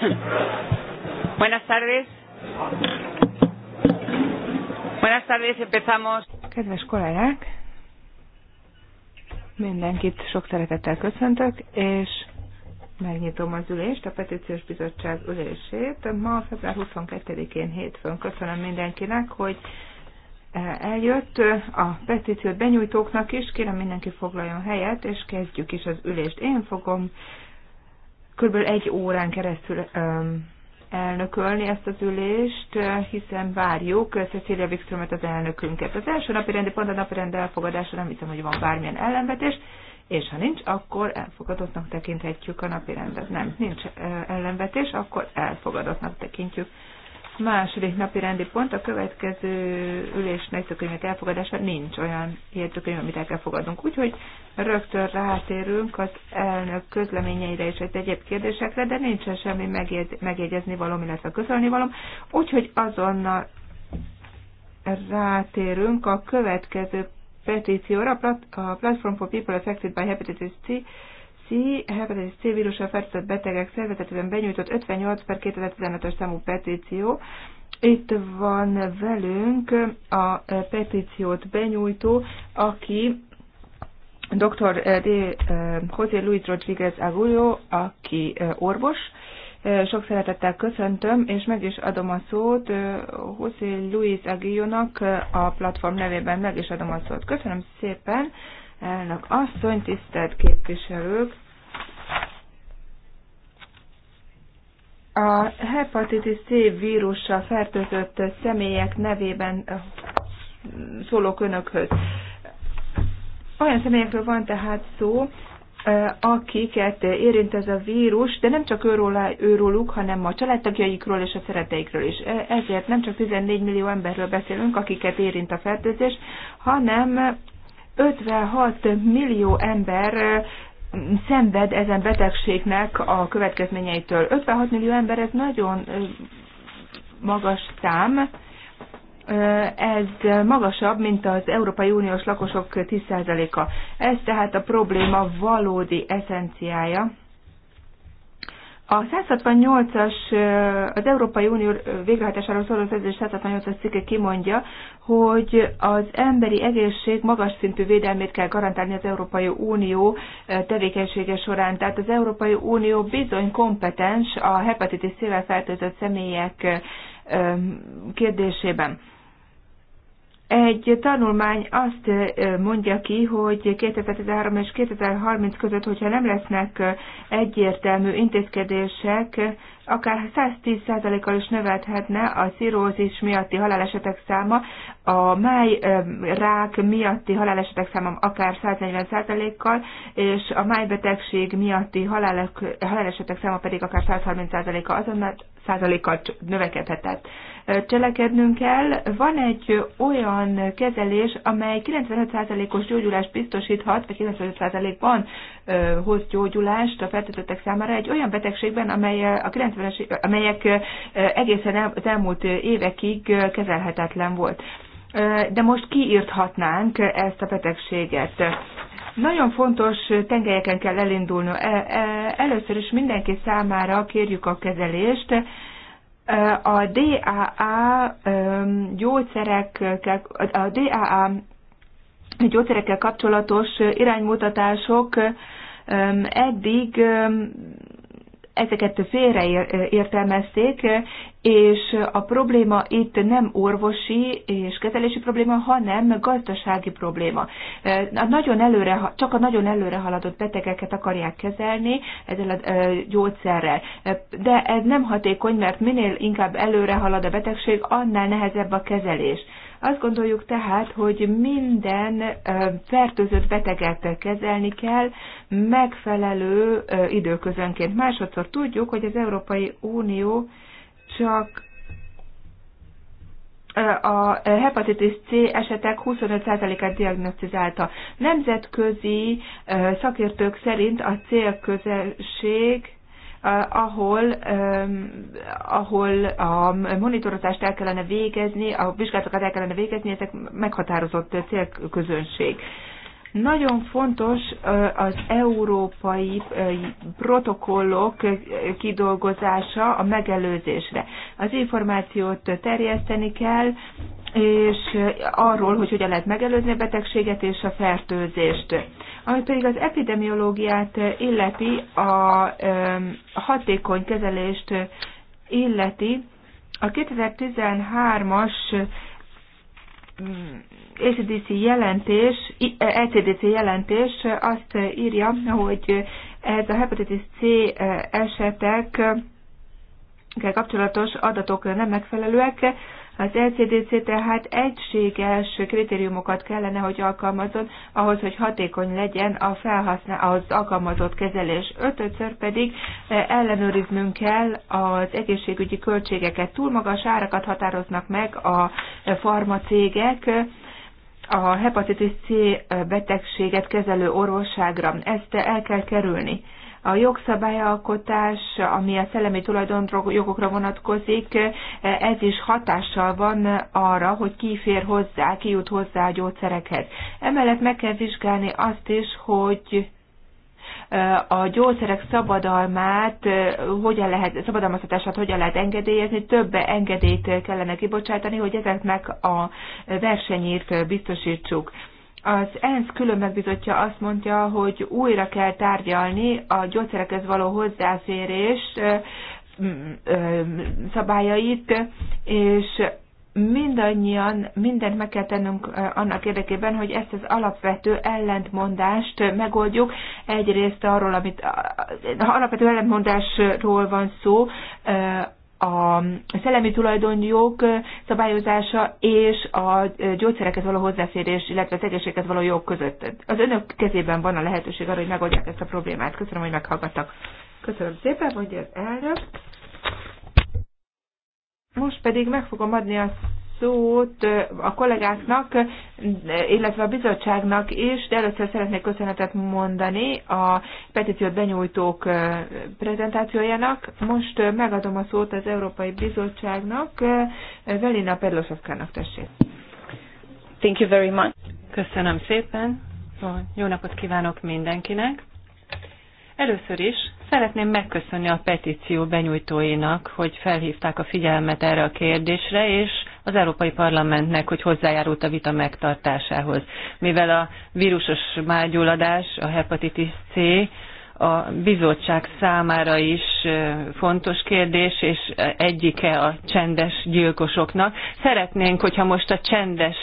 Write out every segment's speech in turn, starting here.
Buenas tardes. Buenas tardes, empezamos. Kedves kollégák, mindenkit sok szeretettel köszöntök, és megnyitom az ülést, a Petíciós Bizottság ülését. Ma február 22-én hétfőn köszönöm mindenkinek, hogy eh, eljött a petíciót benyújtóknak is. Kérem mindenki foglaljon helyet, és kezdjük is az ülést. Én fogom körülbelül egy órán keresztül elnökölni ezt az ülést, hiszen várjuk Cecilia Wikströmet az elnökünket. Az első napi rendi pont a napi rend elfogadásra nem hiszem, hogy van bármilyen ellenvetés, és ha nincs, akkor elfogadottnak tekinthetjük a napi rendet. Nem, nincs ellenvetés, akkor elfogadottnak tekintjük Második napi rendi pont a következő ülés jegyzőkönyvek elfogadása nincs olyan jegyzőkönyv, amit el kell fogadnunk. Úgyhogy rögtön rátérünk az elnök közleményeire és egy egyéb kérdésekre, de nincsen semmi megjegyezni valom, illetve közölni valom. Úgyhogy azonnal rátérünk a következő petícióra, a Platform for People Affected by Hepatitis C C, hepatitis C vírusra fertőzött betegek szervezetében benyújtott 58 per 2015-ös számú petíció. Itt van velünk a e, petíciót benyújtó, aki dr. E, D. E, José Luis Rodríguez Agullo, aki orvos. Sok szeretettel köszöntöm, és meg is adom a szót José Luis Aguillónak a platform nevében, meg is adom a szót. Köszönöm szépen elnök asszony, tisztelt képviselők! A hepatitis C vírussal fertőzött személyek nevében eh, szólok önökhöz. Olyan személyekről van tehát szó, eh, akiket érint ez a vírus, de nem csak őról, őróluk, hanem a családtagjaikról és a szereteikről is. E, ezért nem csak 14 millió emberről beszélünk, akiket érint a fertőzés, hanem 56 millió ember szenved ezen betegségnek a következményeitől. 56 millió ember, ez nagyon magas szám, ez magasabb, mint az Európai Uniós lakosok 10%-a. Ez tehát a probléma valódi eszenciája. A 168-as, az Európai Unió végrehajtásáról szóló 168-as cikke kimondja, hogy az emberi egészség magas szintű védelmét kell garantálni az Európai Unió tevékenysége során. Tehát az Európai Unió bizony kompetens a hepatitis szével fertőzött személyek kérdésében. Egy tanulmány azt mondja ki, hogy 2013 és 2030 között, hogyha nem lesznek egyértelmű intézkedések, akár 110%-kal is növelhetne a szirózis miatti halálesetek száma, a máj rák miatti halálesetek száma akár 140%-kal, és a májbetegség miatti halálesetek száma pedig akár 130%-kal. Azonnal százalékkal növekedhetett. Cselekednünk kell. Van egy olyan kezelés, amely 95%-os gyógyulást biztosíthat, vagy 95%-ban hoz gyógyulást a fertőzöttek számára egy olyan betegségben, amely a 90 amelyek egészen az elmúlt évekig kezelhetetlen volt. De most kiírthatnánk ezt a betegséget. Nagyon fontos tengelyeken kell elindulni. E, e, először is mindenki számára kérjük a kezelést. E, a DAA gyógyszerekkel, a DAA gyógyszerekkel kapcsolatos iránymutatások eddig ezeket félreértelmezték, és a probléma itt nem orvosi és kezelési probléma, hanem gazdasági probléma. A nagyon előre, csak a nagyon előre haladott betegeket akarják kezelni ezzel a gyógyszerrel. De ez nem hatékony, mert minél inkább előre halad a betegség, annál nehezebb a kezelés. Azt gondoljuk tehát, hogy minden fertőzött beteget kezelni kell megfelelő időközönként. Másodszor tudjuk, hogy az Európai Unió csak a hepatitis C esetek 25%-át diagnosztizálta. Nemzetközi szakértők szerint a célközösség Eh, ahol, ahol a monitorozást el kellene végezni, a vizsgálatokat el kellene végezni, ezek meghatározott célközönség. Nagyon fontos eh, az európai eh, protokollok kidolgozása a megelőzésre. Az információt terjeszteni kell, és arról, hogy hogyan lehet megelőzni a betegséget és a fertőzést ami pedig az epidemiológiát illeti, a hatékony kezelést illeti, a 2013-as ECDC mm, jelentés, ECDC e jelentés azt írja, hogy ez a hepatitis C e, esetek kapcsolatos adatok nem megfelelőek, az LCDC e tehát egységes kritériumokat kellene, hogy alkalmazzon ahhoz, hogy hatékony legyen a felhasznál, az alkalmazott kezelés. Ötötször pedig e, ellenőriznünk kell az egészségügyi költségeket. Túl magas árakat határoznak meg a farmacégek, a hepatitis C betegséget kezelő orvosságra. Ezt el kell kerülni a jogszabályalkotás, ami a szellemi tulajdonjogokra vonatkozik, ez is hatással van arra, hogy ki fér hozzá, ki jut hozzá a gyógyszerekhez. Emellett meg kell vizsgálni azt is, hogy a gyógyszerek szabadalmát, hogyan lehet, szabadalmaztatását hogyan lehet engedélyezni, több engedélyt kellene kibocsátani, hogy ezeknek a versenyét biztosítsuk. Az ENSZ külön megbizotja azt mondja, hogy újra kell tárgyalni a gyógyszerekhez való hozzáférést szabályait, és mindannyian mindent meg kell tennünk annak érdekében, hogy ezt az alapvető ellentmondást megoldjuk. Egyrészt arról, amit alapvető ellentmondásról van szó, a szellemi tulajdonjog szabályozása és a gyógyszerekhez való hozzáférés, illetve az egészséghez való jog között. Az önök kezében van a lehetőség arra, hogy megoldják ezt a problémát. Köszönöm, hogy meghallgattak. Köszönöm szépen, mondja az elnök. Most pedig meg fogom adni a szót a kollégáknak, illetve a bizottságnak is, de először szeretnék köszönetet mondani a petíciót benyújtók prezentációjának. Most megadom a szót az Európai Bizottságnak, Velina Pedlosovkának tessék. Thank you very much. Köszönöm szépen. Jó napot kívánok mindenkinek. Először is szeretném megköszönni a petíció benyújtóinak, hogy felhívták a figyelmet erre a kérdésre, és az Európai Parlamentnek, hogy hozzájárult a vita megtartásához. Mivel a vírusos mágyuladás, a hepatitis C, a bizottság számára is fontos kérdés, és egyike a csendes gyilkosoknak. Szeretnénk, hogyha most a csendes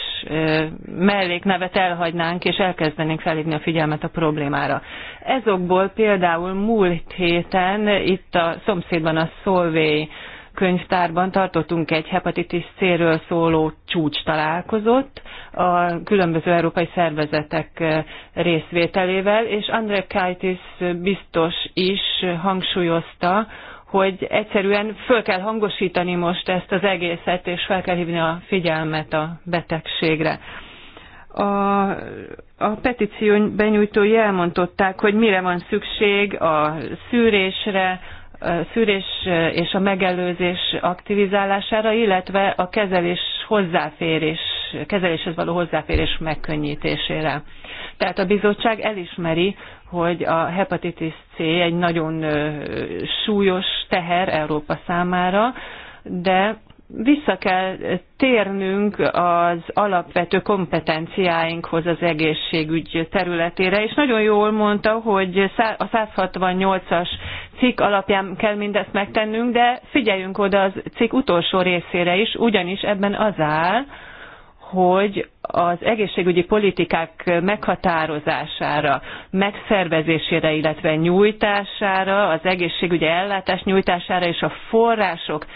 melléknevet elhagynánk, és elkezdenénk felhívni a figyelmet a problémára. Ezokból például múlt héten itt a szomszédban a Solvay könyvtárban tartottunk egy hepatitis C-ről szóló csúcs találkozott a különböző európai szervezetek részvételével, és André Kajtis biztos is hangsúlyozta, hogy egyszerűen föl kell hangosítani most ezt az egészet, és fel kell hívni a figyelmet a betegségre. A, a petíció benyújtói elmondották, hogy mire van szükség a szűrésre, a szűrés és a megelőzés aktivizálására, illetve a kezelés hozzáférés, kezeléshez való hozzáférés megkönnyítésére. Tehát a bizottság elismeri, hogy a hepatitis C egy nagyon súlyos teher Európa számára, de vissza kell térnünk az alapvető kompetenciáinkhoz az egészségügy területére, és nagyon jól mondta, hogy a 168-as cikk alapján kell mindezt megtennünk, de figyeljünk oda az cikk utolsó részére is, ugyanis ebben az áll, hogy az egészségügyi politikák meghatározására, megszervezésére, illetve nyújtására, az egészségügyi ellátás nyújtására és a források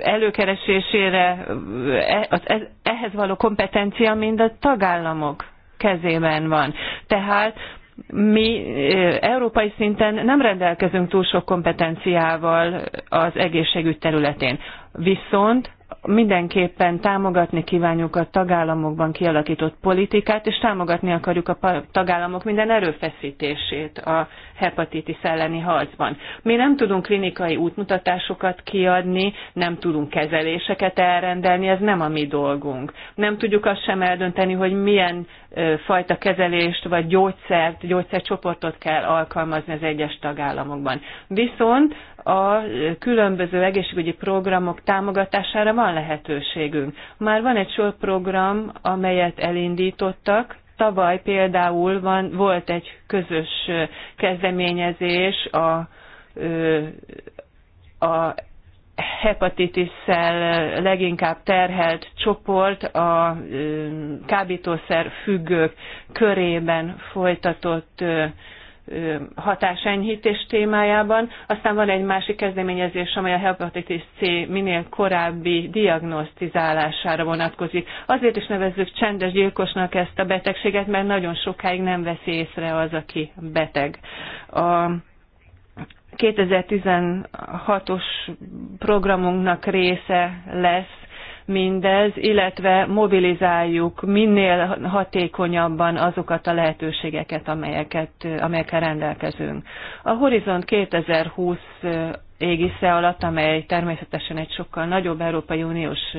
előkeresésére, e, ehhez való kompetencia mind a tagállamok kezében van. Tehát mi európai szinten nem rendelkezünk túl sok kompetenciával az egészségügy területén. Viszont mindenképpen támogatni kívánjuk a tagállamokban kialakított politikát, és támogatni akarjuk a tagállamok minden erőfeszítését a hepatitis elleni harcban. Mi nem tudunk klinikai útmutatásokat kiadni, nem tudunk kezeléseket elrendelni, ez nem a mi dolgunk. Nem tudjuk azt sem eldönteni, hogy milyen fajta kezelést vagy gyógyszert, gyógyszercsoportot kell alkalmazni az egyes tagállamokban. Viszont a különböző egészségügyi programok támogatására van lehetőségünk. Már van egy sor program, amelyet elindítottak, tavaly például van, volt egy közös kezdeményezés a, a hepatitisszel leginkább terhelt csoport a kábítószer függők körében folytatott hatásenyhítés témájában. Aztán van egy másik kezdeményezés, amely a hepatitis C minél korábbi diagnosztizálására vonatkozik. Azért is nevezzük csendes gyilkosnak ezt a betegséget, mert nagyon sokáig nem veszi észre az, aki beteg. A 2016-os programunknak része lesz mindez, illetve mobilizáljuk minél hatékonyabban azokat a lehetőségeket, amelyeket, amelyekkel rendelkezünk. A Horizont 2020 égisze alatt, amely természetesen egy sokkal nagyobb Európai Uniós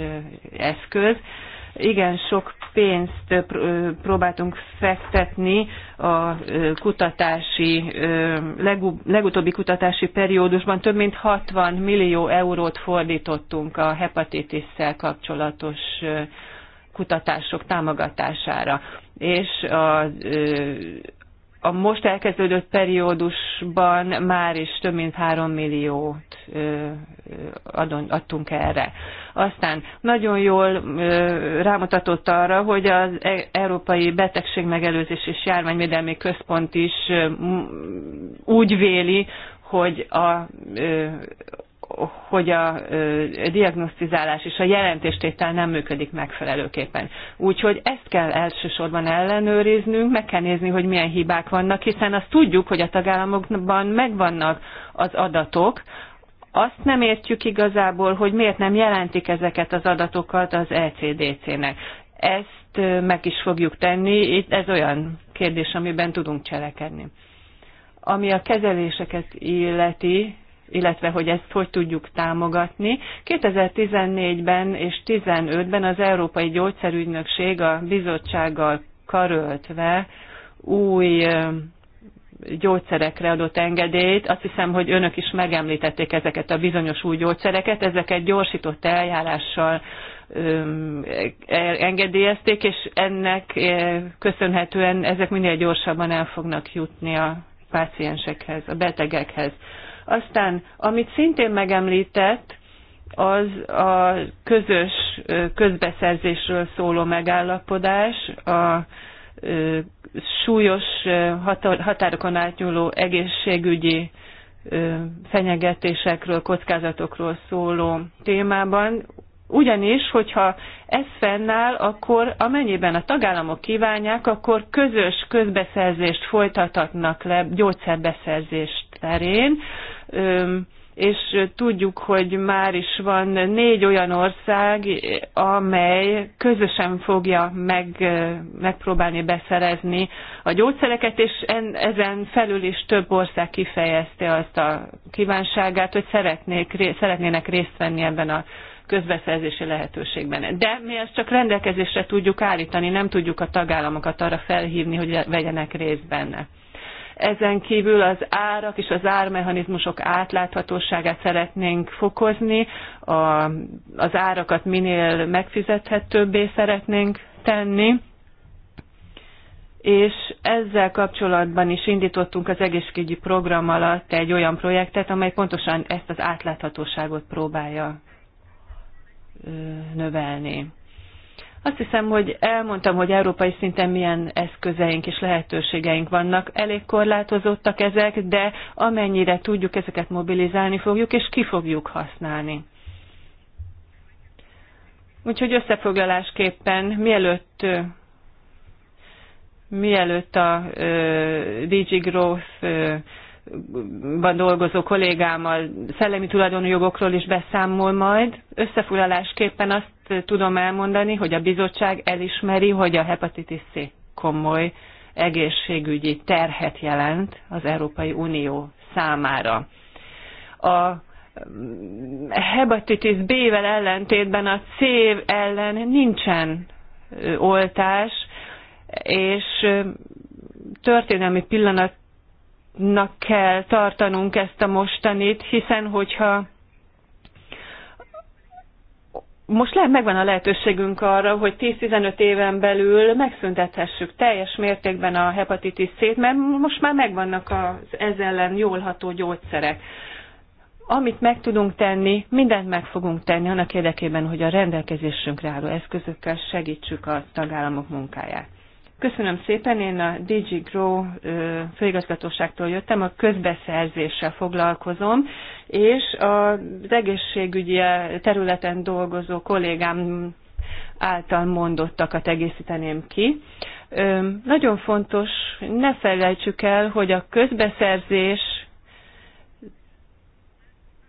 eszköz, igen sok pénzt próbáltunk fektetni a kutatási, legutóbbi kutatási periódusban. Több mint 60 millió eurót fordítottunk a hepatitisszel kapcsolatos kutatások támogatására. És a, a most elkezdődött periódusban már is több mint 3 milliót adtunk erre. Aztán nagyon jól rámutatott arra, hogy az e-, Európai Betegségmegelőzés és Járványvédelmi Központ is úgy véli, hogy a, hogy a diagnosztizálás és a jelentéstétel nem működik megfelelőképpen. Úgyhogy ezt kell elsősorban ellenőriznünk, meg kell nézni, hogy milyen hibák vannak, hiszen azt tudjuk, hogy a tagállamokban megvannak az adatok, azt nem értjük igazából, hogy miért nem jelentik ezeket az adatokat az ECDC-nek. Ezt meg is fogjuk tenni, ez olyan kérdés, amiben tudunk cselekedni. Ami a kezeléseket illeti, illetve hogy ezt hogy tudjuk támogatni. 2014-ben és 2015-ben az Európai Gyógyszerügynökség a bizottsággal karöltve új gyógyszerekre adott engedélyt. Azt hiszem, hogy önök is megemlítették ezeket a bizonyos új gyógyszereket. Ezeket gyorsított eljárással engedélyezték, és ennek köszönhetően ezek minél gyorsabban el fognak jutni a páciensekhez, a betegekhez. Aztán, amit szintén megemlített, az a közös közbeszerzésről szóló megállapodás, a súlyos határokon átnyúló egészségügyi fenyegetésekről, kockázatokról szóló témában. Ugyanis, hogyha ez fennáll, akkor amennyiben a tagállamok kívánják, akkor közös közbeszerzést folytathatnak le gyógyszerbeszerzés terén, és tudjuk, hogy már is van négy olyan ország, amely közösen fogja meg, megpróbálni beszerezni a gyógyszereket, és en, ezen felül is több ország kifejezte azt a kívánságát, hogy szeretnék, ré, szeretnének részt venni ebben a közbeszerzési lehetőségben. De mi ezt csak rendelkezésre tudjuk állítani, nem tudjuk a tagállamokat arra felhívni, hogy vegyenek részt benne. Ezen kívül az árak és az ármechanizmusok átláthatóságát szeretnénk fokozni, a, az árakat minél megfizethetőbbé szeretnénk tenni és ezzel kapcsolatban is indítottunk az egészségügyi program alatt egy olyan projektet, amely pontosan ezt az átláthatóságot próbálja növelni. Azt hiszem, hogy elmondtam, hogy európai szinten milyen eszközeink és lehetőségeink vannak. Elég korlátozottak ezek, de amennyire tudjuk, ezeket mobilizálni fogjuk, és ki fogjuk használni. Úgyhogy összefoglalásképpen, mielőtt mielőtt a DG Growth ban dolgozó kollégámmal szellemi jogokról is beszámol majd. Összefoglalásképpen azt tudom elmondani, hogy a bizottság elismeri, hogy a hepatitis C komoly egészségügyi terhet jelent az Európai Unió számára. A hepatitis B-vel ellentétben a C ellen nincsen oltás, és történelmi pillanat fontosnak kell tartanunk ezt a mostanit, hiszen hogyha most lehet megvan a lehetőségünk arra, hogy 10-15 éven belül megszüntethessük teljes mértékben a hepatitis C-t, mert most már megvannak az ez ellen jól ható gyógyszerek. Amit meg tudunk tenni, mindent meg fogunk tenni annak érdekében, hogy a rendelkezésünkre álló eszközökkel segítsük a tagállamok munkáját. Köszönöm szépen, én a DigiGrow főigazgatóságtól jöttem, a közbeszerzéssel foglalkozom, és az egészségügyi területen dolgozó kollégám által mondottakat egészíteném ki. Nagyon fontos, ne felejtsük el, hogy a közbeszerzés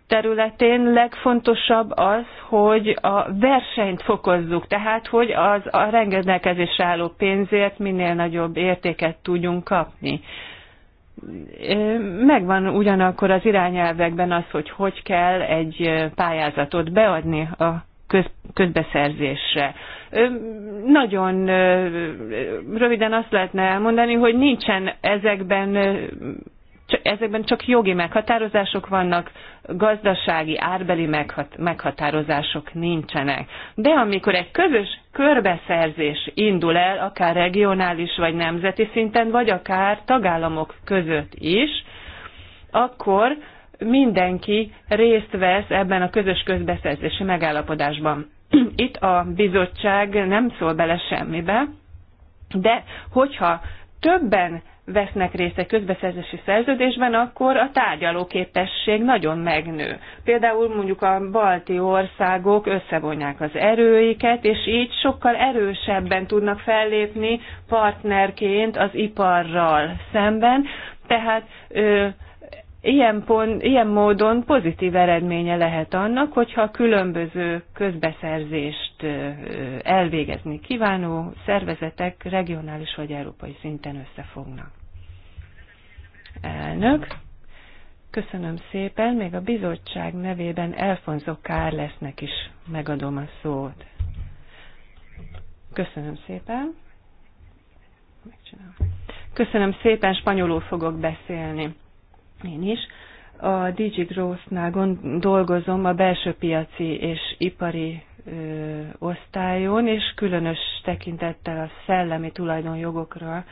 területén legfontosabb az, hogy a versenyt fokozzuk, tehát hogy az a rendelkezésre álló pénzért minél nagyobb értéket tudjunk kapni. Megvan ugyanakkor az irányelvekben az, hogy hogy kell egy pályázatot beadni a köz, közbeszerzésre. Nagyon röviden azt lehetne elmondani, hogy nincsen ezekben ezekben csak jogi meghatározások vannak, gazdasági árbeli meghatározások nincsenek. De amikor egy közös körbeszerzés indul el, akár regionális vagy nemzeti szinten, vagy akár tagállamok között is, akkor mindenki részt vesz ebben a közös közbeszerzési megállapodásban. Itt a bizottság nem szól bele semmibe, de hogyha többen vesznek részt egy közbeszerzési szerződésben, akkor a tárgyalóképesség nagyon megnő. Például mondjuk a balti országok összevonják az erőiket, és így sokkal erősebben tudnak fellépni partnerként az iparral szemben, tehát ö, Ilyen, pont, ilyen módon pozitív eredménye lehet annak, hogyha különböző közbeszerzést elvégezni kívánó szervezetek regionális vagy európai szinten összefognak. Elnök, köszönöm szépen, még a bizottság nevében Elfonzo Kárlesznek is megadom a szót. Köszönöm szépen. Megcsinálom. Köszönöm szépen, spanyolul fogok beszélni. Én is. A DG Growth-nál dolgozom a belső piaci és ipari ö, osztályon, és különös tekintettel a szellemi tulajdonjogokra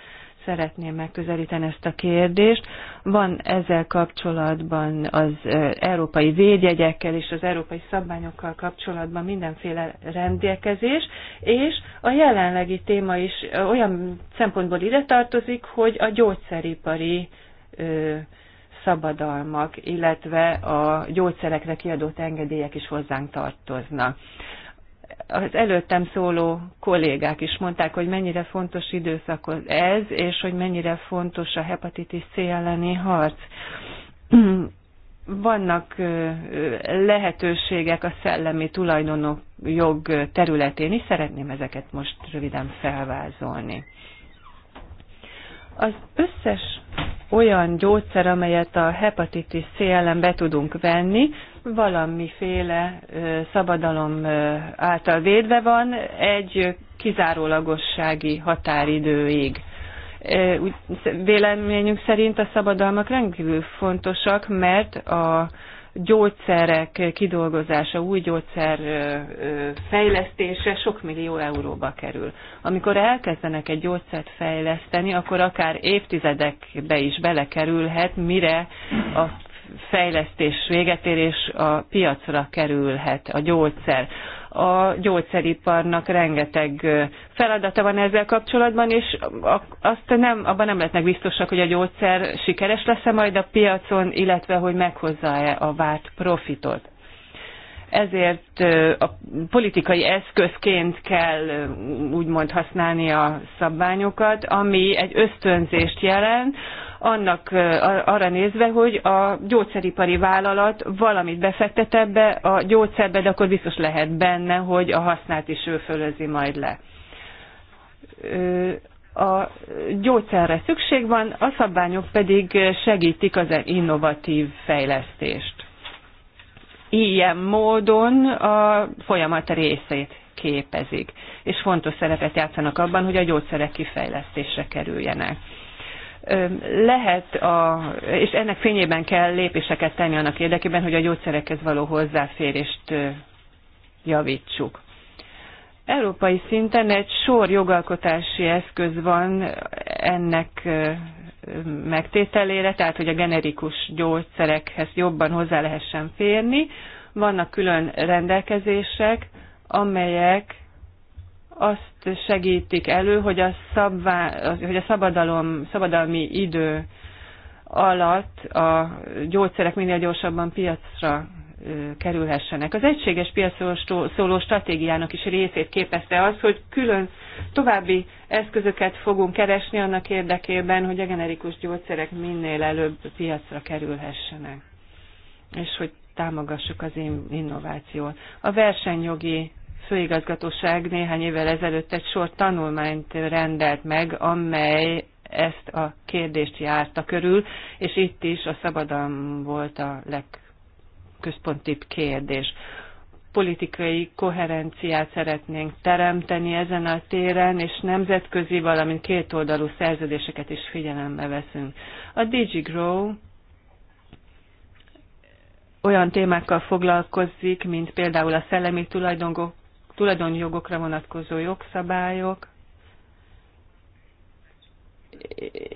szeretném megközelíteni ezt a kérdést. Van ezzel kapcsolatban az európai védjegyekkel és az európai szabványokkal kapcsolatban mindenféle rendelkezés, és a jelenlegi téma is olyan szempontból ide tartozik, hogy a gyógyszeripari szabadalmak, illetve a gyógyszerekre kiadott engedélyek is hozzánk tartoznak. Az előttem szóló kollégák is mondták, hogy mennyire fontos időszak ez, és hogy mennyire fontos a hepatitis C elleni harc vannak lehetőségek a szellemi tulajdonok jog területén is, szeretném ezeket most röviden felvázolni. Az összes olyan gyógyszer, amelyet a hepatitis C ellen be tudunk venni, valamiféle szabadalom által védve van egy kizárólagossági határidőig. Úgy, véleményünk szerint a szabadalmak rendkívül fontosak, mert a gyógyszerek kidolgozása, új gyógyszer fejlesztése sok millió euróba kerül. Amikor elkezdenek egy gyógyszert fejleszteni, akkor akár évtizedekbe is belekerülhet, mire a fejlesztés véget ér és a piacra kerülhet a gyógyszer a gyógyszeriparnak rengeteg feladata van ezzel kapcsolatban, és azt nem, abban nem lehetnek biztosak, hogy a gyógyszer sikeres lesz-e majd a piacon, illetve hogy meghozza-e a várt profitot ezért a politikai eszközként kell úgymond használni a szabványokat, ami egy ösztönzést jelent, annak arra nézve, hogy a gyógyszeripari vállalat valamit befektet ebbe a gyógyszerbe, de akkor biztos lehet benne, hogy a hasznát is ő fölözi majd le. A gyógyszerre szükség van, a szabványok pedig segítik az innovatív fejlesztést. Ilyen módon a folyamat részét képezik, és fontos szerepet játszanak abban, hogy a gyógyszerek kifejlesztésre kerüljenek lehet, a, és ennek fényében kell lépéseket tenni annak érdekében, hogy a gyógyszerekhez való hozzáférést javítsuk. Európai szinten egy sor jogalkotási eszköz van ennek megtételére, tehát hogy a generikus gyógyszerekhez jobban hozzá lehessen férni. Vannak külön rendelkezések, amelyek azt segítik elő, hogy a, szabvá, hogy a szabadalom, szabadalmi idő alatt a gyógyszerek minél gyorsabban piacra kerülhessenek. Az egységes piacról szóló stratégiának is részét képezte az, hogy külön további eszközöket fogunk keresni annak érdekében, hogy a generikus gyógyszerek minél előbb piacra kerülhessenek, és hogy támogassuk az innovációt. A versenyjogi főigazgatóság néhány évvel ezelőtt egy sor tanulmányt rendelt meg, amely ezt a kérdést járta körül, és itt is a szabadalom volt a legközpontibb kérdés. Politikai koherenciát szeretnénk teremteni ezen a téren, és nemzetközi, valamint kétoldalú szerződéseket is figyelembe veszünk. A DigiGrow olyan témákkal foglalkozik, mint például a szellemi tulajdonok tulajdonjogokra vonatkozó jogszabályok,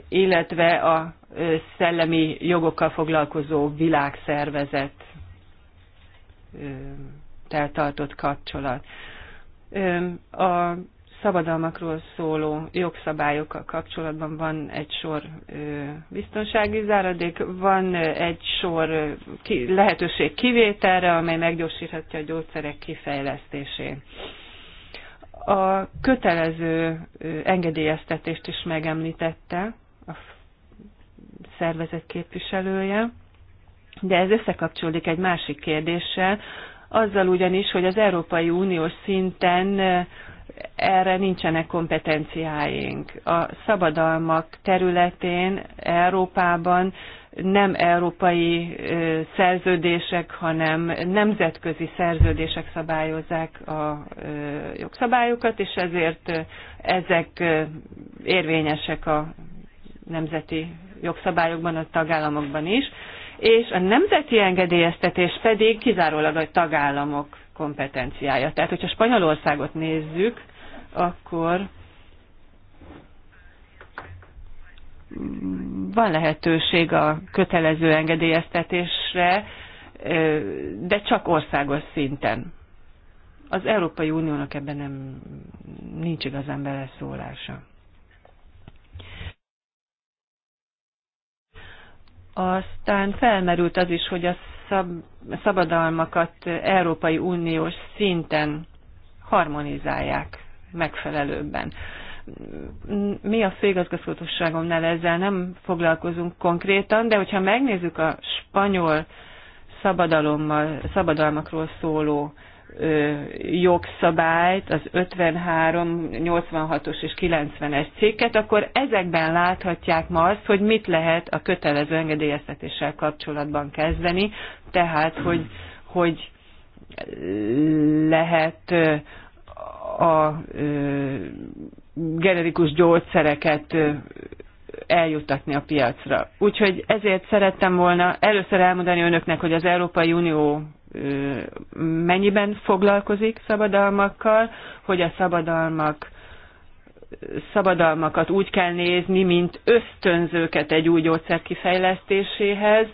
illetve a szellemi jogokkal foglalkozó világszervezet tartott kapcsolat. A szabadalmakról szóló jogszabályokkal kapcsolatban van egy sor biztonsági záradék, van egy sor lehetőség kivételre, amely meggyorsíthatja a gyógyszerek kifejlesztését. A kötelező engedélyeztetést is megemlítette a szervezet képviselője, de ez összekapcsolódik egy másik kérdéssel, azzal ugyanis, hogy az Európai Uniós szinten erre nincsenek kompetenciáink. A szabadalmak területén Európában nem európai szerződések, hanem nemzetközi szerződések szabályozzák a jogszabályokat, és ezért ezek érvényesek a nemzeti jogszabályokban, a tagállamokban is és a nemzeti engedélyeztetés pedig kizárólag a tagállamok kompetenciája. Tehát, hogyha Spanyolországot nézzük, akkor van lehetőség a kötelező engedélyeztetésre, de csak országos szinten. Az Európai Uniónak ebben nem nincs igazán beleszólása. Aztán felmerült az is, hogy a szab szabadalmakat Európai Uniós szinten harmonizálják megfelelőbben. Mi a főigazgatóságunknál ezzel nem foglalkozunk konkrétan, de hogyha megnézzük a spanyol szabadalommal, szabadalmakról szóló jogszabályt, az 53, 86-os és 90-es cikket, akkor ezekben láthatják ma azt, hogy mit lehet a kötelező engedélyeztetéssel kapcsolatban kezdeni, tehát hogy, hogy lehet a generikus gyógyszereket eljutatni a piacra. Úgyhogy ezért szerettem volna először elmondani önöknek, hogy az Európai Unió mennyiben foglalkozik szabadalmakkal, hogy a szabadalmak szabadalmakat úgy kell nézni, mint ösztönzőket egy új gyógyszer kifejlesztéséhez,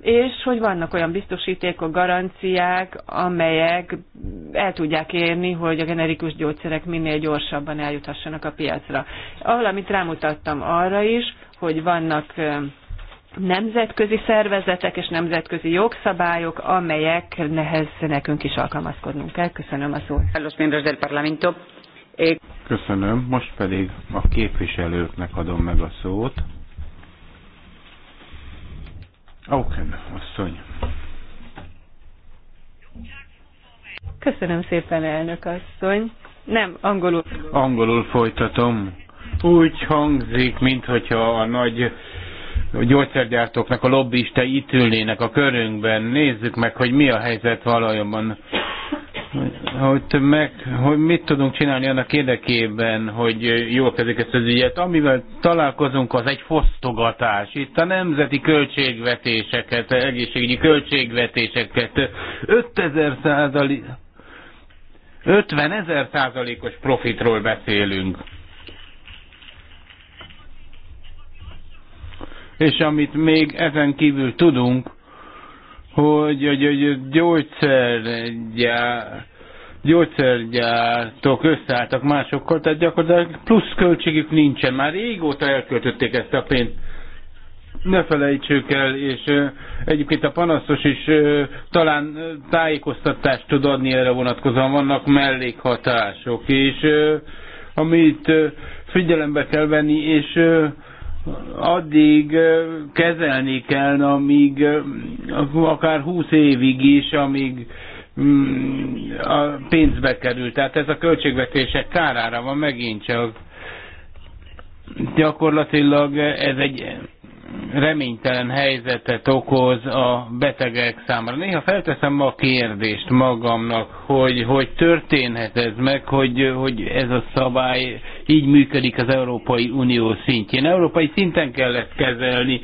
és hogy vannak olyan biztosítékok, garanciák, amelyek el tudják érni, hogy a generikus gyógyszerek minél gyorsabban eljuthassanak a piacra. Valamit rámutattam arra is, hogy vannak nemzetközi szervezetek és nemzetközi jogszabályok, nehez nekünk is alkalmazkodnunk kell. Köszönöm a szót. Eh, Köszönöm. Most pedig a képviselőknek adom meg a szót. Auken, asszony. Köszönöm szépen, elnök asszony. Nem, angolul. Angolul folytatom. Úgy hangzik, mintha a nagy gyógyszergyártóknak a lobbistái itt ülnének a körünkben. Nézzük meg, hogy mi a helyzet valójában. Hogy, meg, hogy mit tudunk csinálni annak érdekében, hogy jól kezdik ezt az ügyet. Amivel találkozunk, az egy fosztogatás. Itt a nemzeti költségvetéseket, egészségügyi költségvetéseket 5000 százalék, 50 ezer százalékos profitról beszélünk és amit még ezen kívül tudunk, hogy a gyógyszergyár, gyógyszergyártók összeálltak másokkal, tehát gyakorlatilag plusz költségük nincsen. Már régóta elköltötték ezt a pénzt. Ne felejtsük el, és egyébként a panaszos is talán tájékoztatást tud adni erre vonatkozóan, vannak mellékhatások, és amit figyelembe kell venni, és addig kezelni kell, amíg akár 20 évig is, amíg mm, a pénzbe kerül. Tehát ez a költségvetések kárára van megint csak. Gyakorlatilag ez egy reménytelen helyzetet okoz a betegek számára. Néha felteszem a kérdést magamnak, hogy, hogy történhet ez meg, hogy, hogy ez a szabály így működik az Európai Unió szintjén. Európai szinten kell ezt kezelni.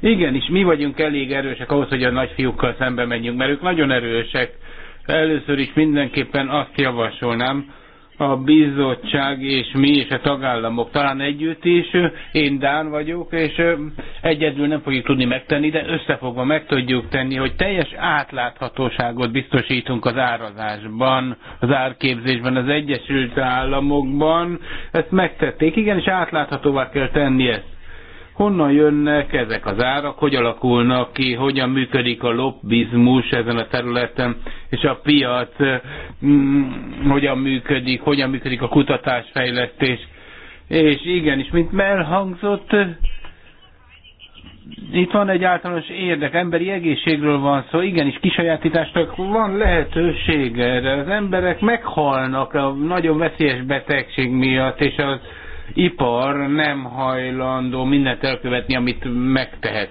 Igenis, mi vagyunk elég erősek ahhoz, hogy a nagyfiúkkal szembe menjünk, mert ők nagyon erősek. Először is mindenképpen azt javasolnám, a bizottság és mi és a tagállamok talán együtt is, én Dán vagyok, és egyedül nem fogjuk tudni megtenni, de összefogva meg tudjuk tenni, hogy teljes átláthatóságot biztosítunk az árazásban, az árképzésben, az Egyesült Államokban. Ezt megtették, igen, és átláthatóvá kell tenni ezt honnan jönnek ezek az árak, hogy alakulnak ki, hogyan működik a lobbizmus ezen a területen, és a piac mm, hogyan működik, hogyan működik a kutatásfejlesztés. És igenis, mint elhangzott, itt van egy általános érdek, emberi egészségről van szó, igenis kisajátításnak van lehetőség erre. Az emberek meghalnak a nagyon veszélyes betegség miatt, és az ipar nem hajlandó mindent elkövetni, amit megtehet.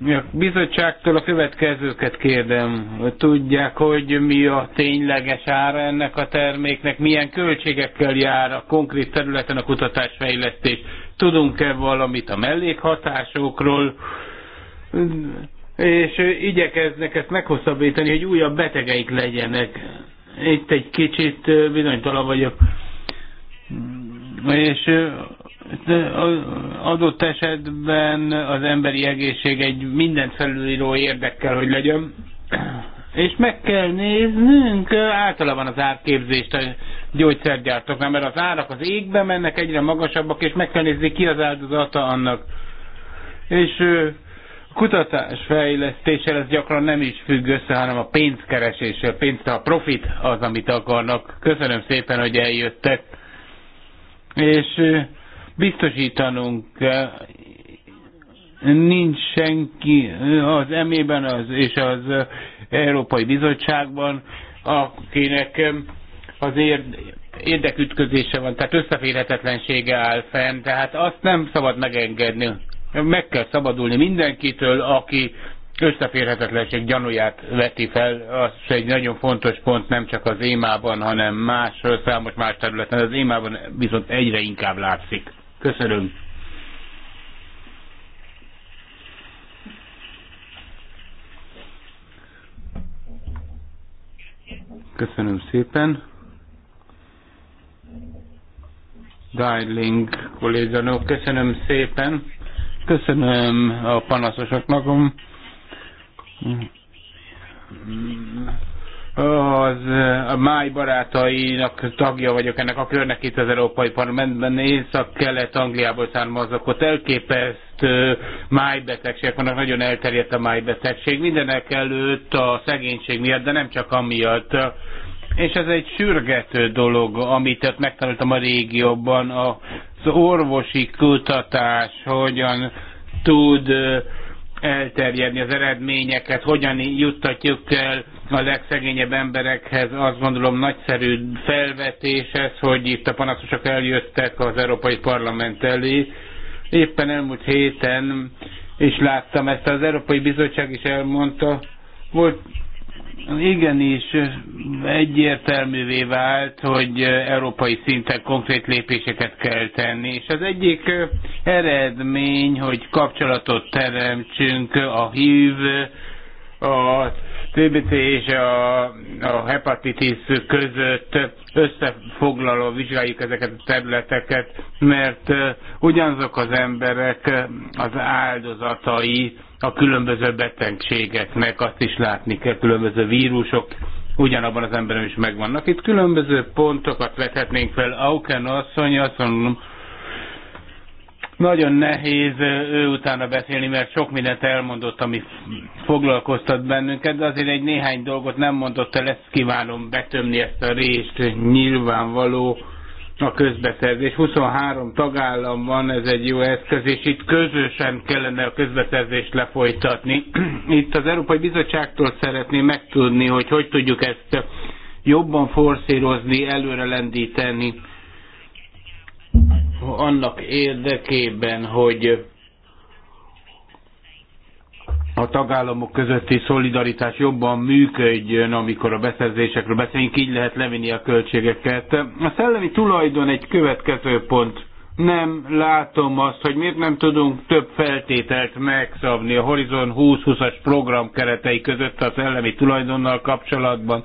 A bizottságtól a következőket kérdem. Tudják, hogy mi a tényleges ára ennek a terméknek, milyen költségekkel jár a konkrét területen a kutatásfejlesztés? Tudunk-e valamit a mellékhatásokról? És igyekeznek ezt meghosszabbítani, hogy újabb betegeik legyenek. Itt egy kicsit bizonytalan vagyok és adott esetben az emberi egészség egy mindent felülíró érdekkel, hogy legyen. És meg kell néznünk általában az árképzést a gyógyszergyártoknál, mert az árak az égbe mennek, egyre magasabbak, és meg kell nézni ki az áldozata annak. És kutatás fejlesztéssel ez gyakran nem is függ össze, hanem a a pénz, a profit az, amit akarnak. Köszönöm szépen, hogy eljöttek és biztosítanunk kell, nincs senki az emében az, és az Európai Bizottságban, akinek az érdekütközése van, tehát összeférhetetlensége áll fenn, tehát azt nem szabad megengedni. Meg kell szabadulni mindenkitől, aki összeférhetetlenség gyanúját veti fel, az egy nagyon fontos pont nem csak az émában, hanem más, számos más területen, az émában viszont egyre inkább látszik. Köszönöm. Köszönöm szépen. Darling kolléganok, köszönöm szépen. Köszönöm a panaszosoknak az eh, a máj barátainak tagja vagyok ennek a körnek itt az Európai Parlamentben, Észak-Kelet-Angliából származok, ott elképeszt eh, májbetegségek vannak, nagyon elterjedt a májbetegség, mindenek előtt a szegénység miatt, de nem csak amiatt. És ez egy sürgető dolog, amit ott megtanultam a régióban, az orvosi kutatás, hogyan tud eh, elterjedni az eredményeket, hogyan juttatjuk el a legszegényebb emberekhez. Azt gondolom nagyszerű felvetés ez, hogy itt a panaszosok eljöttek az Európai Parlament elé. Éppen elmúlt héten is láttam ezt, az Európai Bizottság is elmondta, volt Igenis, egyértelművé vált, hogy európai szinten konkrét lépéseket kell tenni, és az egyik eredmény, hogy kapcsolatot teremtsünk a hív, a TBC és a, a hepatitis között összefoglaló vizsgáljuk ezeket a területeket, mert ugyanazok az emberek az áldozatai a különböző betegségeknek, azt is látni kell, különböző vírusok ugyanabban az emberen is megvannak. Itt különböző pontokat vethetnénk fel. Auken asszony azt mondom, nagyon nehéz ő utána beszélni, mert sok mindent elmondott, ami foglalkoztat bennünket, de azért egy néhány dolgot nem mondott el, ezt kívánom betömni ezt a részt, nyilvánvaló a közbeszerzés. 23 tagállam van, ez egy jó eszköz, és itt közösen kellene a közbeszerzést lefolytatni. Itt az Európai Bizottságtól szeretném megtudni, hogy hogy tudjuk ezt jobban forszírozni, előre lendíteni annak érdekében, hogy a tagállamok közötti szolidaritás jobban működjön, amikor a beszerzésekről beszélünk, így lehet levinni a költségeket. A szellemi tulajdon egy következő pont. Nem látom azt, hogy miért nem tudunk több feltételt megszabni a Horizon 2020-as program keretei között a szellemi tulajdonnal kapcsolatban.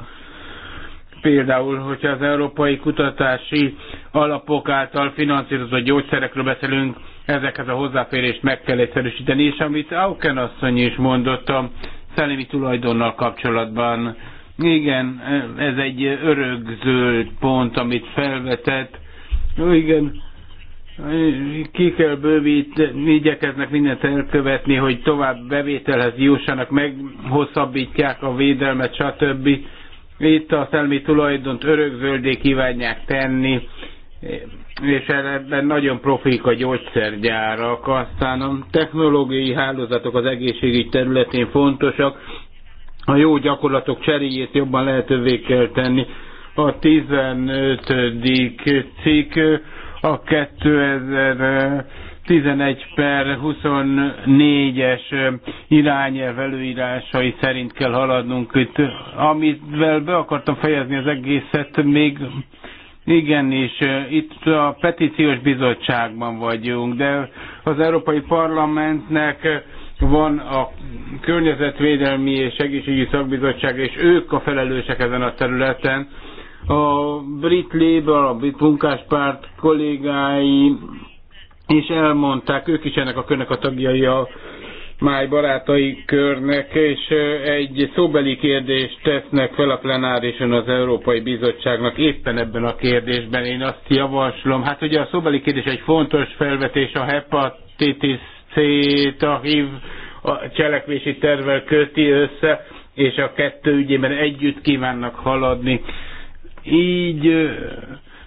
Például, hogyha az európai kutatási alapok által finanszírozott gyógyszerekről beszélünk, ezekhez a hozzáférést meg kell egyszerűsíteni, és amit Auken asszony is mondott a szellemi tulajdonnal kapcsolatban, igen, ez egy örökzöld pont, amit felvetett. Igen, ki kell bővíteni, igyekeznek mindent elkövetni, hogy tovább bevételhez jussanak, meg hosszabbítják a védelmet, stb. Itt a szellemi tulajdont örökzöldé kívánják tenni, és ebben nagyon profik a gyógyszergyárak. Aztán a technológiai hálózatok az egészségügy területén fontosak, a jó gyakorlatok cseréjét jobban lehetővé kell tenni. A 15. cikk a 2000 11 per 24-es irányelv előírásai szerint kell haladnunk itt. Amivel be akartam fejezni az egészet, még igenis, itt a petíciós bizottságban vagyunk, de az Európai Parlamentnek van a Környezetvédelmi és Egészségügyi Szakbizottság, és ők a felelősek ezen a területen. A brit Labour, a brit munkáspárt kollégái és elmondták, ők is ennek a körnek a tagjai a máj barátai körnek, és egy szóbeli kérdést tesznek fel a plenárison az Európai Bizottságnak éppen ebben a kérdésben. Én azt javaslom, hát ugye a szóbeli kérdés egy fontos felvetés a hepatitis C-t, a HIV a cselekvési tervvel köti össze, és a kettő ügyében együtt kívánnak haladni. Így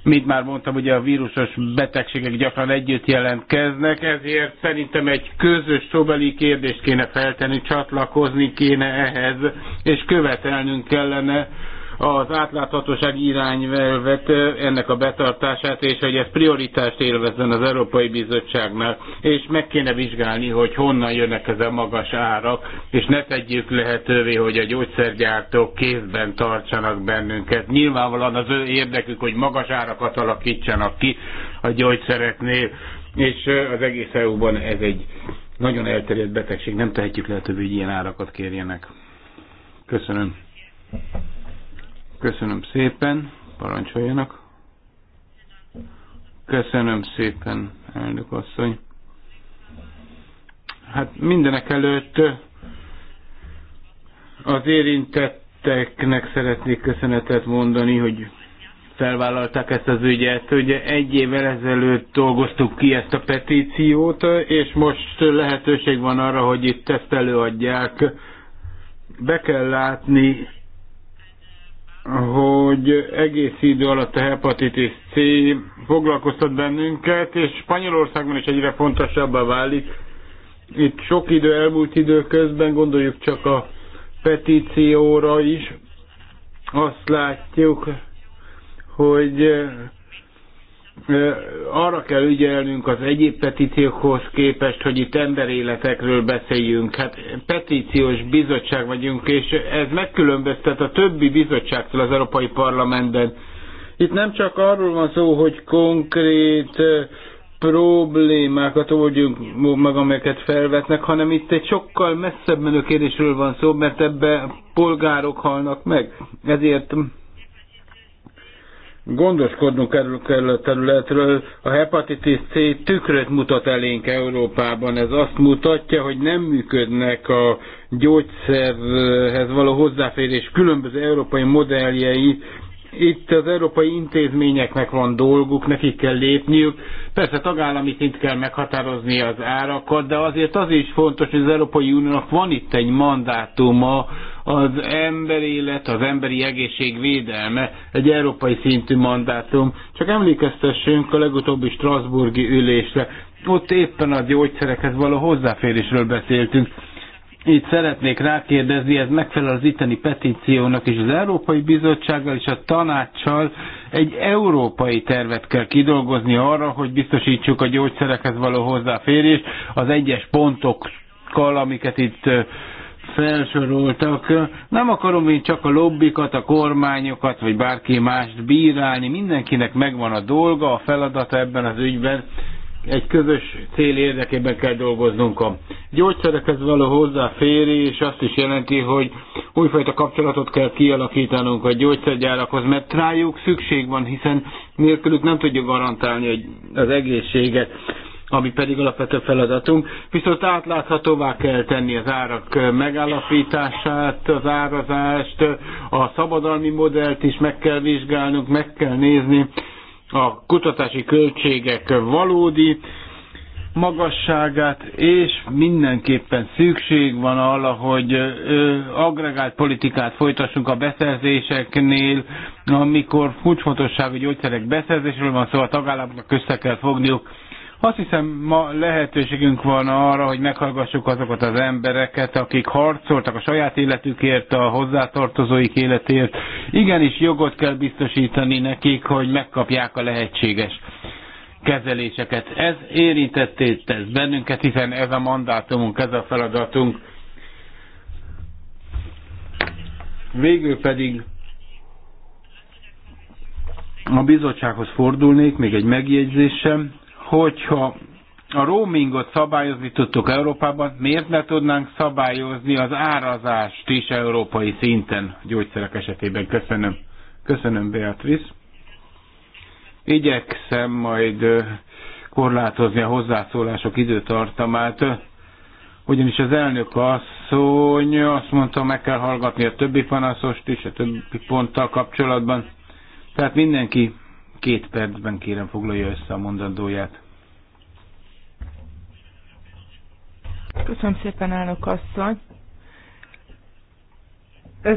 mint már mondtam, ugye a vírusos betegségek gyakran együtt jelentkeznek, ezért szerintem egy közös szobeli kérdést kéne feltenni, csatlakozni kéne ehhez, és követelnünk kellene, az átláthatóság irányvelvet, ennek a betartását, és hogy ez prioritást élvezzen az Európai Bizottságnál, és meg kéne vizsgálni, hogy honnan jönnek ez a magas árak, és ne tegyük lehetővé, hogy a gyógyszergyártók kézben tartsanak bennünket. Nyilvánvalóan az ő érdekük, hogy magas árakat alakítsanak ki a gyógyszereknél, és az egész EU-ban ez egy nagyon elterjedt betegség, nem tehetjük lehetővé, hogy ilyen árakat kérjenek. Köszönöm. Köszönöm szépen, parancsoljanak. Köszönöm szépen, elnök asszony. Hát mindenek előtt az érintetteknek szeretnék köszönetet mondani, hogy felvállalták ezt az ügyet. Ugye egy évvel ezelőtt dolgoztuk ki ezt a petíciót, és most lehetőség van arra, hogy itt ezt előadják. Be kell látni hogy egész idő alatt a hepatitis C foglalkoztat bennünket, és Spanyolországban is egyre fontosabbá válik. Itt sok idő elmúlt idő közben, gondoljuk csak a petícióra is, azt látjuk, hogy arra kell ügyelnünk az egyéb petíciókhoz képest, hogy itt emberéletekről beszéljünk. Hát petíciós bizottság vagyunk, és ez megkülönböztet a többi bizottságtól az Európai Parlamentben. Itt nem csak arról van szó, hogy konkrét problémákat oldjunk meg, amelyeket felvetnek, hanem itt egy sokkal messzebb menő kérdésről van szó, mert ebbe polgárok halnak meg. Ezért gondoskodnunk erről a területről. A hepatitis C tükröt mutat elénk Európában. Ez azt mutatja, hogy nem működnek a gyógyszerhez való hozzáférés különböző európai modelljei itt az európai intézményeknek van dolguk, nekik kell lépniük. Persze tagállami szint kell meghatározni az árakat, de azért az is fontos, hogy az Európai Uniónak van itt egy mandátuma, az emberélet, az emberi egészség védelme, egy európai szintű mandátum. Csak emlékeztessünk a legutóbbi Strasburgi ülésre, ott éppen a gyógyszerekhez való hozzáférésről beszéltünk itt szeretnék rákérdezni, ez megfelel az itteni petíciónak és az Európai Bizottsággal és a tanácssal egy európai tervet kell kidolgozni arra, hogy biztosítsuk a gyógyszerekhez való hozzáférést az egyes pontokkal, amiket itt felsoroltak. Nem akarom én csak a lobbikat, a kormányokat, vagy bárki mást bírálni. Mindenkinek megvan a dolga, a feladata ebben az ügyben, egy közös cél érdekében kell dolgoznunk. A gyógyszerekhez való hozzáférés azt is jelenti, hogy újfajta kapcsolatot kell kialakítanunk a gyógyszergyárakhoz, mert rájuk szükség van, hiszen nélkülük nem tudjuk garantálni az egészséget ami pedig alapvető feladatunk, viszont átláthatóvá kell tenni az árak megállapítását, az árazást, a szabadalmi modellt is meg kell vizsgálnunk, meg kell nézni, a kutatási költségek valódi magasságát, és mindenképpen szükség van arra, hogy agregált politikát folytassunk a beszerzéseknél, amikor kulcsfontosságú gyógyszerek beszerzésről van szó, szóval a tagállamoknak össze kell fogniuk azt hiszem, ma lehetőségünk van arra, hogy meghallgassuk azokat az embereket, akik harcoltak a saját életükért, a hozzátartozóik életért. Igenis jogot kell biztosítani nekik, hogy megkapják a lehetséges kezeléseket. Ez érintetté tesz bennünket, hiszen ez a mandátumunk, ez a feladatunk. Végül pedig a bizottsághoz fordulnék, még egy megjegyzésem hogyha a roamingot szabályozni tudtuk Európában, miért ne tudnánk szabályozni az árazást is európai szinten gyógyszerek esetében? Köszönöm. Köszönöm, Beatrice. Igyekszem majd korlátozni a hozzászólások időtartamát, ugyanis az elnök asszony azt mondta, meg kell hallgatni a többi panaszost is, a többi ponttal kapcsolatban. Tehát mindenki Két percben kérem foglalja össze a mondandóját. Köszönöm szépen, elnök asszony.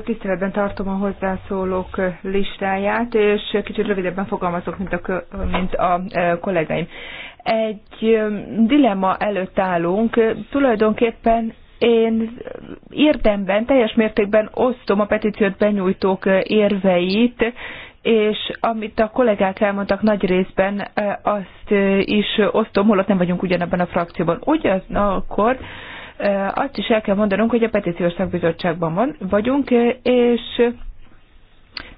Tiszteletben tartom a hozzászólók listáját, és kicsit rövidebben fogalmazok, mint a, mint a e, kollégáim. Egy e, dilemma előtt állunk. Tulajdonképpen én érdemben, teljes mértékben osztom a petíciót benyújtók e, érveit, és amit a kollégák elmondtak nagy részben, azt is osztom, holott nem vagyunk ugyanabban a frakcióban. Ugyanakkor azt is el kell mondanunk, hogy a petíciós szakbizottságban van, vagyunk, és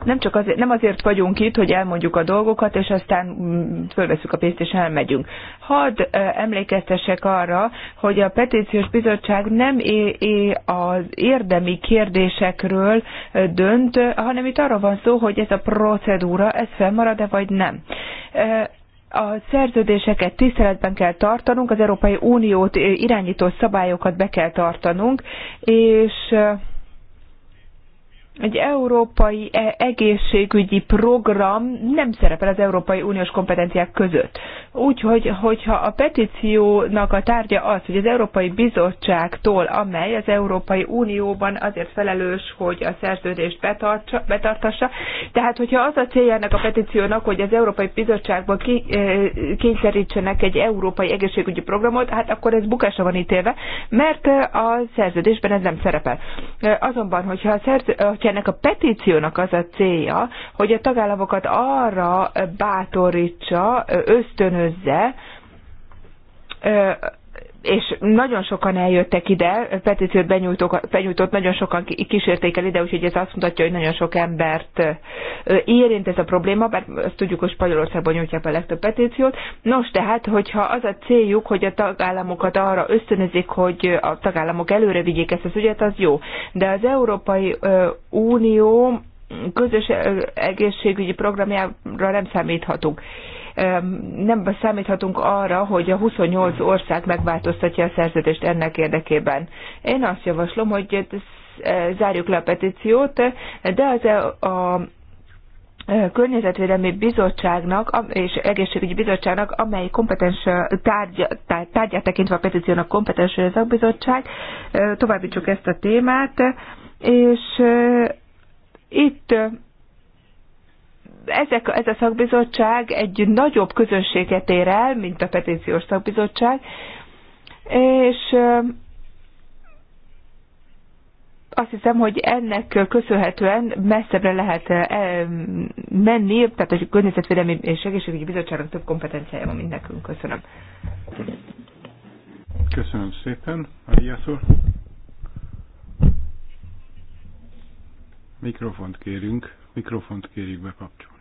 nem csak azért, nem azért vagyunk itt, hogy elmondjuk a dolgokat, és aztán mm, fölveszük a pénzt, és elmegyünk. Hadd emlékeztessek arra, hogy a petíciós bizottság nem é, é az érdemi kérdésekről dönt, hanem itt arra van szó, hogy ez a procedúra, ez felmarad-e vagy nem a szerződéseket tiszteletben kell tartanunk, az Európai Uniót irányító szabályokat be kell tartanunk, és egy európai e, egészségügyi program nem szerepel az Európai Uniós kompetenciák között. Úgyhogy, hogyha a petíciónak a tárgya az, hogy az Európai Bizottságtól, amely az Európai Unióban azért felelős, hogy a szerződést betartsa, betartassa, tehát hogyha az a célja ennek a petíciónak, hogy az Európai Bizottságban ki, e, kényszerítsenek egy európai egészségügyi programot, hát akkor ez bukásra van ítélve, mert a szerződésben ez nem szerepel. Azonban, hogyha a szerződés, pontja ennek a petíciónak az a célja, hogy a tagállamokat arra bátorítsa, ösztönözze, és nagyon sokan eljöttek ide, petíciót benyújtott, benyújtott nagyon sokan kísérték el ide, úgyhogy ez azt mutatja, hogy nagyon sok embert érint ez a probléma, bár azt tudjuk, hogy Spanyolországban nyújtják be a legtöbb petíciót. Nos, tehát, hogyha az a céljuk, hogy a tagállamokat arra ösztönözik, hogy a tagállamok előre vigyék ezt az ügyet, az jó. De az Európai Unió közös egészségügyi programjára nem számíthatunk nem számíthatunk arra, hogy a 28 ország megváltoztatja a szerződést ennek érdekében. Én azt javaslom, hogy e, zárjuk le a petíciót, de az e, a, a e, Környezetvédelmi Bizottságnak és Egészségügyi Bizottságnak, amely kompetens tárgy, tárgyát tekintve a petíciónak kompetens szakbizottság, továbbítsuk ezt a témát, és itt ezek, ez a szakbizottság egy nagyobb közönséget ér el, mint a petíciós szakbizottság, és azt hiszem, hogy ennek köszönhetően messzebbre lehet menni, tehát a Környezetvédelmi és Egészségügyi Bizottságnak több kompetenciája van, mint nekünk. Köszönöm. Köszönöm szépen. Maria szor. Mikrofont kérünk. Mikrofont kérjük bekapcsolni.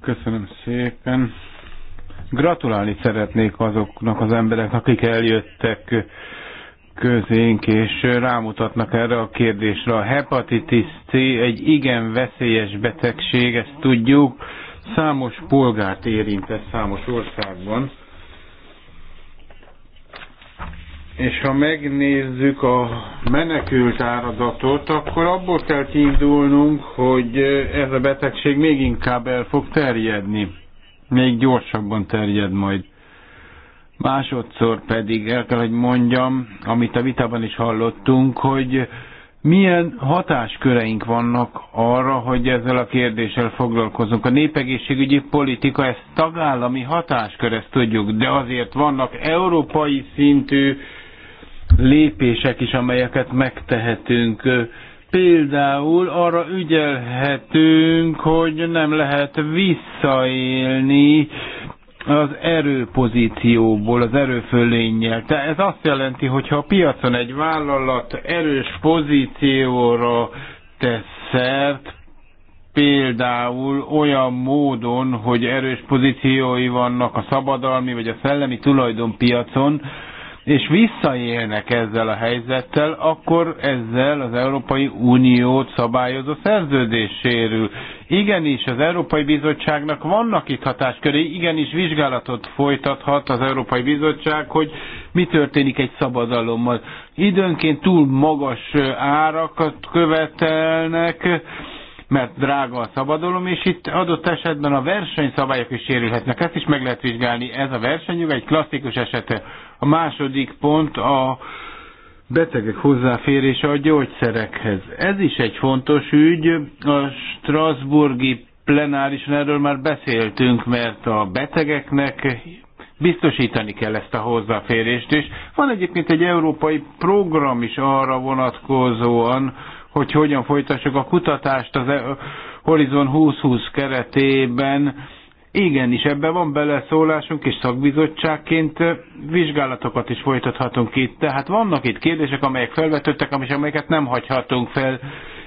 Köszönöm szépen. Gratulálni szeretnék azoknak az embereknek, akik eljöttek közénk, és rámutatnak erre a kérdésre. A hepatitis C egy igen veszélyes betegség, ezt tudjuk. Számos polgárt érint ez számos országban És ha megnézzük a menekült áradatot, akkor abból kell kiindulnunk, hogy ez a betegség még inkább el fog terjedni. Még gyorsabban terjed majd. Másodszor pedig el kell, hogy mondjam, amit a vitában is hallottunk, hogy milyen hatásköreink vannak arra, hogy ezzel a kérdéssel foglalkozunk. A népegészségügyi politika, ez tagállami hatáskör, ezt tudjuk, de azért vannak európai szintű lépések is, amelyeket megtehetünk. Például arra ügyelhetünk, hogy nem lehet visszaélni az erőpozícióból, az erőfölénnyel. Tehát ez azt jelenti, ha a piacon egy vállalat erős pozícióra tesz szert, például olyan módon, hogy erős pozíciói vannak a szabadalmi vagy a szellemi tulajdonpiacon, és visszaélnek ezzel a helyzettel, akkor ezzel az Európai Uniót szabályozó szerződés sérül. Igenis, az Európai Bizottságnak vannak itt hatásköré, igenis vizsgálatot folytathat az Európai Bizottság, hogy mi történik egy szabadalommal. Időnként túl magas árakat követelnek, mert drága a szabadalom, és itt adott esetben a versenyszabályok is sérülhetnek. Ezt is meg lehet vizsgálni, ez a versenyjog egy klasszikus esete. A második pont a betegek hozzáférése a gyógyszerekhez. Ez is egy fontos ügy. A Strasburgi plenárison erről már beszéltünk, mert a betegeknek biztosítani kell ezt a hozzáférést, és van egyébként egy európai program is arra vonatkozóan, hogy hogyan folytassuk a kutatást az eh, Horizon 2020 keretében. Igenis, ebben van beleszólásunk, és szakbizottságként eh, vizsgálatokat is folytathatunk itt. Tehát vannak itt kérdések, amelyek felvetődtek, és amelyeket nem hagyhatunk fel.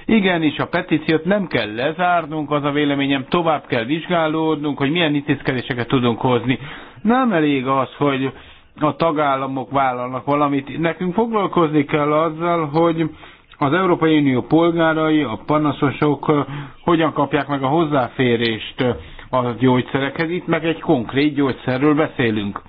Igenis, a petíciót nem kell lezárnunk, az a véleményem, tovább kell vizsgálódnunk, hogy milyen intézkedéseket tudunk hozni. Nem elég az, hogy a tagállamok vállalnak valamit. Nekünk foglalkozni kell azzal, hogy az Európai Unió polgárai, a panaszosok eh, hogyan kapják meg a hozzáférést eh, a gyógyszerekhez. Itt meg egy konkrét gyógyszerről beszélünk.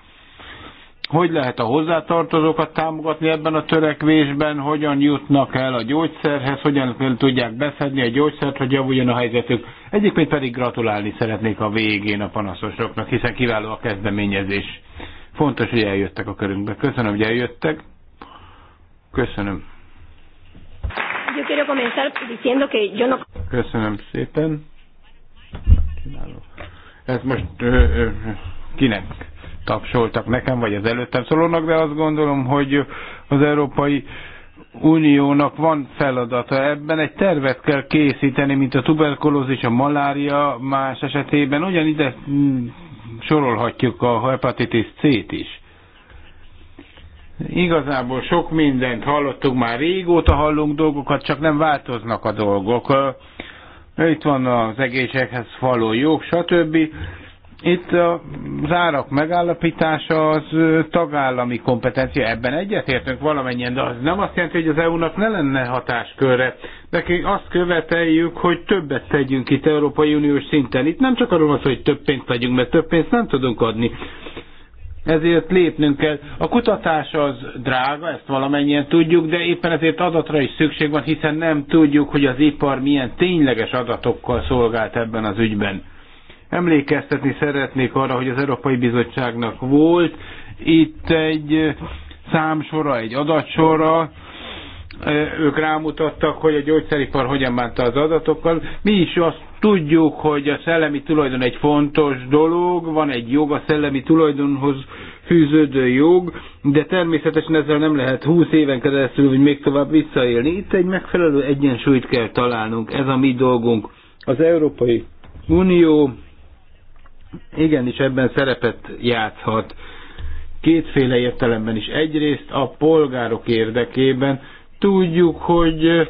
Hogy lehet a hozzátartozókat támogatni ebben a törekvésben, hogyan jutnak el a gyógyszerhez, hogyan tudják beszedni a gyógyszert, hogy javuljon a helyzetük. Egyébként pedig gratulálni szeretnék a végén a panaszosoknak, hiszen kiváló a kezdeményezés. Fontos, hogy eljöttek a körünkbe. Köszönöm, hogy eljöttek. Köszönöm. Köszönöm szépen. Ez most ö, ö, kinek tapsoltak nekem, vagy az előttem szólónak, de azt gondolom, hogy az Európai Uniónak van feladata ebben, egy tervet kell készíteni, mint a tuberkulózis, a malária más esetében, ugyanide mm, sorolhatjuk a hepatitis C-t is. Igazából sok mindent hallottuk, már régóta hallunk dolgokat, csak nem változnak a dolgok. Itt van az egészséghez való jog, stb. Itt az árak megállapítása az tagállami kompetencia, ebben egyetértünk valamennyien, de az nem azt jelenti, hogy az EU-nak ne lenne hatáskörre. Nekünk azt követeljük, hogy többet tegyünk itt Európai Uniós szinten. Itt nem csak arról van hogy több pénzt adjunk, mert több pénzt nem tudunk adni ezért lépnünk kell. A kutatás az drága, ezt valamennyien tudjuk, de éppen ezért adatra is szükség van, hiszen nem tudjuk, hogy az ipar milyen tényleges adatokkal szolgált ebben az ügyben. Emlékeztetni szeretnék arra, hogy az Európai Bizottságnak volt itt egy eh, számsora, egy adatsora, ők rámutattak, hogy a gyógyszeripar hogyan bánta az adatokkal. Mi is azt tudjuk, hogy a szellemi tulajdon egy fontos dolog, van egy jog a szellemi tulajdonhoz fűződő jog, de természetesen ezzel nem lehet 20 éven keresztül, hogy még tovább visszaélni. Itt egy megfelelő egyensúlyt kell találnunk, ez a mi dolgunk. Az Európai Unió igenis ebben szerepet játszhat kétféle értelemben is. Egyrészt a polgárok érdekében, Tudjuk, hogy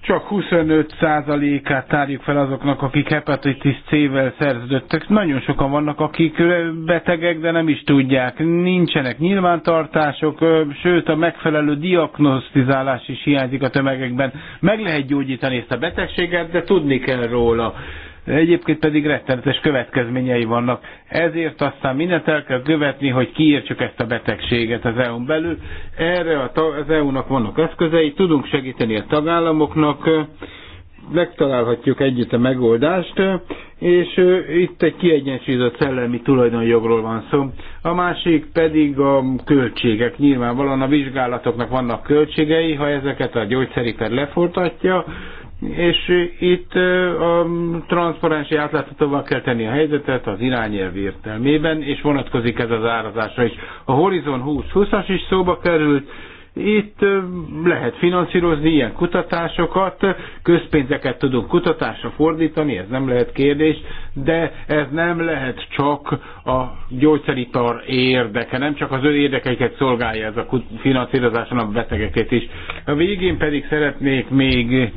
csak 25%-át tárjuk fel azoknak, akik hepatitis C-vel szerződöttek. Nagyon sokan vannak, akik betegek, de nem is tudják. Nincsenek nyilvántartások, sőt a megfelelő diagnosztizálás is hiányzik a tömegekben. Meg lehet gyógyítani ezt a betegséget, de tudni kell róla. Egyébként pedig rettenetes következményei vannak. Ezért aztán mindent el kell követni, hogy kiírtsuk ezt a betegséget az EU-n belül. Erre az EU-nak vannak eszközei, tudunk segíteni a tagállamoknak, megtalálhatjuk együtt a megoldást, és itt egy kiegyensúlyozott szellemi tulajdonjogról van szó. A másik pedig a költségek. Nyilvánvalóan a vizsgálatoknak vannak költségei, ha ezeket a gyógyszeriper lefortatja, és itt a transzparensi átláthatóvá kell tenni a helyzetet az irányelv értelmében, és vonatkozik ez az árazásra is. A Horizon 2020-as is szóba került, itt lehet finanszírozni ilyen kutatásokat, közpénzeket tudunk kutatásra fordítani, ez nem lehet kérdés, de ez nem lehet csak a gyógyszeripar érdeke, nem csak az ő érdekeiket szolgálja ez a finanszírozás, hanem a betegeket is. A végén pedig szeretnék még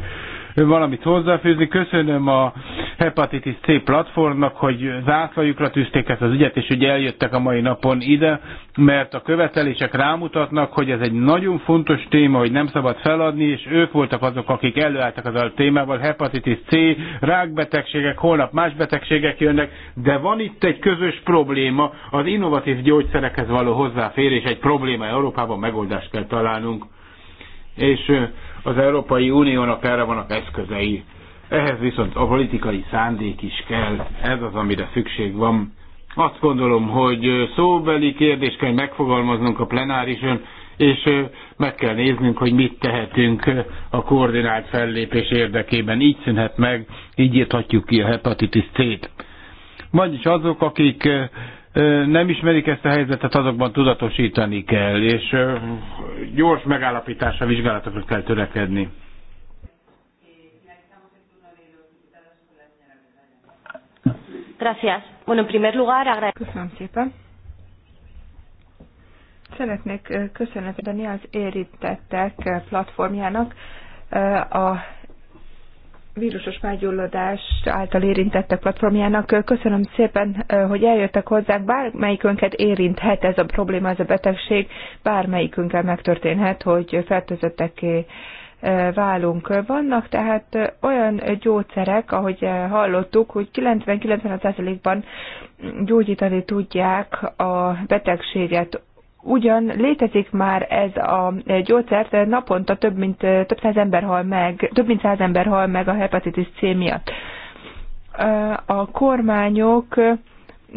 valamit hozzáfűzni. Köszönöm a hepatitis C platformnak, hogy zászlajukra tűzték ezt az ügyet, és ugye eljöttek a mai napon ide, mert a követelések rámutatnak, hogy ez egy nagyon fontos téma, hogy nem szabad feladni, és ők voltak azok, akik előálltak az a témával, hepatitis C, rákbetegségek, holnap más betegségek jönnek, de van itt egy közös probléma, az innovatív gyógyszerekhez való hozzáférés egy probléma Európában, megoldást kell találnunk. És az Európai Uniónak erre vannak eszközei. Ehhez viszont a politikai szándék is kell. Ez az, amire szükség van. Azt gondolom, hogy szóbeli kérdést kell megfogalmaznunk a plenárison, és meg kell néznünk, hogy mit tehetünk a koordinált fellépés érdekében. Így szűnhet meg, így írhatjuk ki a hepatitis C-t. Vagyis azok, akik nem ismerik ezt a helyzetet, azokban tudatosítani kell, és gyors megállapításra, vizsgálatokra kell törekedni. Köszönöm szépen. Szeretnék köszönetet adni az érintettek platformjának a vírusos mágyulladás által érintettek platformjának. Köszönöm szépen, hogy eljöttek hozzánk. Bármelyikünket érinthet ez a probléma, ez a betegség, bármelyikünkkel megtörténhet, hogy fertőzötteké válunk. Vannak tehát olyan gyógyszerek, ahogy hallottuk, hogy 90 90 ban gyógyítani tudják a betegséget Ugyan létezik már ez a gyógyszert, naponta több mint több száz ember hal meg, több mint száz ember hal meg a hepatitis C miatt. A kormányok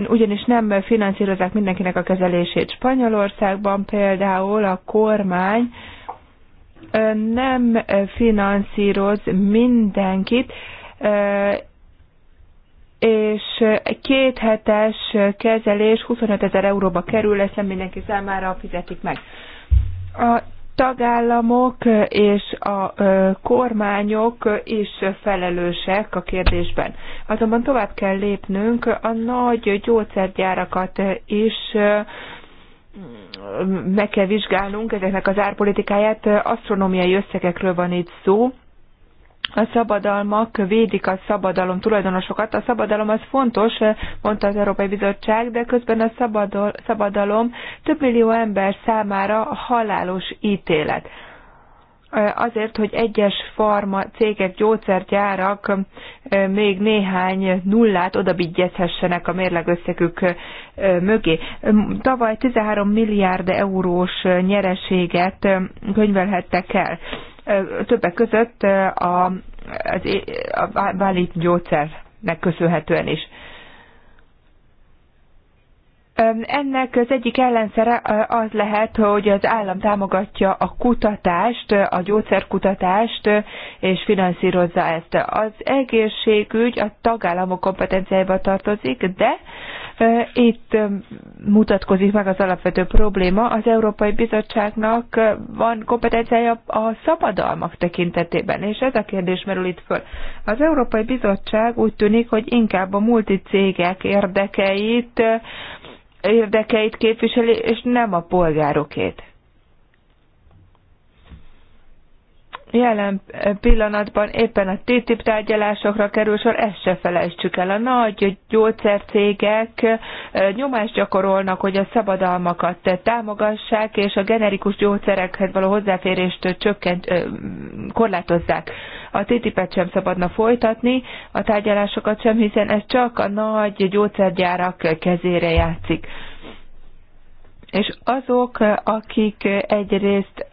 ugyanis nem finanszírozzák mindenkinek a kezelését. Spanyolországban például a kormány nem finanszíroz mindenkit, és egy két hetes kezelés 25 ezer euróba kerül, ezt nem mindenki számára fizetik meg. A tagállamok és a kormányok is felelősek a kérdésben. Azonban tovább kell lépnünk, a nagy gyógyszergyárakat is meg kell vizsgálnunk ezeknek az árpolitikáját. Asztronómiai összegekről van itt szó, a szabadalmak védik a szabadalom tulajdonosokat. A szabadalom az fontos, mondta az Európai Bizottság, de közben a szabadol, szabadalom több millió ember számára halálos ítélet. Azért, hogy egyes farma cégek, gyógyszergyárak még néhány nullát odabigyezhessenek a mérlegösszegük mögé. Tavaly 13 milliárd eurós nyereséget könyvelhettek el többek között a, az, a válít gyógyszernek köszönhetően is. Ennek az egyik ellenszere az lehet, hogy az állam támogatja a kutatást, a gyógyszerkutatást, és finanszírozza ezt. Az egészségügy a tagállamok kompetenciájába tartozik, de itt mutatkozik meg az alapvető probléma. Az Európai Bizottságnak van kompetenciája a szabadalmak tekintetében, és ez a kérdés merül itt föl. Az Európai Bizottság úgy tűnik, hogy inkább a multicégek érdekeit, érdekeit képviseli, és nem a polgárokét. jelen eh, pillanatban éppen a TTIP tárgyalásokra kerül sor, ezt se felejtsük el. A nagy gyógyszercégek eh, nyomást gyakorolnak, hogy a szabadalmakat támogassák, és a generikus gyógyszerekhez való hozzáférést eh, csökkent, korlátozzák. A TTIP-et sem szabadna folytatni, a tárgyalásokat sem, hiszen ez csak a nagy gyógyszergyárak kezére játszik és azok, akik egyrészt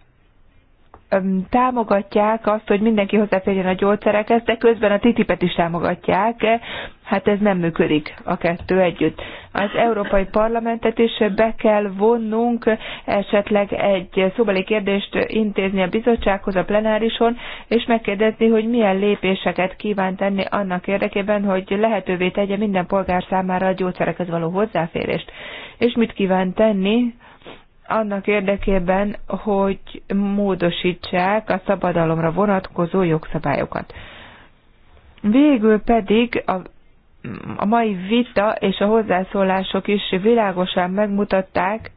támogatják azt, hogy mindenki hozzáférjen a gyógyszerekhez, de közben a TTIP-et is támogatják. Hát ez nem működik a kettő együtt. Az Európai Parlamentet is be kell vonnunk, esetleg egy szóbeli kérdést intézni a bizottsághoz a plenárison, és megkérdezni, hogy milyen lépéseket kíván tenni annak érdekében, hogy lehetővé tegye minden polgár számára a gyógyszerekhez való hozzáférést. És mit kíván tenni annak érdekében, hogy módosítsák a szabadalomra vonatkozó jogszabályokat. Végül pedig a, a mai vita és a hozzászólások is világosan megmutatták,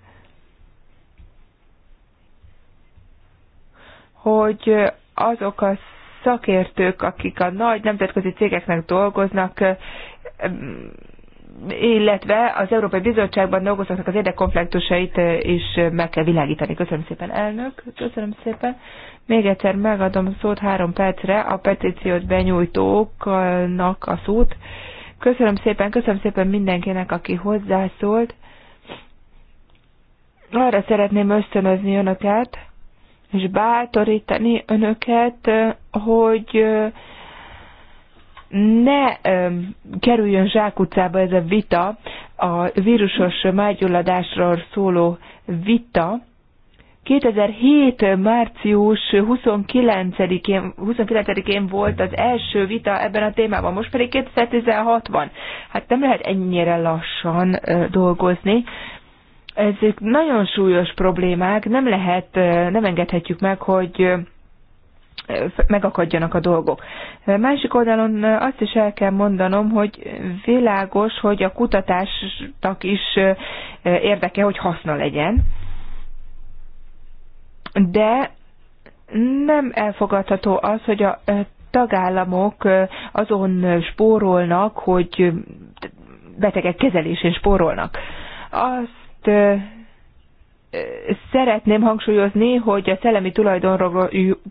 hogy azok a szakértők, akik a nagy nemzetközi cégeknek dolgoznak, illetve az Európai Bizottságban dolgozóknak az érdekkonfliktusait eh, is meg kell világítani. Köszönöm szépen, elnök. Köszönöm szépen. Még egyszer megadom a szót három percre a petíciót benyújtóknak a szót. Köszönöm szépen, köszönöm szépen mindenkinek, aki hozzászólt. Arra szeretném ösztönözni önöket, és bátorítani önöket, eh, hogy eh, ne kerüljön zsákutcába ez a vita, a vírusos mágyulladásról szóló vita, 2007. március 29-én, 29-én volt az első vita ebben a témában, most pedig 2016 van. Hát nem lehet ennyire lassan dolgozni. Ezek nagyon súlyos problémák, nem lehet, nem engedhetjük meg, hogy megakadjanak a dolgok. Másik oldalon azt is el kell mondanom, hogy világos, hogy a kutatásnak is érdeke, hogy haszna legyen, de nem elfogadható az, hogy a tagállamok azon spórolnak, hogy betegek kezelésén spórolnak. Azt szeretném hangsúlyozni, hogy a szellemi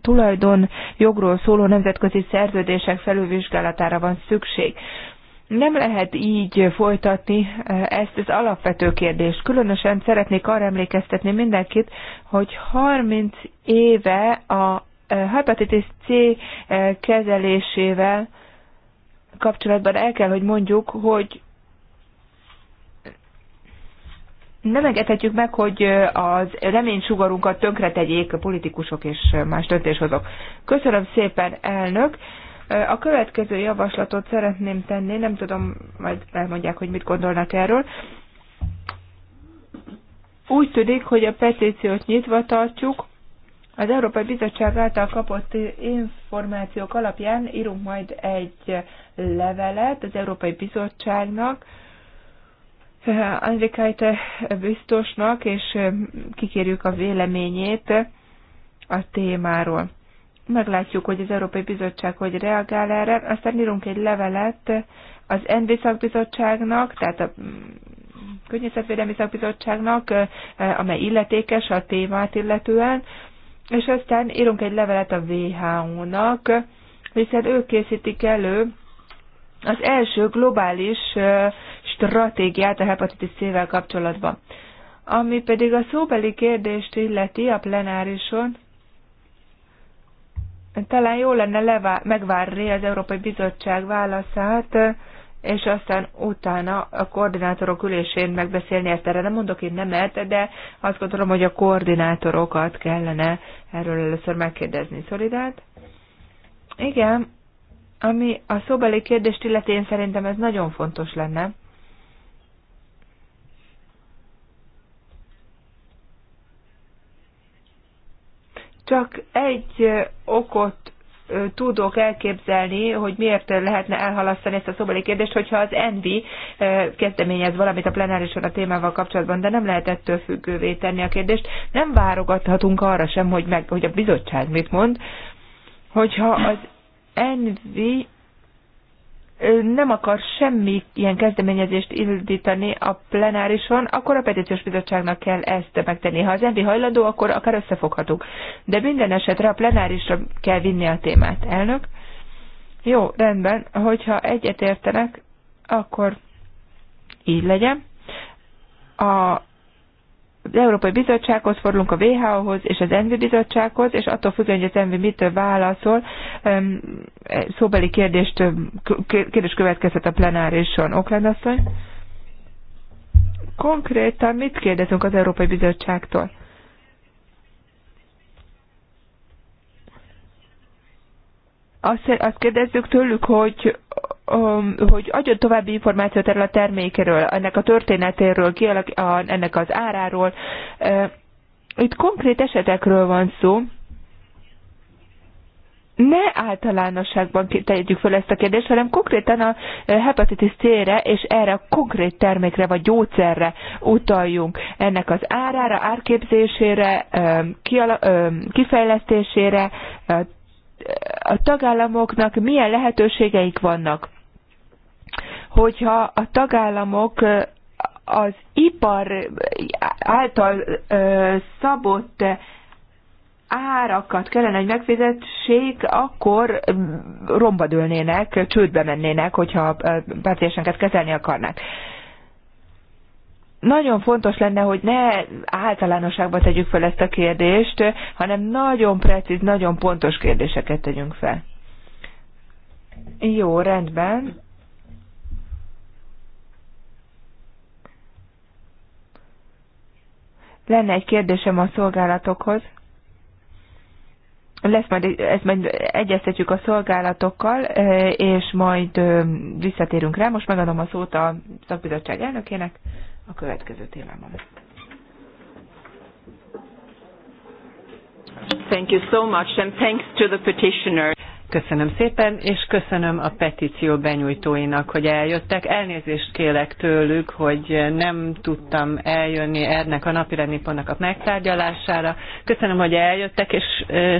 tulajdonjogról, szóló nemzetközi szerződések felülvizsgálatára van szükség. Nem lehet így folytatni e, ezt az alapvető kérdést. Különösen szeretnék arra emlékeztetni mindenkit, hogy 30 éve a e, hepatitis C e, kezelésével kapcsolatban el kell, hogy mondjuk, hogy nem engedhetjük meg, hogy az reménysugarunkat tönkretegyék a politikusok és más döntéshozók. Köszönöm szépen, elnök! A következő javaslatot szeretném tenni, nem tudom, majd elmondják, hogy mit gondolnak erről. Úgy tűnik, hogy a petíciót nyitva tartjuk. Az Európai Bizottság által kapott információk alapján írunk majd egy levelet az Európai Bizottságnak, Andrikájte biztosnak, és kikérjük a véleményét a témáról. Meglátjuk, hogy az Európai Bizottság hogy reagál erre. Aztán írunk egy levelet az NB szakbizottságnak, tehát a Környezetvédelmi Szakbizottságnak, amely illetékes a témát illetően, és aztán írunk egy levelet a WHO-nak, hiszen ők készítik elő az első globális stratégiát a hepatitis C-vel kapcsolatban. Ami pedig a szóbeli kérdést illeti a plenárison, talán jó lenne levá- megvárni az Európai Bizottság válaszát, és aztán utána a koordinátorok ülésén megbeszélni ezt. Erre nem mondok én nemet, de azt gondolom, hogy a koordinátorokat kellene erről először megkérdezni. Szolidát? Igen, ami a szóbeli kérdést illeti, én szerintem ez nagyon fontos lenne. Csak egy okot tudok elképzelni, hogy miért lehetne elhalasztani ezt a szobali kérdést, hogyha az ENVI kezdeményez valamit a plenárison a témával kapcsolatban, de nem lehet ettől függővé tenni a kérdést. Nem várogathatunk arra sem, hogy, meg, hogy a bizottság mit mond, hogyha az Envi nem akar semmi ilyen kezdeményezést indítani a plenárison, akkor a petíciós bizottságnak kell ezt megtenni. Ha az MB hajlandó, akkor akár összefoghatunk. De minden esetre a plenárisra kell vinni a témát. Elnök? Jó, rendben. Hogyha egyet értenek, akkor így legyen. A az Európai Bizottsághoz fordulunk, a WHO-hoz és az ENVI Bizottsághoz, és attól függően, hogy az ENVI mitől válaszol, e, szóbeli kérdést, kérdés következett a plenárison. Oakland asszony? Konkrétan mit kérdezünk az Európai Bizottságtól? azt, azt kérdezzük tőlük, hogy um, hogy adjon további információt erről a termékről, ennek a történetéről, kialak, a, ennek az áráról. E, itt konkrét esetekről van szó. Ne általánosságban tegyük fel ezt a kérdést, hanem konkrétan a e, hepatitis C-re és erre a konkrét termékre vagy gyógyszerre utaljunk. Ennek az árára, árképzésére, e, kifejlesztésére, a tagállamoknak milyen lehetőségeik vannak. Hogyha a tagállamok az ipar által szabott árakat kellene, hogy megfizessék, akkor romba dőlnének, csődbe mennének, hogyha pácienseket kezelni akarnák nagyon fontos lenne, hogy ne általánosságban tegyük fel ezt a kérdést, hanem nagyon precíz, nagyon pontos kérdéseket tegyünk fel. Jó, rendben. Lenne egy kérdésem a szolgálatokhoz. Lesz majd, ezt majd egyeztetjük a szolgálatokkal, e, és majd visszatérünk rá. Most megadom a szót a szakbizottság elnökének a következő témában. Thank you so much, and thanks to the petitioner. Köszönöm szépen, és köszönöm a petíció benyújtóinak, hogy eljöttek. Elnézést kélek tőlük, hogy nem tudtam eljönni ennek a napirendi pontnak a megtárgyalására. Köszönöm, hogy eljöttek, és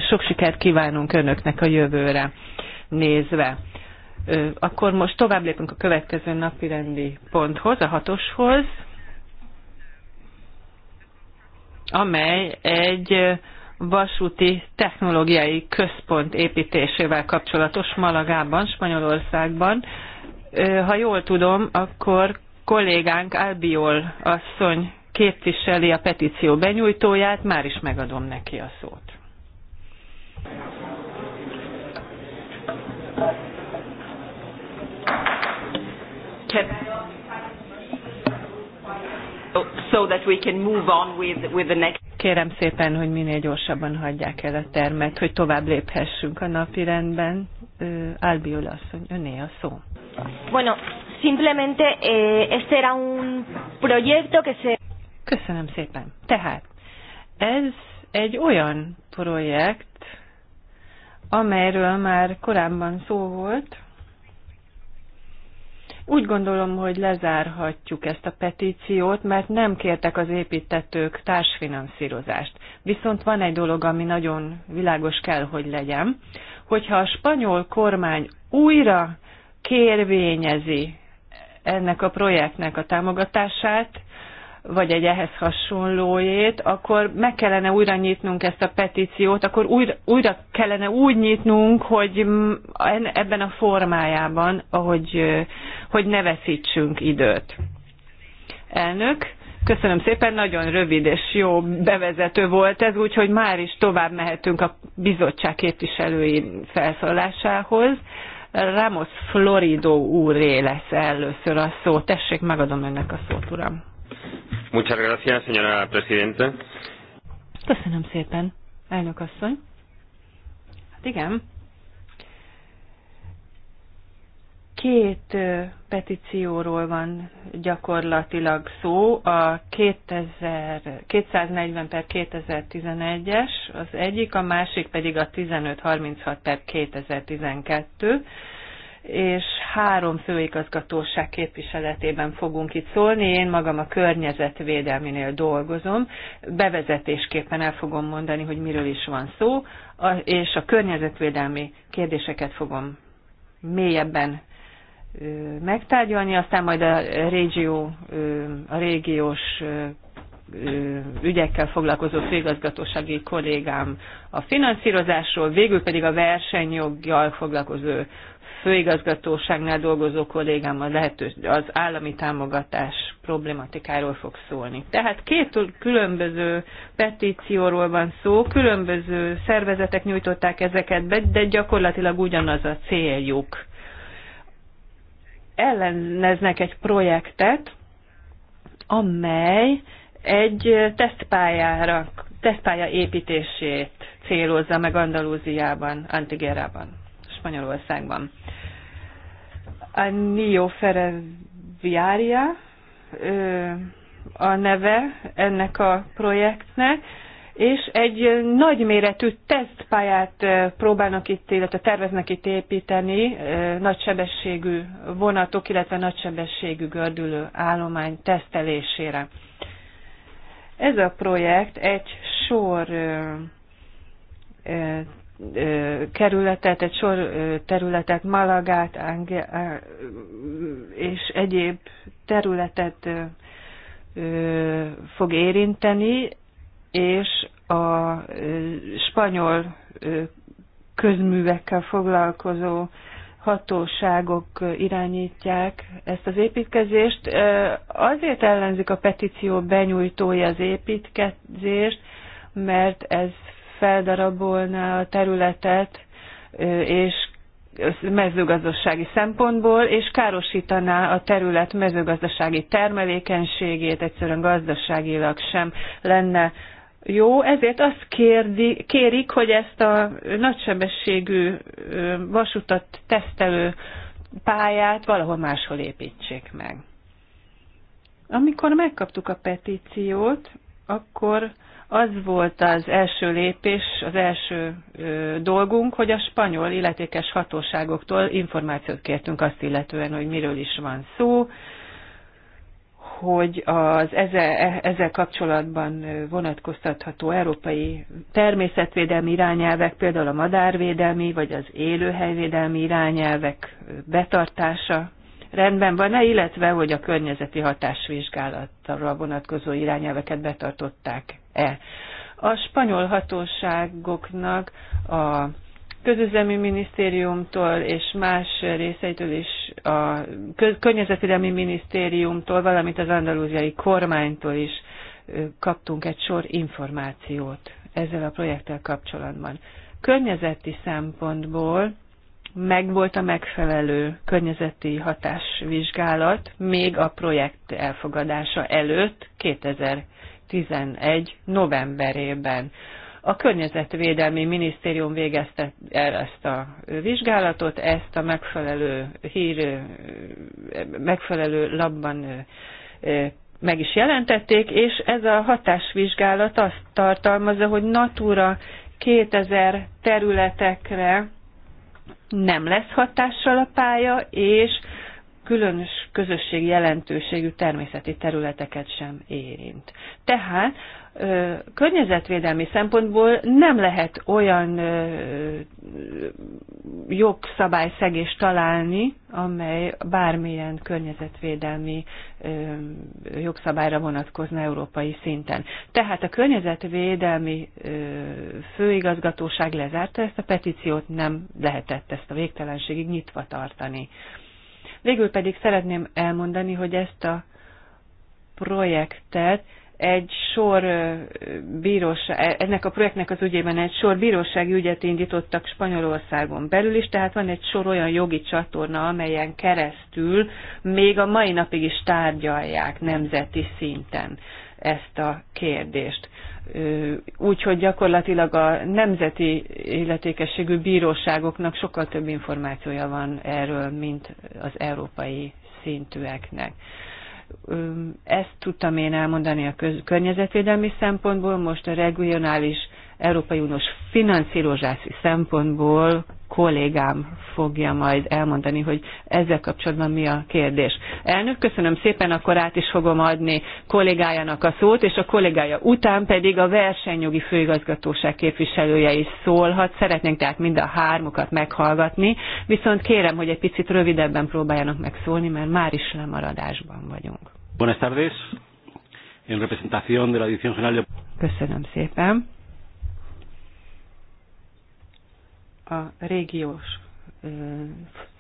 sok sikert kívánunk önöknek a jövőre nézve. Akkor most tovább lépünk a következő napirendi ponthoz, a hatoshoz amely egy vasúti technológiai központ építésével kapcsolatos Malagában, Spanyolországban. Ha jól tudom, akkor kollégánk Albiol asszony képviseli a petíció benyújtóját, már is megadom neki a szót. Köszönöm so that we can move on with, with the next. Kérem szépen, hogy minél gyorsabban hagyják el a termet, hogy tovább léphessünk a napi rendben. Uh, Albiol asszony, öné a szó. Bueno, simplemente eh, este era un proyecto que se... Köszönöm szépen. Tehát, ez egy olyan projekt, amelyről már korábban szó volt, úgy gondolom, hogy lezárhatjuk ezt a petíciót, mert nem kértek az építetők társfinanszírozást. Viszont van egy dolog, ami nagyon világos kell, hogy legyen, hogyha a spanyol kormány újra kérvényezi ennek a projektnek a támogatását, vagy egy ehhez hasonlójét, akkor meg kellene újra nyitnunk ezt a petíciót, akkor újra, újra kellene úgy nyitnunk, hogy ebben a formájában, ahogy, hogy ne veszítsünk időt. Elnök, köszönöm szépen, nagyon rövid és jó bevezető volt ez, úgyhogy már is tovább mehetünk a bizottság képviselői felszólásához. Ramos Florido úré lesz először a szó. Tessék, megadom önnek a szót, uram. Muchas gracias, señora presidenta. Köszönöm szépen, elnök asszony. Hát igen. Két petícióról van gyakorlatilag szó, a 2000, 240 per 2011-es az egyik, a másik pedig a 1536 per 2012 és három főigazgatóság képviseletében fogunk itt szólni. Én magam a környezetvédelminél dolgozom. Bevezetésképpen el fogom mondani, hogy miről is van szó, és a környezetvédelmi kérdéseket fogom mélyebben megtárgyalni, aztán majd a, régió, a régiós ügyekkel foglalkozó főigazgatósági kollégám a finanszírozásról, végül pedig a versenyjoggal foglalkozó főigazgatóságnál dolgozó kollégámmal lehetős, az állami támogatás problématikáról fog szólni. Tehát két különböző petícióról van szó, különböző szervezetek nyújtották ezeket be, de gyakorlatilag ugyanaz a céljuk. Elleneznek egy projektet, amely egy tesztpályára, tesztpálya építését célozza meg Andalúziában, Antigerában. Spanyolországban. Nio Ferroviaria a neve ennek a projektnek, és egy nagyméretű tesztpályát próbálnak itt, illetve terveznek itt építeni, nagysebességű vonatok, illetve nagysebességű gördülő állomány tesztelésére. Ez a projekt egy sor kerületet, egy sor területet, Malagát Ange, és egyéb területet fog érinteni, és a spanyol közművekkel foglalkozó hatóságok irányítják ezt az építkezést. Azért ellenzik a petíció benyújtója az építkezést, mert ez feldarabolná a területet, és mezőgazdasági szempontból, és károsítaná a terület mezőgazdasági termelékenységét, egyszerűen gazdaságilag sem lenne jó, ezért azt kérdi, kérik, hogy ezt a nagysebességű vasutat tesztelő pályát valahol máshol építsék meg. Amikor megkaptuk a petíciót, akkor az volt az első lépés, az első ö, dolgunk, hogy a spanyol illetékes hatóságoktól információt kértünk azt illetően, hogy miről is van szó, hogy az ezzel, ezzel kapcsolatban vonatkoztatható európai természetvédelmi irányelvek, például a madárvédelmi vagy az élőhelyvédelmi irányelvek betartása rendben van-e, illetve hogy a környezeti hatásvizsgálatra vonatkozó irányelveket betartották e. A spanyol hatóságoknak a közüzemi minisztériumtól és más részeitől is a környezetvédelmi minisztériumtól, valamint az andalúziai kormánytól is kaptunk egy sor információt ezzel a projekttel kapcsolatban. Környezeti szempontból megvolt a megfelelő környezeti hatásvizsgálat még a projekt elfogadása előtt 2000 2011. novemberében. A Környezetvédelmi Minisztérium végezte el ezt a vizsgálatot, ezt a megfelelő hír, megfelelő labban meg is jelentették, és ez a hatásvizsgálat azt tartalmazza, hogy Natura 2000 területekre nem lesz hatással a pálya, és különös közösség jelentőségű természeti területeket sem érint. Tehát környezetvédelmi szempontból nem lehet olyan jogszabályszegést találni, amely bármilyen környezetvédelmi jogszabályra vonatkozna európai szinten. Tehát a környezetvédelmi főigazgatóság lezárta ezt a petíciót, nem lehetett ezt a végtelenségig nyitva tartani. Végül pedig szeretném elmondani, hogy ezt a projektet egy sor bíróság, e, ennek a projektnek az ügyében egy sor bírósági ügyet indítottak Spanyolországon belül is, tehát van egy sor olyan jogi csatorna, amelyen keresztül még a mai napig is tárgyalják nemzeti szinten ezt a kérdést úgy, hogy gyakorlatilag a nemzeti illetékességű bíróságoknak sokkal több információja van erről, mint az európai szintűeknek. Ezt tudtam én elmondani a köz- környezetvédelmi szempontból, most a regionális Európai Uniós finanszírozási szempontból kollégám fogja majd elmondani, hogy ezzel kapcsolatban mi a kérdés. Elnök, köszönöm szépen, akkor át is fogom adni kollégájának a szót, és a kollégája után pedig a versenyjogi főigazgatóság képviselője is szólhat. Szeretnénk tehát mind a hármukat meghallgatni, viszont kérem, hogy egy picit rövidebben próbáljanak megszólni, mert már is lemaradásban vagyunk. Buenas tardes. En representación de la Dirección General de... Köszönöm szépen. a régiós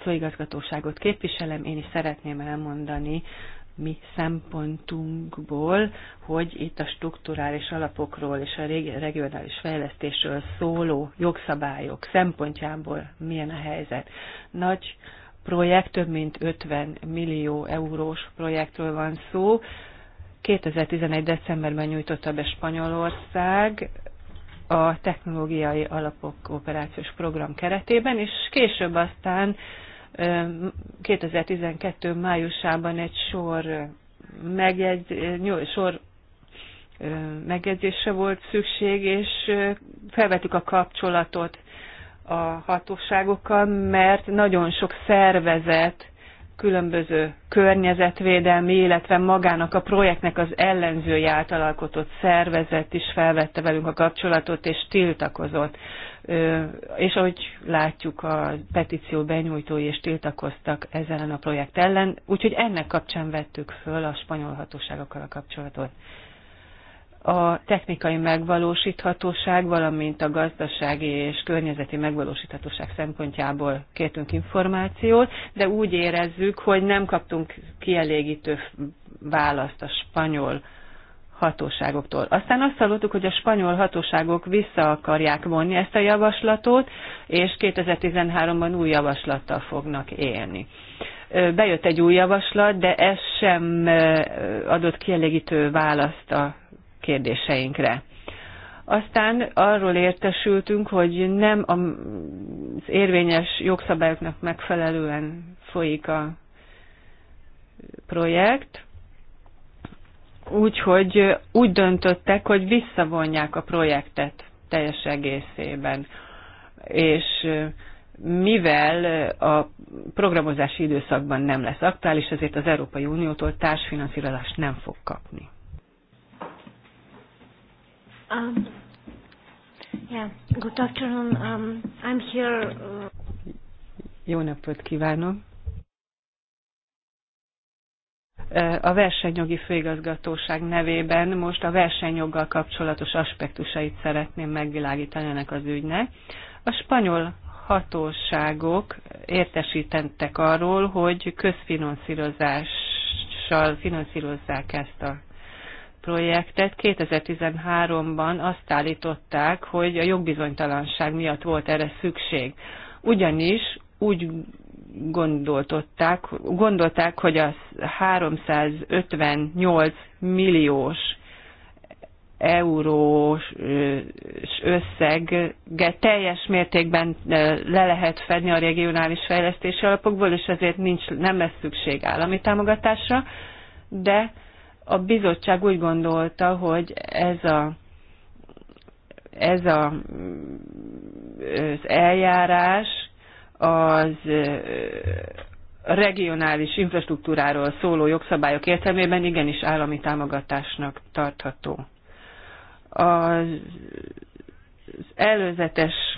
főigazgatóságot képviselem, én is szeretném elmondani mi szempontunkból, hogy itt a strukturális alapokról és a regionális fejlesztésről szóló jogszabályok szempontjából milyen a helyzet. Nagy projekt, több mint 50 millió eurós projektről van szó. 2011. decemberben nyújtotta be Spanyolország, a technológiai alapok operációs program keretében, és később aztán 2012. májusában egy sor, megjegy, sor megjegyzésre volt szükség, és felvettük a kapcsolatot a hatóságokkal, mert nagyon sok szervezet különböző környezetvédelmi, illetve magának a projektnek az ellenzői által alkotott szervezet is felvette velünk a kapcsolatot és tiltakozott. És ahogy látjuk, a petíció benyújtói és tiltakoztak ezzel a projekt ellen, úgyhogy ennek kapcsán vettük föl a spanyol hatóságokkal a kapcsolatot a technikai megvalósíthatóság, valamint a gazdasági és környezeti megvalósíthatóság szempontjából kértünk információt, de úgy érezzük, hogy nem kaptunk kielégítő választ a spanyol hatóságoktól. Aztán azt hallottuk, hogy a spanyol hatóságok vissza akarják vonni ezt a javaslatot, és 2013-ban új javaslattal fognak élni. Bejött egy új javaslat, de ez sem adott kielégítő választ a kérdéseinkre. Aztán arról értesültünk, hogy nem az érvényes jogszabályoknak megfelelően folyik a projekt, úgyhogy úgy döntöttek, hogy visszavonják a projektet teljes egészében. És mivel a programozási időszakban nem lesz aktuális, ezért az Európai Uniótól társfinanszírozást nem fog kapni. Um, yeah, good afternoon. Um, I'm here. Uh, Jó napot kívánom! E, a versenyjogi főigazgatóság nevében most a versenyjoggal kapcsolatos aspektusait szeretném megvilágítani ennek az ügynek. A spanyol hatóságok értesítettek arról, hogy közfinanszírozással finanszírozzák ezt a projektet 2013-ban azt állították, hogy a jogbizonytalanság miatt volt erre szükség. Ugyanis úgy gondoltották, gondolták, hogy a 358 milliós eurós összeg teljes mértékben le lehet fedni a regionális fejlesztési alapokból, és ezért nincs, nem lesz szükség állami támogatásra, de a bizottság úgy gondolta, hogy ez a ez a, az eljárás az regionális infrastruktúráról szóló jogszabályok értelmében igenis állami támogatásnak tartható. Az előzetes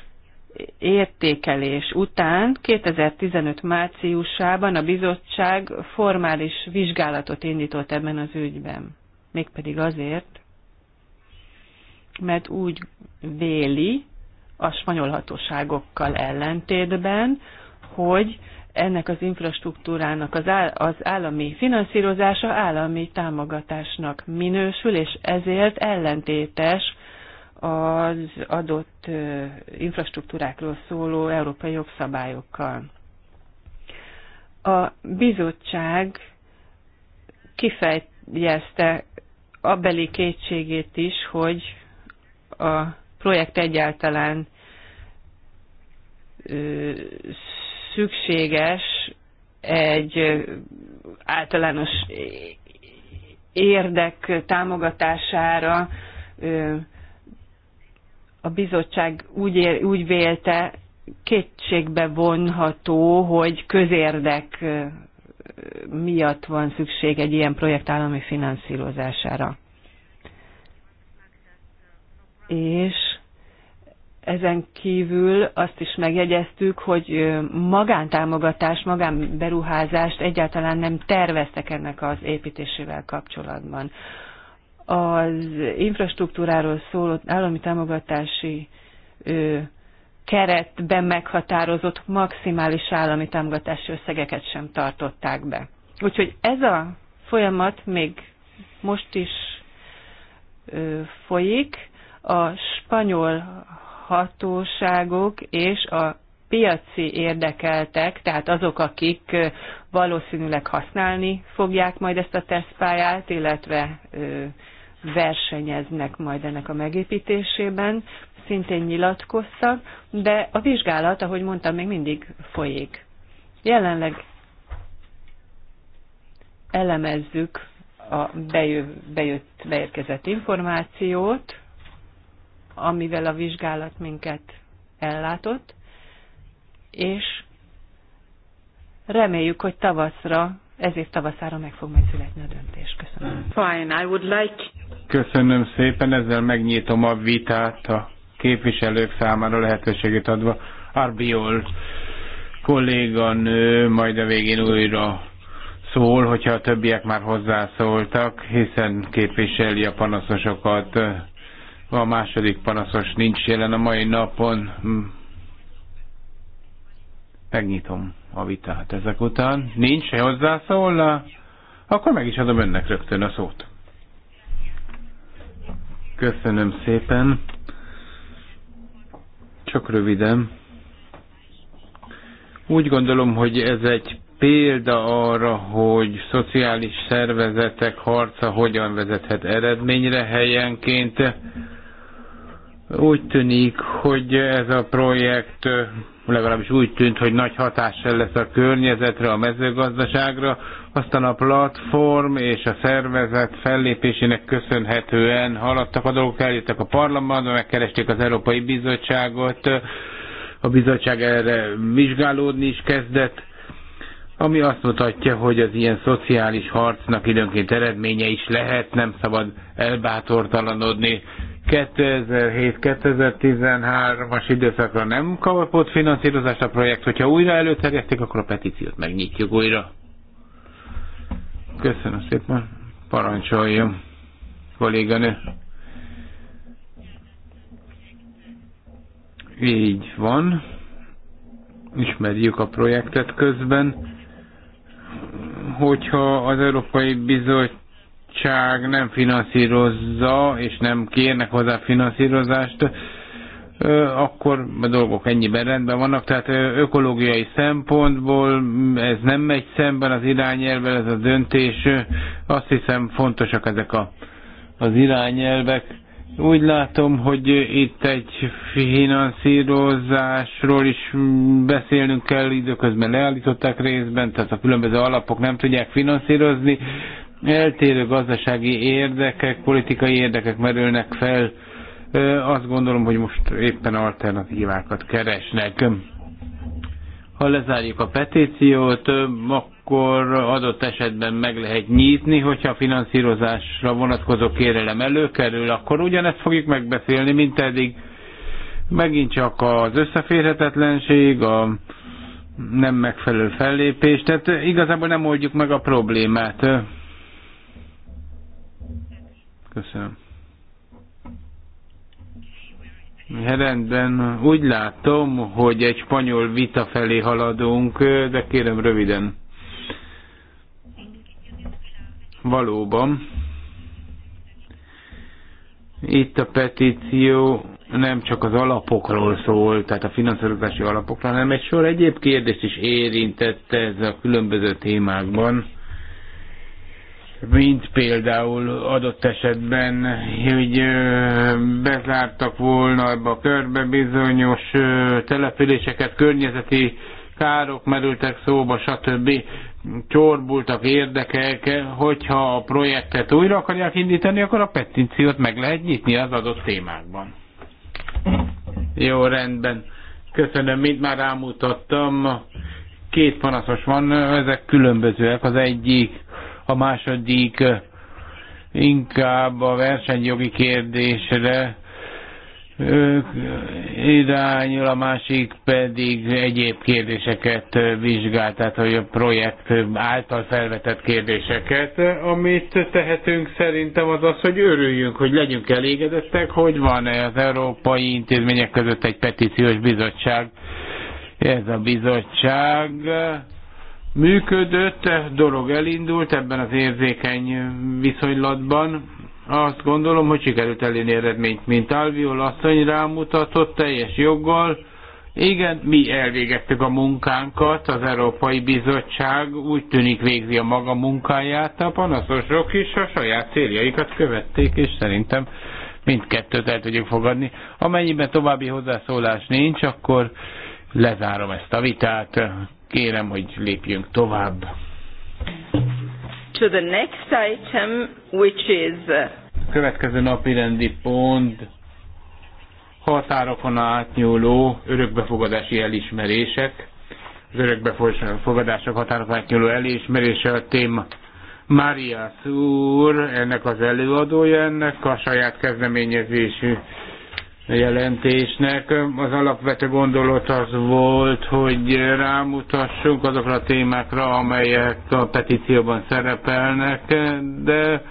értékelés után 2015 márciusában a bizottság formális vizsgálatot indított ebben az ügyben. Mégpedig azért, mert úgy véli a spanyol hatóságokkal ellentétben, hogy ennek az infrastruktúrának az, áll, az állami finanszírozása állami támogatásnak minősül, és ezért ellentétes az adott infrastruktúrákról szóló európai jogszabályokkal. A bizottság kifejezte abeli kétségét is, hogy a projekt egyáltalán szükséges egy általános érdek támogatására, a bizottság úgy, ér, úgy vélte, kétségbe vonható, hogy közérdek miatt van szükség egy ilyen projekt állami finanszírozására. És ezen kívül azt is megjegyeztük, hogy magántámogatást, magánberuházást egyáltalán nem terveztek ennek az építésével kapcsolatban az infrastruktúráról szóló állami támogatási ö, keretben meghatározott maximális állami támogatási összegeket sem tartották be. Úgyhogy ez a folyamat még most is ö, folyik. A spanyol hatóságok és a piaci érdekeltek, tehát azok, akik valószínűleg használni fogják majd ezt a tesztpályát, illetve versenyeznek majd ennek a megépítésében, szintén nyilatkoztak, de a vizsgálat, ahogy mondtam, még mindig folyik. Jelenleg elemezzük a bejö, bejött, beérkezett információt, amivel a vizsgálat minket ellátott, és reméljük, hogy tavaszra ez év tavaszára meg fog majd születni a döntés. Köszönöm. Fine, I would like... Köszönöm szépen, ezzel megnyitom a vitát a képviselők számára lehetőséget adva. Arbiol kolléganő majd a végén újra szól, hogyha a többiek már hozzászóltak, hiszen képviseli a panaszosokat. A második panaszos nincs jelen a mai napon. Megnyitom a vitát ezek után. Nincs se hozzászólna? Akkor meg is adom önnek rögtön a szót. Köszönöm szépen. Csak röviden. Úgy gondolom, hogy ez egy példa arra, hogy szociális szervezetek harca hogyan vezethet eredményre helyenként. Úgy tűnik, hogy ez a projekt legalábbis úgy tűnt, hogy nagy hatással lesz a környezetre, a mezőgazdaságra, aztán a platform és a szervezet fellépésének köszönhetően haladtak a dolgok, eljöttek a parlamentbe, megkeresték az Európai Bizottságot, a bizottság erre vizsgálódni is kezdett, ami azt mutatja, hogy az ilyen szociális harcnak időnként eredménye is lehet, nem szabad elbátortalanodni. 2007-2013-as időszakra nem kapott finanszírozást a projekt. Hogyha újra előterjesztik, akkor a petíciót megnyitjuk újra. Köszönöm szépen. Parancsoljon, kolléganő. Így van. Ismerjük a projektet közben. Hogyha az Európai Bizottság bizottság nem finanszírozza, és nem kérnek hozzá finanszírozást, akkor a dolgok ennyiben rendben vannak. Tehát ökológiai szempontból ez nem megy szemben az irányelvvel, ez a döntés. Azt hiszem fontosak ezek a, az irányelvek. Úgy látom, hogy itt egy finanszírozásról is beszélnünk kell, időközben leállították részben, tehát a különböző alapok nem tudják finanszírozni eltérő gazdasági érdekek, politikai érdekek merülnek fel. Azt gondolom, hogy most éppen alternatívákat keresnek. Ha lezárjuk a petíciót, akkor adott esetben meg lehet nyitni, hogyha a finanszírozásra vonatkozó kérelem előkerül, akkor ugyanezt fogjuk megbeszélni, mint eddig. Megint csak az összeférhetetlenség, a nem megfelelő fellépés, tehát igazából nem oldjuk meg a problémát Köszönöm. Rendben, úgy látom, hogy egy spanyol vita felé haladunk, de kérem röviden. Valóban. Itt a petíció nem csak az alapokról szól, tehát a finanszírozási alapokról, hanem egy sor egyéb kérdést is érintette ez a különböző témákban mint például adott esetben, hogy bezártak volna ebbe a körbe bizonyos településeket, környezeti károk merültek szóba, stb. csorbultak érdekek, hogyha a projektet újra akarják indítani, akkor a petíciót meg lehet nyitni az adott témákban. Jó, rendben. Köszönöm, mint már rámutattam. Két panaszos van, ezek különbözőek. Az egyik a második eh, inkább a versenyjogi kérdésre eh, irányul, a másik pedig egyéb kérdéseket eh, vizsgál, tehát hogy a projekt által felvetett kérdéseket. Amit tehetünk szerintem az az, hogy örüljünk, hogy legyünk elégedettek, hogy van-e az európai intézmények között egy petíciós bizottság. Ez a bizottság működött, dolog elindult ebben az érzékeny viszonylatban. Azt gondolom, hogy sikerült elérni eredményt, mint Alviol asszony rámutatott teljes joggal. Igen, mi elvégeztük a munkánkat, az Európai Bizottság úgy tűnik végzi a maga munkáját, a panaszosok is a saját céljaikat követték, és szerintem mindkettőt el tudjuk fogadni. Amennyiben további hozzászólás nincs, akkor lezárom ezt a vitát. Kérem, hogy lépjünk tovább. To the next item, which is... Uh, Következő napi rendi pont határokon átnyúló örökbefogadási elismerések. Az örökbefogadások határokon átnyúló elismerése a téma. Mária Szúr, ennek az előadója, ennek a saját kezdeményezésű jelentésnek. Az alapvető gondolat az volt, hogy rámutassunk azokra a témákra, amelyek a petícióban szerepelnek, de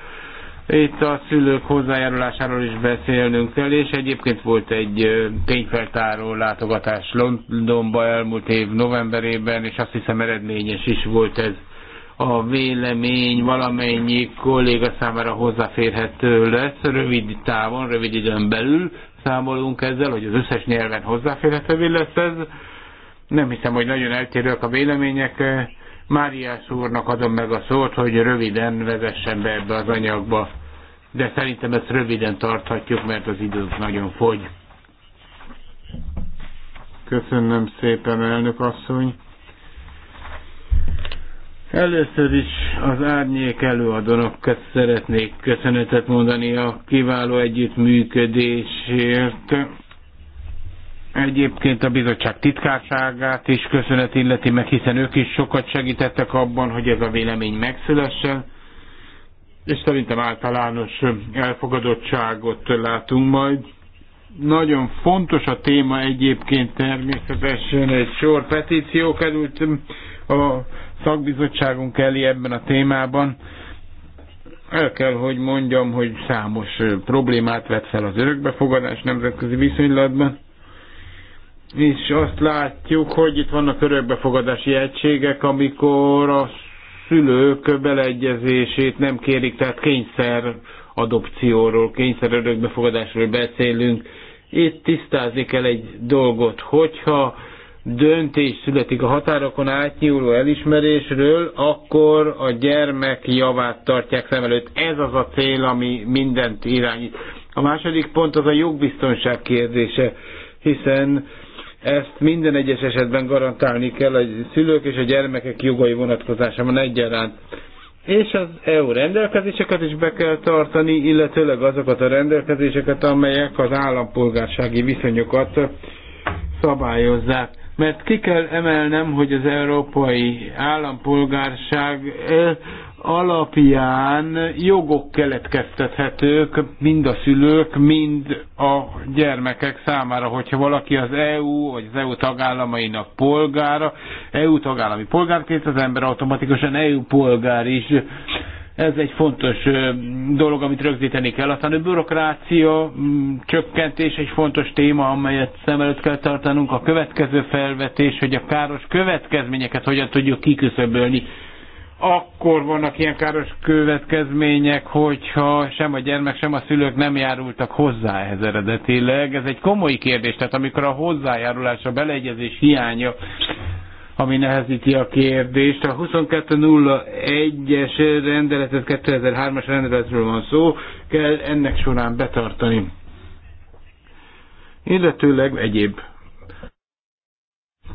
itt a szülők hozzájárulásáról is beszélnünk kell, és egyébként volt egy tényfeltáró látogatás Londonba elmúlt év novemberében, és azt hiszem eredményes is volt ez a vélemény valamennyi kolléga számára hozzáférhető lesz rövid távon, rövid időn belül, számolunk ezzel, hogy az összes nyelven hozzáférhetővé lesz ez. Nem hiszem, hogy nagyon eltérőek a vélemények. Máriás úrnak adom meg a szót, hogy röviden vezessen be ebbe az anyagba, de szerintem ezt röviden tarthatjuk, mert az időnk nagyon fogy. Köszönöm szépen, elnök asszony. Először is az árnyék előadónak szeretnék köszönetet mondani a kiváló együttműködésért. Egyébként a bizottság titkárságát is köszönet illeti meg, hiszen ők is sokat segítettek abban, hogy ez a vélemény megszülessen. És szerintem általános elfogadottságot látunk majd. Nagyon fontos a téma egyébként természetesen egy sor petíció került a szakbizottságunk elé ebben a témában. El kell, hogy mondjam, hogy számos problémát vett fel az örökbefogadás nemzetközi viszonylatban. És azt látjuk, hogy itt vannak örökbefogadási egységek, amikor a szülők beleegyezését nem kérik, tehát kényszer adopcióról, kényszer örökbefogadásról beszélünk. Itt tisztázni kell egy dolgot, hogyha döntés születik a határokon átnyúló elismerésről, akkor a gyermek javát tartják szem előtt. Ez az a cél, ami mindent irányít. A második pont az a jogbiztonság kérdése, hiszen ezt minden egyes esetben garantálni kell a szülők és a gyermekek jogai vonatkozásában egyaránt. És az EU rendelkezéseket is be kell tartani, illetőleg azokat a rendelkezéseket, amelyek az állampolgársági viszonyokat szabályozzák mert ki kell emelnem, hogy az európai állampolgárság alapján jogok keletkeztethetők mind a szülők, mind a gyermekek számára, hogyha valaki az EU vagy az EU tagállamainak polgára, EU tagállami polgárként az ember automatikusan EU polgár is. Ez egy fontos dolog, amit rögzíteni kell. Aztán a bürokrácia csökkentés egy fontos téma, amelyet szem előtt kell tartanunk. A következő felvetés, hogy a káros következményeket hogyan tudjuk kiküszöbölni akkor vannak ilyen káros következmények, hogyha sem a gyermek, sem a szülők nem járultak hozzá ehhez eredetileg. Ez egy komoly kérdés, tehát amikor a hozzájárulás, a beleegyezés hiánya ami nehezíti a kérdést. A 2201-es rendeletet, 2003-as rendeletről van szó, kell ennek során betartani. Illetőleg egyéb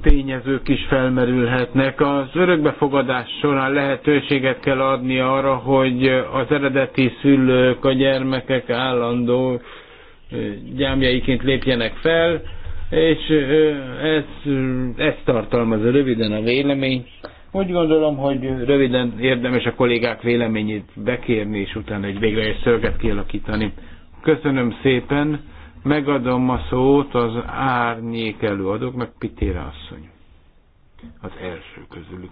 tényezők is felmerülhetnek. Az örökbefogadás során lehetőséget kell adni arra, hogy az eredeti szülők, a gyermekek állandó gyámjaiként lépjenek fel, és ez, ez tartalmazza röviden a vélemény. Úgy gondolom, hogy röviden érdemes a kollégák véleményét bekérni, és utána egy végleges szöveget kialakítani. Köszönöm szépen, megadom a szót az árnyék előadóknak, Pitére asszony. Az első közülük.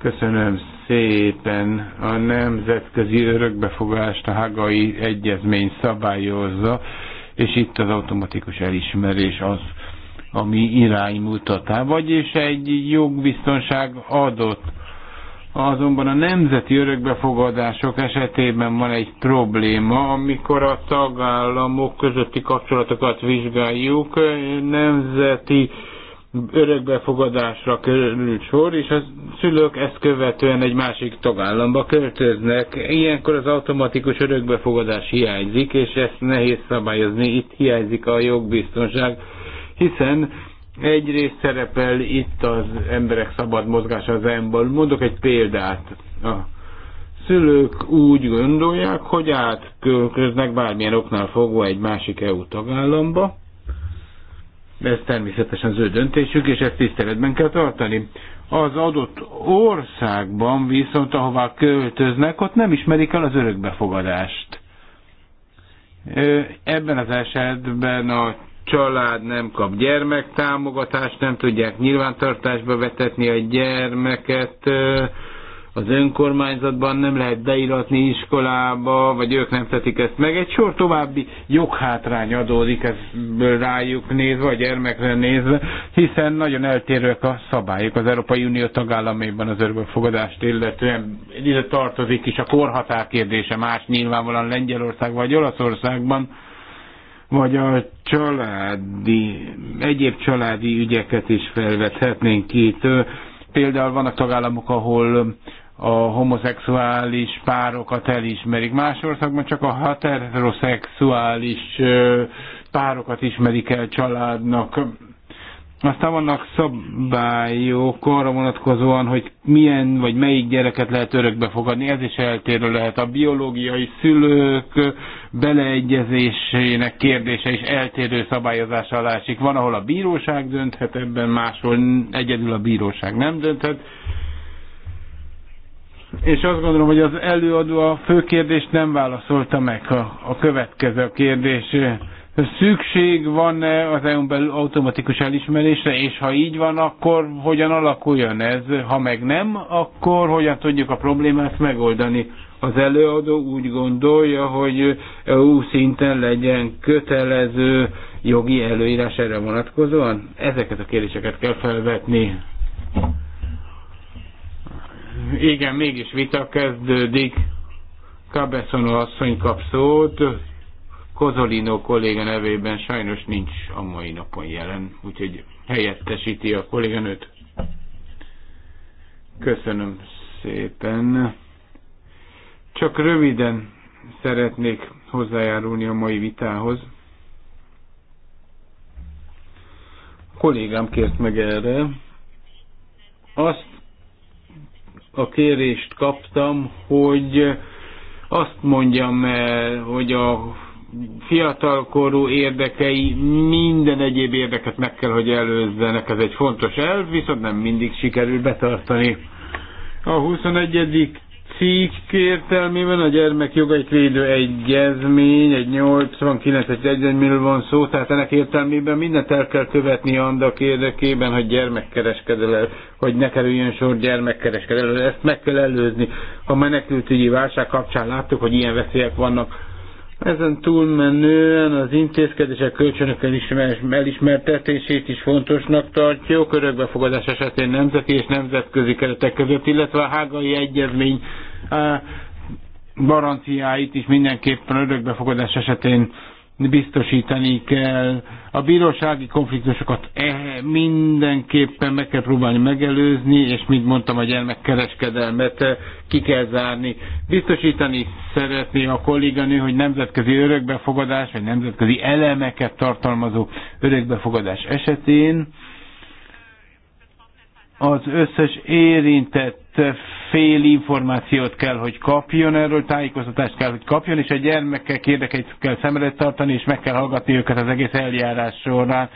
Köszönöm szépen. A nemzetközi örökbefogást a Hagai Egyezmény szabályozza, és itt az automatikus elismerés az, ami iránymutatá, vagyis egy jogbiztonság adott. Azonban a nemzeti örökbefogadások esetében van egy probléma, amikor a tagállamok közötti kapcsolatokat vizsgáljuk, nemzeti örökbefogadásra körül sor, és a szülők ezt követően egy másik tagállamba költöznek. Ilyenkor az automatikus örökbefogadás hiányzik, és ezt nehéz szabályozni. Itt hiányzik a jogbiztonság, hiszen egyrészt szerepel itt az emberek szabad mozgása az ember. Mondok egy példát. A szülők úgy gondolják, hogy átköltöznek bármilyen oknál fogva egy másik EU tagállamba, ez természetesen az ő döntésük, és ezt tiszteletben kell tartani. Az adott országban viszont, ahová költöznek, ott nem ismerik el az örökbefogadást. Ebben az esetben a család nem kap gyermektámogatást, nem tudják nyilvántartásba vetetni a gyermeket, az önkormányzatban nem lehet beiratni iskolába, vagy ők nem tetik ezt meg. Egy sor további joghátrány adódik ez rájuk nézve, vagy gyermekre nézve, hiszen nagyon eltérőek a szabályok az Európai Unió tagállamaiban az örökbefogadást illetően. Ide tartozik is a korhatár kérdése más nyilvánvalóan Lengyelország vagy Olaszországban, vagy a családi, egyéb családi ügyeket is felvethetnénk itt. Például vannak tagállamok, ahol a homoszexuális párokat elismerik. Más országban csak a heteroszexuális párokat ismerik el családnak. Aztán vannak szabályok arra vonatkozóan, hogy milyen vagy melyik gyereket lehet örökbe fogadni. Ez is eltérő lehet. A biológiai szülők beleegyezésének kérdése is eltérő szabályozás alá esik. Van, ahol a bíróság dönthet ebben, máshol egyedül a bíróság nem dönthet és azt gondolom, hogy az előadó a fő kérdést nem válaszolta meg. A, a következő kérdés. Szükség van-e az EU-n belül automatikus elismerésre, és ha így van, akkor hogyan alakuljon ez? Ha meg nem, akkor hogyan tudjuk a problémát megoldani? Az előadó úgy gondolja, hogy EU szinten legyen kötelező jogi előírás erre vonatkozóan? Ezeket a kérdéseket kell felvetni. Igen, mégis vita kezdődik. Cabeszono asszony kap szót. Kozolino kolléga nevében sajnos nincs a mai napon jelen, úgyhogy helyettesíti a kolléganőt. Köszönöm szépen. Csak röviden szeretnék hozzájárulni a mai vitához. A kollégám kért meg erre. Azt a kérést kaptam, hogy azt mondjam el, eh, hogy a fiatalkorú érdekei minden egyéb érdeket meg kell, hogy előzzenek. Ez egy fontos elv, viszont nem mindig sikerül betartani. A 21 cikk értelmében a gyermek jogait védő egyezmény, egy 89-es egyezményről van szó, tehát ennek értelmében mindent el kell követni annak érdekében, hogy gyermekkereskedelem, hogy ne kerüljön sor gyermekkereskedelem, ezt meg kell előzni. A menekültügyi válság kapcsán láttuk, hogy ilyen veszélyek vannak ezen túlmenően az intézkedések kölcsönökön elismertetését is fontosnak tartjuk, örökbefogadás esetén nemzeti és nemzetközi keretek között, illetve a hágai egyezmény garanciáit is mindenképpen örökbefogadás esetén biztosítani kell. A bírósági konfliktusokat e mindenképpen meg kell próbálni megelőzni, és mint mondtam, a gyermekkereskedelmet ki kell zárni. Biztosítani szeretné a kolléganő, hogy nemzetközi örökbefogadás, vagy nemzetközi elemeket tartalmazó örökbefogadás esetén az összes érintett fél információt kell, hogy kapjon erről, tájékoztatást kell, hogy kapjon, és a gyermekek érdekeit kell szemre tartani, és meg kell hallgatni őket az egész eljárás során.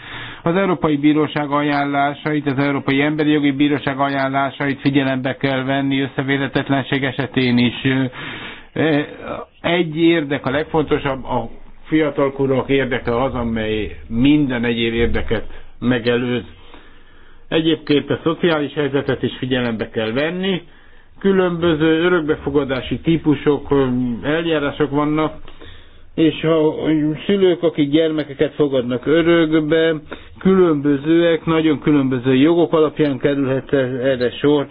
Az Európai Bíróság ajánlásait, az Európai Emberi Jogi Bíróság ajánlásait figyelembe kell venni összevéletetlenség esetén is. E, egy érdek, a legfontosabb, a fiatalkorúak érdeke az, amely minden egyéb érdeket megelőz Egyébként a szociális helyzetet is figyelembe kell venni. Különböző örökbefogadási típusok, eljárások vannak, és ha szülők, akik gyermekeket fogadnak örökbe, különbözőek, nagyon különböző jogok alapján kerülhet e- erre sor,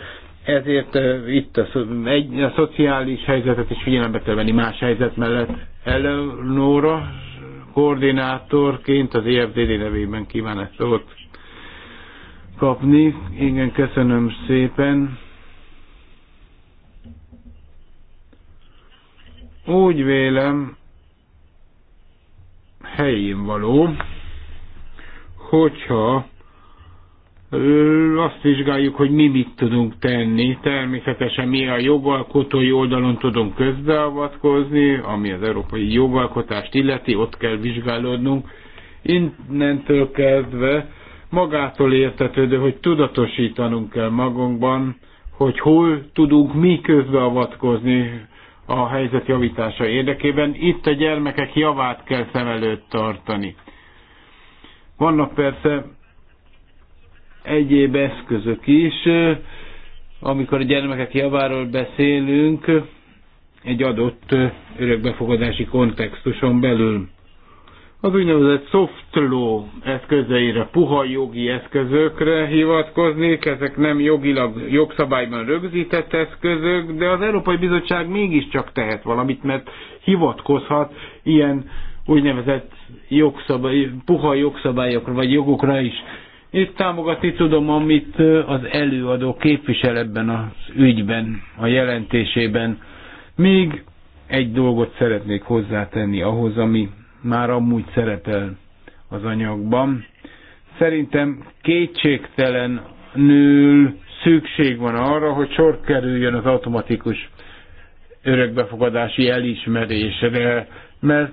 ezért itt a, egy, a szociális helyzetet is figyelembe kell venni más helyzet mellett. Eleonora koordinátorként az EFDD nevében kíván ezt szót kapni. Igen, köszönöm szépen. Úgy vélem, helyén való, hogyha azt vizsgáljuk, hogy mi mit tudunk tenni. Természetesen mi a jogalkotói oldalon tudunk közbeavatkozni, ami az európai jogalkotást illeti, ott kell vizsgálódnunk. Innentől kezdve magától értetődő, hogy tudatosítanunk kell magunkban, hogy hol tudunk mi közbeavatkozni a helyzet javítása érdekében. Itt a gyermekek javát kell szem előtt tartani. Vannak persze egyéb eszközök is, amikor a gyermekek javáról beszélünk, egy adott örökbefogadási kontextuson belül az úgynevezett soft law eszközeire, puha jogi eszközökre hivatkoznék, ezek nem jogilag, jogszabályban rögzített eszközök, de az Európai Bizottság mégiscsak tehet valamit, mert hivatkozhat ilyen úgynevezett jogszabály, puha jogszabályokra vagy jogokra is. Itt támogatni tudom, amit az előadó képvisel ebben az ügyben, a jelentésében. Még egy dolgot szeretnék hozzátenni ahhoz, ami már amúgy szerepel az anyagban. Szerintem kétségtelenül szükség van arra, hogy sor kerüljön az automatikus örökbefogadási elismerésre, mert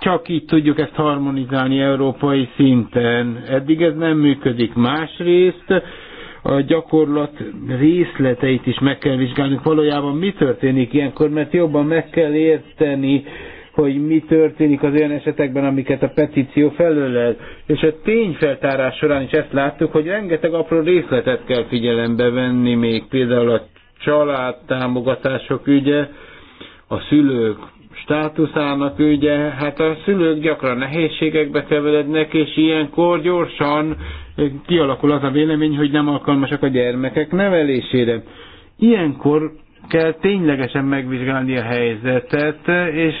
csak így tudjuk ezt harmonizálni európai szinten. Eddig ez nem működik. Másrészt a gyakorlat részleteit is meg kell vizsgálni, valójában mi történik ilyenkor, mert jobban meg kell érteni hogy mi történik az olyan esetekben, amiket a petíció felölel. És a tényfeltárás során is ezt láttuk, hogy rengeteg apró részletet kell figyelembe venni, még például a családtámogatások ügye, a szülők státuszának ügye, hát a szülők gyakran nehézségekbe keverednek, és ilyenkor gyorsan kialakul az a vélemény, hogy nem alkalmasak a gyermekek nevelésére. Ilyenkor kell ténylegesen megvizsgálni a helyzetet, és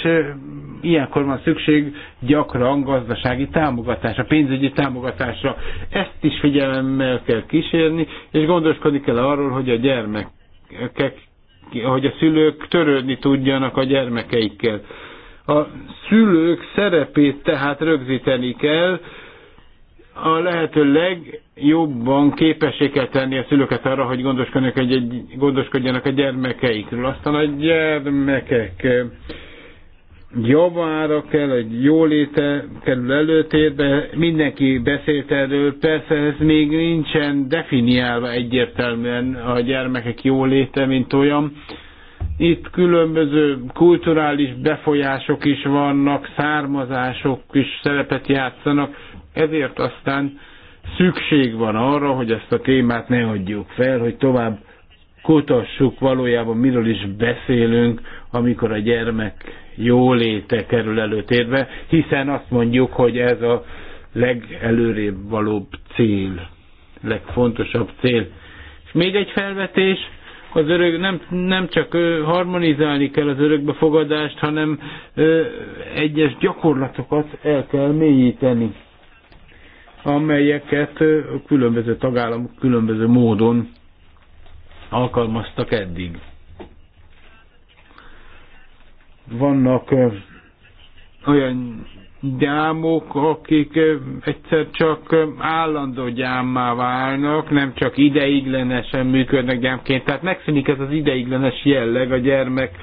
ilyenkor van szükség gyakran gazdasági támogatásra, pénzügyi támogatásra. Ezt is figyelemmel kell kísérni, és gondoskodni kell arról, hogy a gyermekek, hogy a szülők törődni tudjanak a gyermekeikkel. A szülők szerepét tehát rögzíteni kell, a lehető legjobban képessé kell tenni a szülőket arra, hogy gondoskodjanak, egy, egy, gondoskodjanak a gyermekeikről. Aztán a gyermekek javára kell, egy jóléte kerül előtérbe, mindenki beszélt erről, persze ez még nincsen definiálva egyértelműen a gyermekek jóléte, mint olyan. Itt különböző kulturális befolyások is vannak, származások is szerepet játszanak, ezért aztán szükség van arra, hogy ezt a témát ne adjuk fel, hogy tovább kutassuk valójában, miről is beszélünk, amikor a gyermek jóléte kerül előtérbe, hiszen azt mondjuk, hogy ez a legelőrébb valóbb cél, legfontosabb cél. És még egy felvetés, az örök nem, nem csak harmonizálni kell az örökbefogadást, hanem ö, egyes gyakorlatokat el kell mélyíteni amelyeket a különböző tagállamok különböző módon alkalmaztak eddig. Vannak olyan gyámok, akik egyszer csak állandó gyámmá válnak, nem csak ideiglenesen működnek gyámként. Tehát megszűnik ez az ideiglenes jelleg a gyermek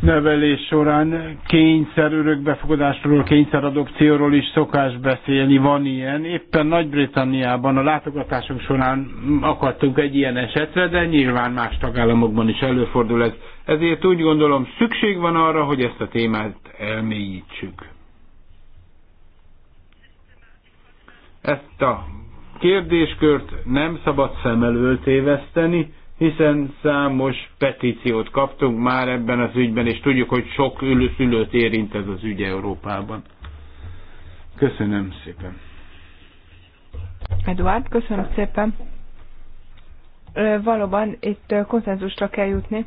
nevelés során kényszer örökbefogadásról, kényszer adopcióról is szokás beszélni, van ilyen. Éppen Nagy-Britanniában a látogatások során akadtunk egy ilyen esetre, de nyilván más tagállamokban is előfordul ez. Ezért úgy gondolom szükség van arra, hogy ezt a témát elmélyítsük. Ezt a kérdéskört nem szabad szem elől téveszteni, hiszen számos petíciót kaptunk már ebben az ügyben, és tudjuk, hogy sok ülőszülőt érint ez az ügy Európában. Köszönöm szépen. Eduard, köszönöm szépen. Valóban itt konszenzusra kell jutni.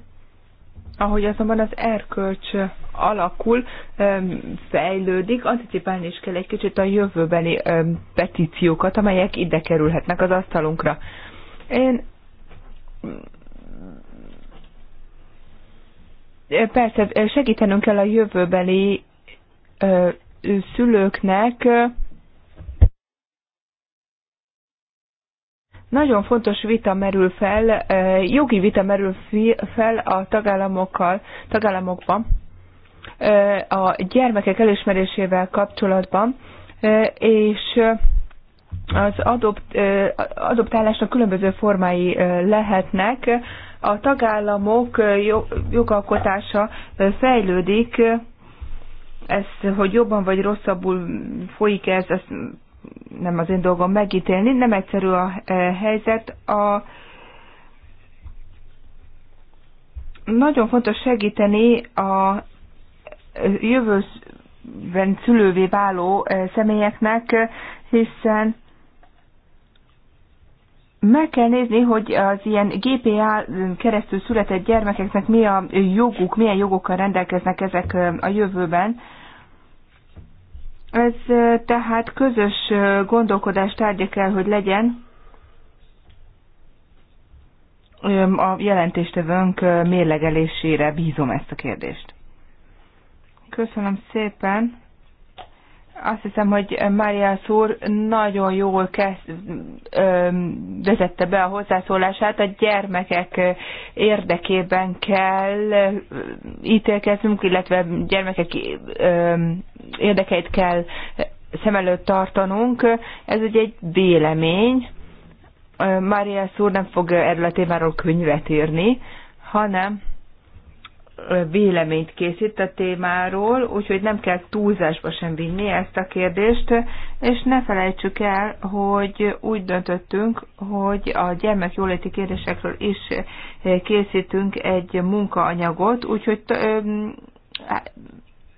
Ahogy azonban az erkölcs alakul, fejlődik, anticipálni is kell egy kicsit a jövőbeni petíciókat, amelyek ide kerülhetnek az asztalunkra. Én persze segítenünk kell a jövőbeli szülőknek, nagyon fontos vita merül fel, jogi vita merül fel a tagállamokkal, tagállamokban a gyermekek elismerésével kapcsolatban, és az adopt, adoptálásnak különböző formái lehetnek. A tagállamok jogalkotása fejlődik, ez, hogy jobban vagy rosszabbul folyik ez, ez nem az én dolgom megítélni, nem egyszerű a helyzet. A, nagyon fontos segíteni a jövőben szülővé váló személyeknek, hiszen meg kell nézni, hogy az ilyen GPA keresztül született gyermekeknek mi a joguk, milyen jogokkal rendelkeznek ezek a jövőben. Ez tehát közös gondolkodás tárgya kell, hogy legyen a jelentéstevőnk mérlegelésére bízom ezt a kérdést. Köszönöm szépen. Azt hiszem, hogy Mária úr nagyon jól kezd, ö, vezette be a hozzászólását. A gyermekek érdekében kell ítélkeznünk, illetve gyermekek ö, érdekeit kell szem előtt tartanunk. Ez ugye egy vélemény. Mária úr nem fog erről a témáról könyvet írni, hanem véleményt készít a témáról, úgyhogy nem kell túlzásba sem vinni ezt a kérdést, és ne felejtsük el, hogy úgy döntöttünk, hogy a gyermekjóléti kérdésekről is eh, készítünk egy munkaanyagot, úgyhogy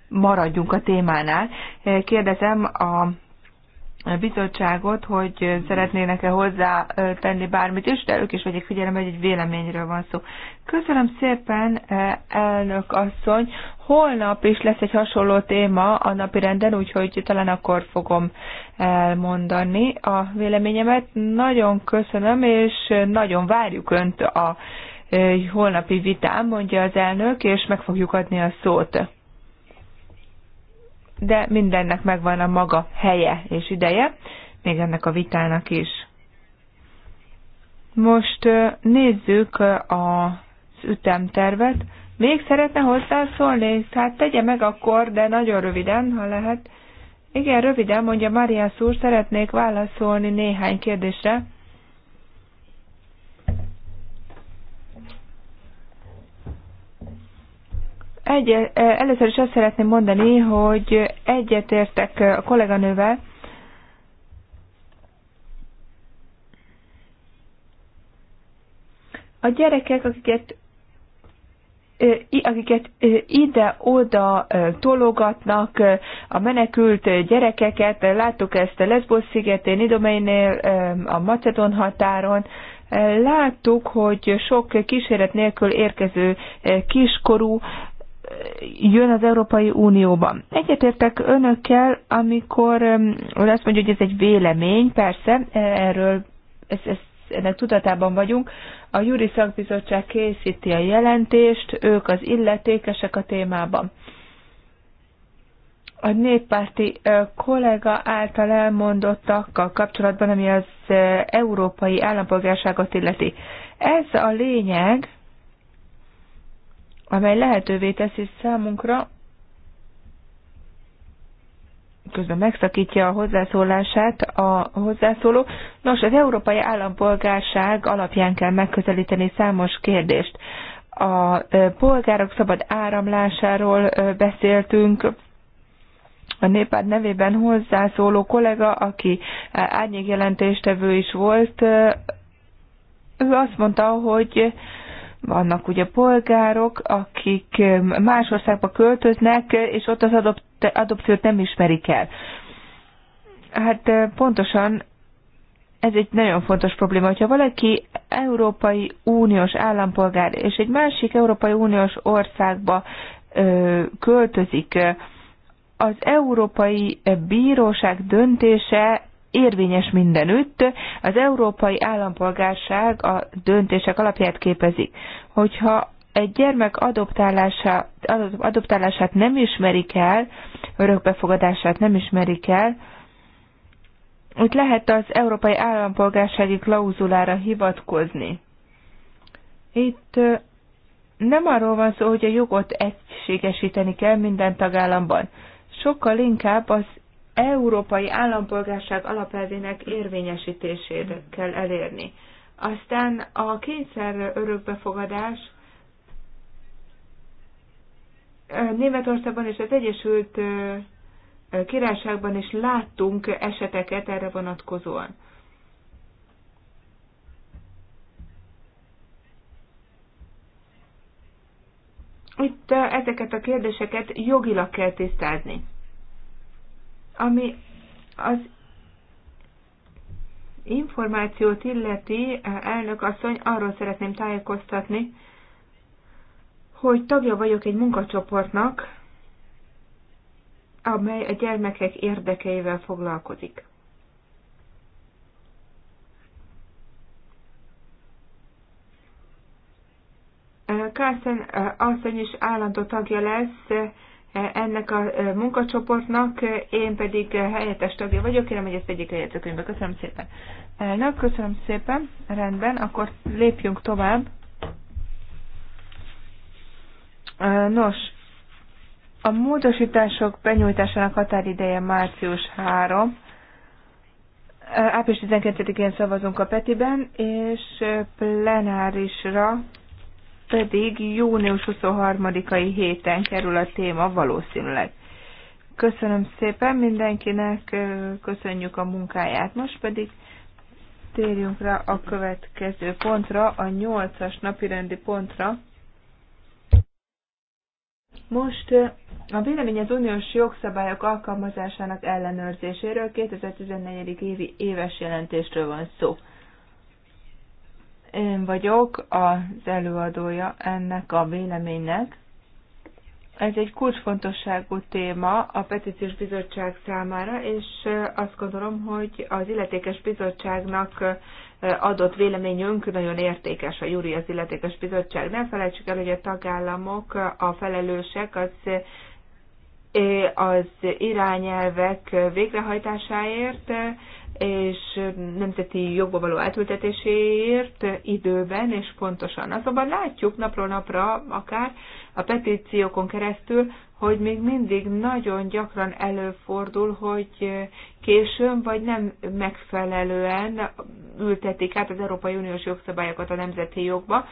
maradjunk a témánál. Eh, kérdezem a bizottságot, hogy szeretnének-e hozzá tenni bármit is, de ők is vegyék figyelembe, hogy egy véleményről van szó. Köszönöm szépen, elnök asszony. Holnap is lesz egy hasonló téma a napi renden, úgyhogy talán akkor fogom elmondani a véleményemet. Nagyon köszönöm, és nagyon várjuk Önt a holnapi vitán, mondja az elnök, és meg fogjuk adni a szót de mindennek megvan a maga helye és ideje, még ennek a vitának is. Most nézzük az ütemtervet. Még szeretne hozzászólni? Hát tegye meg akkor, de nagyon röviden, ha lehet. Igen, röviden, mondja Mária úr, szeretnék válaszolni néhány kérdésre. Egy, eh, először is azt szeretném mondani, hogy egyetértek a kolléganővel, a gyerekek, akiket eh, akiket eh, ide-oda tologatnak, a menekült gyerekeket, láttuk ezt a Lesbos szigetén, Idomeinél, a Macedon határon, láttuk, hogy sok kíséret nélkül érkező kiskorú jön az Európai Unióban. Egyetértek önökkel, amikor ön azt mondja, hogy ez egy vélemény, persze, e, erről ez, ez, ennek tudatában vagyunk. A Júri Szakbizottság készíti a jelentést, ők az illetékesek a témában. A néppárti e, kollega által elmondottakkal kapcsolatban, ami az e, európai állampolgárságot illeti. Ez a lényeg, amely lehetővé teszi számunkra, közben megszakítja a hozzászólását a hozzászóló. Nos, az európai állampolgárság alapján kell megközelíteni számos kérdést. A polgárok szabad áramlásáról beszéltünk, a népád nevében hozzászóló kollega, aki jelentéstevő is volt, ő azt mondta, hogy vannak ugye polgárok, akik más országba költöznek, és ott az adopt- adopciót nem ismerik el. Hát pontosan ez egy nagyon fontos probléma. Hogyha valaki Európai Uniós állampolgár és egy másik Európai Uniós országba ö, költözik, az Európai Bíróság döntése érvényes mindenütt. Az európai állampolgárság a döntések alapját képezi. Hogyha egy gyermek adoptálását, adoptálását nem ismerik el, örökbefogadását nem ismerik el, úgy lehet az európai állampolgársági klauzulára hivatkozni. Itt nem arról van szó, hogy a jogot egységesíteni kell minden tagállamban. Sokkal inkább az európai állampolgárság alapelvének érvényesítését kell elérni. Aztán a kényszer örökbefogadás Németországban és az Egyesült Királyságban is láttunk eseteket erre vonatkozóan. Itt ezeket a kérdéseket jogilag kell tisztázni. Ami az információt illeti, elnök asszony, arról szeretném tájékoztatni, hogy tagja vagyok egy munkacsoportnak, amely a gyermekek érdekeivel foglalkozik. Kárszen eh, asszony is állandó tagja lesz E, ennek a e, munkacsoportnak, e, én pedig helyettes tagja vagyok, kérem, hogy ezt vegyék a jegyzőkönyvbe. Köszönöm szépen. Elnök, köszönöm szépen, rendben, akkor lépjünk tovább. Nos, a módosítások benyújtásának határideje március 3. Április 12-én szavazunk a Petiben, és plenárisra pedig június 23-ai héten kerül a téma valószínűleg. Köszönöm szépen mindenkinek, köszönjük a munkáját. Most pedig térjünk rá a következő pontra, a 8-as napirendi pontra. Most eh, a vélemény az uniós jogszabályok alkalmazásának ellenőrzéséről 2014. évi éves jelentésről van szó. Én vagyok az előadója ennek a véleménynek. Ez egy kulcsfontosságú téma a petíciós bizottság számára, és azt gondolom, hogy az illetékes bizottságnak adott véleményünk nagyon értékes a Júri az illetékes bizottság. Nem felejtsük el, hogy a tagállamok a felelősek az, az irányelvek végrehajtásáért, és nemzeti jogba való átültetéséért időben és pontosan. Azonban látjuk napról napra akár a petíciókon keresztül, hogy még mindig nagyon gyakran előfordul, hogy későn vagy nem megfelelően ültetik át az Európai Uniós jogszabályokat a nemzeti jogba,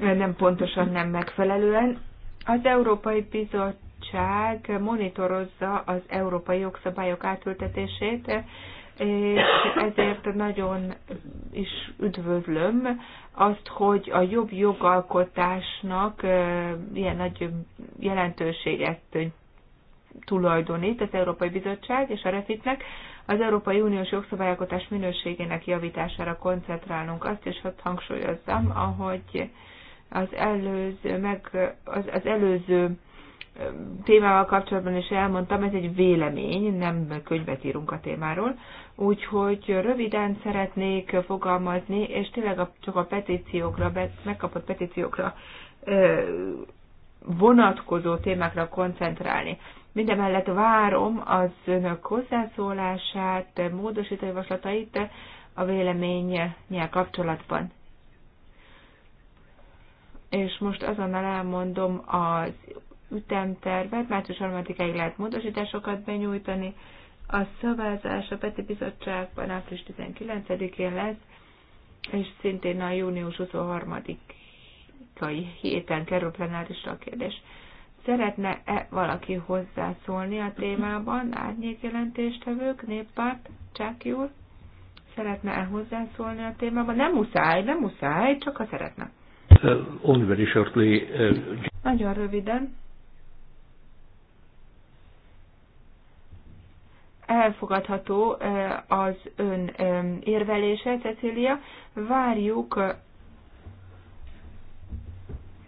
nem pontosan, nem megfelelően. Az Európai Bizottság monitorozza az európai jogszabályok átültetését, és ezért nagyon is üdvözlöm azt, hogy a jobb jogalkotásnak ilyen nagy jelentőséget tulajdonít az Európai Bizottság és a Refitnek, az Európai Uniós jogszabályalkotás minőségének javítására koncentrálunk. Azt és ott hangsúlyozzam, ahogy az előző, meg az, az előző témával kapcsolatban is elmondtam, ez egy vélemény, nem könyvet írunk a témáról. Úgyhogy röviden szeretnék fogalmazni, és tényleg csak a petíciókra, megkapott petíciókra vonatkozó témákra koncentrálni. Mindemellett várom az önök hozzászólását, módosító javaslatait a véleménnyel kapcsolatban. És most azonnal elmondom az ütemtervet, március 3-áig lehet módosításokat benyújtani. A szavazás a Peti Bizottságban április 19-én lesz, és szintén a június 23-ai héten kerül plenárisra a kérdés. Szeretne-e valaki hozzászólni a témában? Árnyék jelentéstevők, néppárt, Csáki úr? Szeretne-e hozzászólni a témában? Nem muszáj, nem muszáj, csak ha szeretne. Uh, only very shortly, uh... Nagyon röviden. elfogadható az ön érvelése, Cecília. Várjuk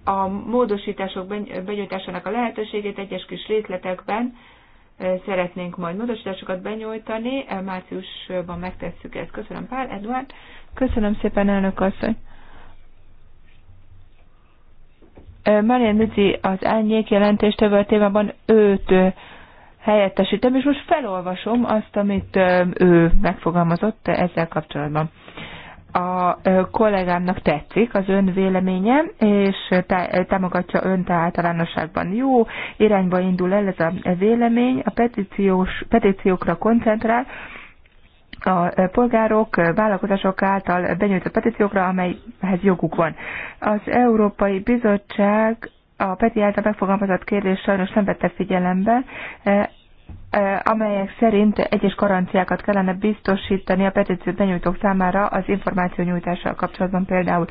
a módosítások benyújtásának a lehetőségét egyes kis részletekben. Szeretnénk majd módosításokat benyújtani. Márciusban megtesszük ezt. Köszönöm, Pál Eduard. Köszönöm szépen, elnök asszony. Marian Mici az elnyék a témában őt helyettesítem, és most felolvasom azt, amit ő megfogalmazott ezzel kapcsolatban. A kollégámnak tetszik az ön véleménye, és támogatja önt általánosságban. Jó irányba indul el ez a vélemény, a petíciós, petíciókra koncentrál, a polgárok, vállalkozások által benyújtott petíciókra, amelyhez joguk van. Az Európai Bizottság a Peti által megfogalmazott kérdés sajnos nem vette figyelembe, e, e, amelyek szerint egyes garanciákat kellene biztosítani a petíciót benyújtók számára az információ nyújtással kapcsolatban például.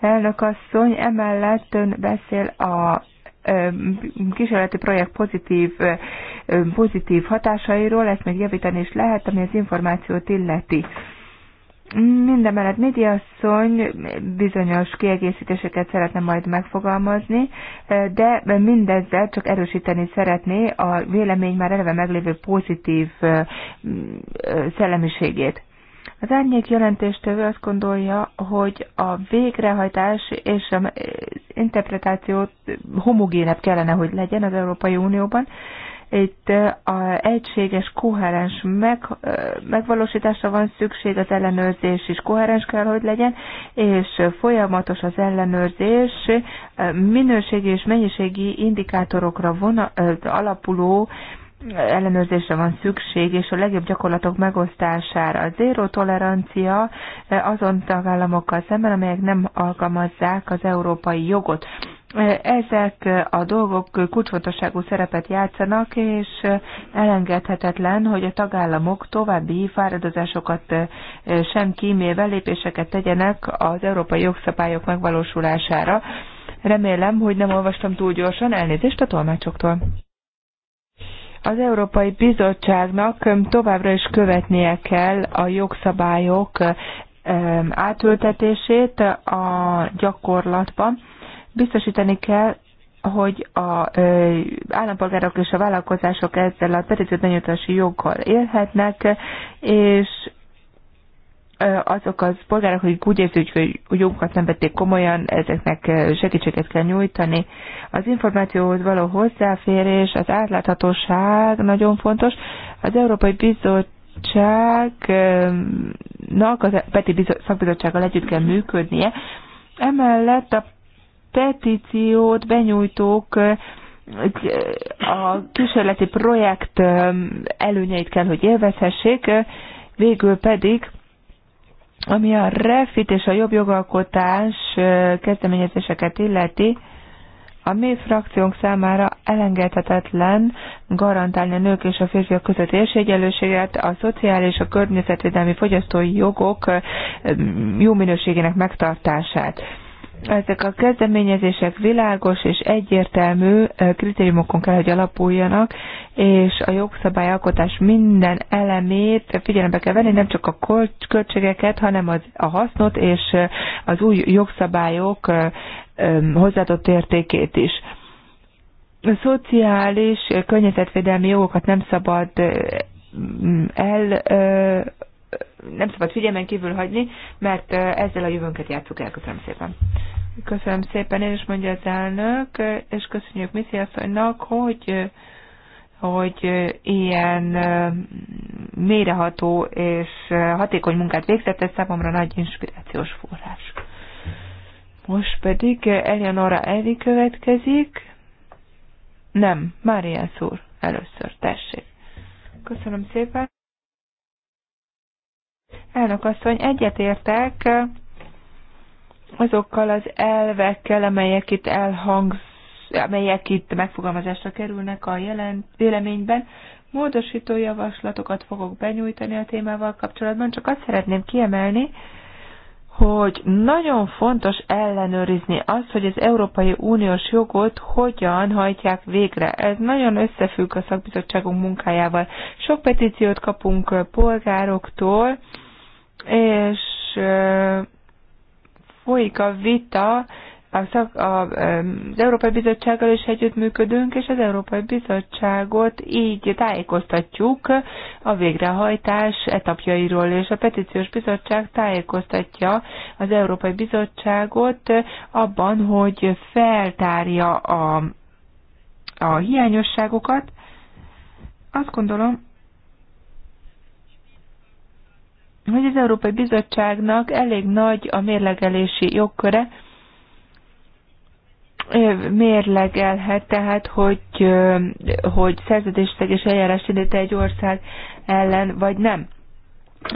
Elnök asszony, emellett ön beszél a e, kísérleti projekt pozitív, pozitív hatásairól, ezt még javítani is lehet, ami az információt illeti. Minden Midi asszony bizonyos kiegészítéseket szeretne majd megfogalmazni, de mindezzel csak erősíteni szeretné a vélemény már eleve meglévő pozitív szellemiségét. Az árnyék jelentéstevő azt gondolja, hogy a végrehajtás és az interpretációt homogénebb kellene, hogy legyen az Európai Unióban, itt a egységes, koherens meg, megvalósításra van szükség, az ellenőrzés is koherens kell, hogy legyen, és folyamatos az ellenőrzés minőségi és mennyiségi indikátorokra vona, alapuló ellenőrzésre van szükség, és a legjobb gyakorlatok megosztására. A zéró tolerancia azon tagállamokkal szemben, amelyek nem alkalmazzák az európai jogot. Ezek a dolgok kulcsfontosságú szerepet játszanak, és elengedhetetlen, hogy a tagállamok további fáradozásokat eh, sem kímélve lépéseket tegyenek az európai jogszabályok megvalósulására. Remélem, hogy nem olvastam túl gyorsan, elnézést a tolmácsoktól. Az Európai Bizottságnak továbbra is követnie kell a jogszabályok eh, átültetését a gyakorlatban Biztosítani kell, hogy a állampolgárok és a vállalkozások ezzel a petíciót benyújtási joggal élhetnek, és azok az polgárok, akik úgy érzik, hogy jogukat nem vették komolyan, ezeknek segítséget kell nyújtani. Az információhoz való hozzáférés, az átláthatóság nagyon fontos. Az Európai Bizottságnak, a Peti Szakbizottsággal együtt kell működnie. Emellett a petíciót benyújtók a kísérleti projekt előnyeit kell, hogy élvezhessék, végül pedig ami a refit és a jobb jogalkotás kezdeményezéseket illeti, a mi frakciónk számára elengedhetetlen garantálni a nők és a férfiak közötti esélyegyenlőséget, a szociális, és a környezetvédelmi fogyasztói jogok jó minőségének megtartását. Ezek a kezdeményezések világos és egyértelmű kritériumokon kell, hogy alapuljanak, és a jogszabályalkotás minden elemét figyelembe kell venni, nem csak a költségeket, hanem az, a hasznot és az új jogszabályok hozzáadott értékét is szociális, környezetvédelmi jogokat nem szabad el nem szabad figyelmen kívül hagyni, mert ezzel a jövőnket játszuk el. Köszönöm szépen. Köszönöm szépen, én is mondja az elnök, és köszönjük Missy asszonynak, hogy, hogy ilyen méreható és hatékony munkát végzett, ez számomra nagy inspirációs forrás. Most pedig Eleonora Eli következik. Nem, Mária Szúr először, tessék. Köszönöm szépen. Elnök asszony, egyetértek azokkal az elvekkel, amelyek itt elhangz, amelyek itt megfogalmazásra kerülnek a jelent, véleményben. Módosító javaslatokat fogok benyújtani a témával kapcsolatban, csak azt szeretném kiemelni, hogy nagyon fontos ellenőrizni azt, hogy az Európai Uniós jogot hogyan hajtják végre. Ez nagyon összefügg a szakbizottságunk munkájával. Sok petíciót kapunk polgároktól, és folyik a vita, a szak, a, az Európai Bizottsággal is együttműködünk, és az Európai Bizottságot így tájékoztatjuk a végrehajtás etapjairól, és a Petíciós Bizottság tájékoztatja az Európai Bizottságot abban, hogy feltárja a, a hiányosságokat. Azt gondolom, hogy az Európai Bizottságnak elég nagy a mérlegelési jogköre, mérlegelhet, tehát hogy, hogy szerződésszeges eljárás indít egy ország ellen, vagy nem.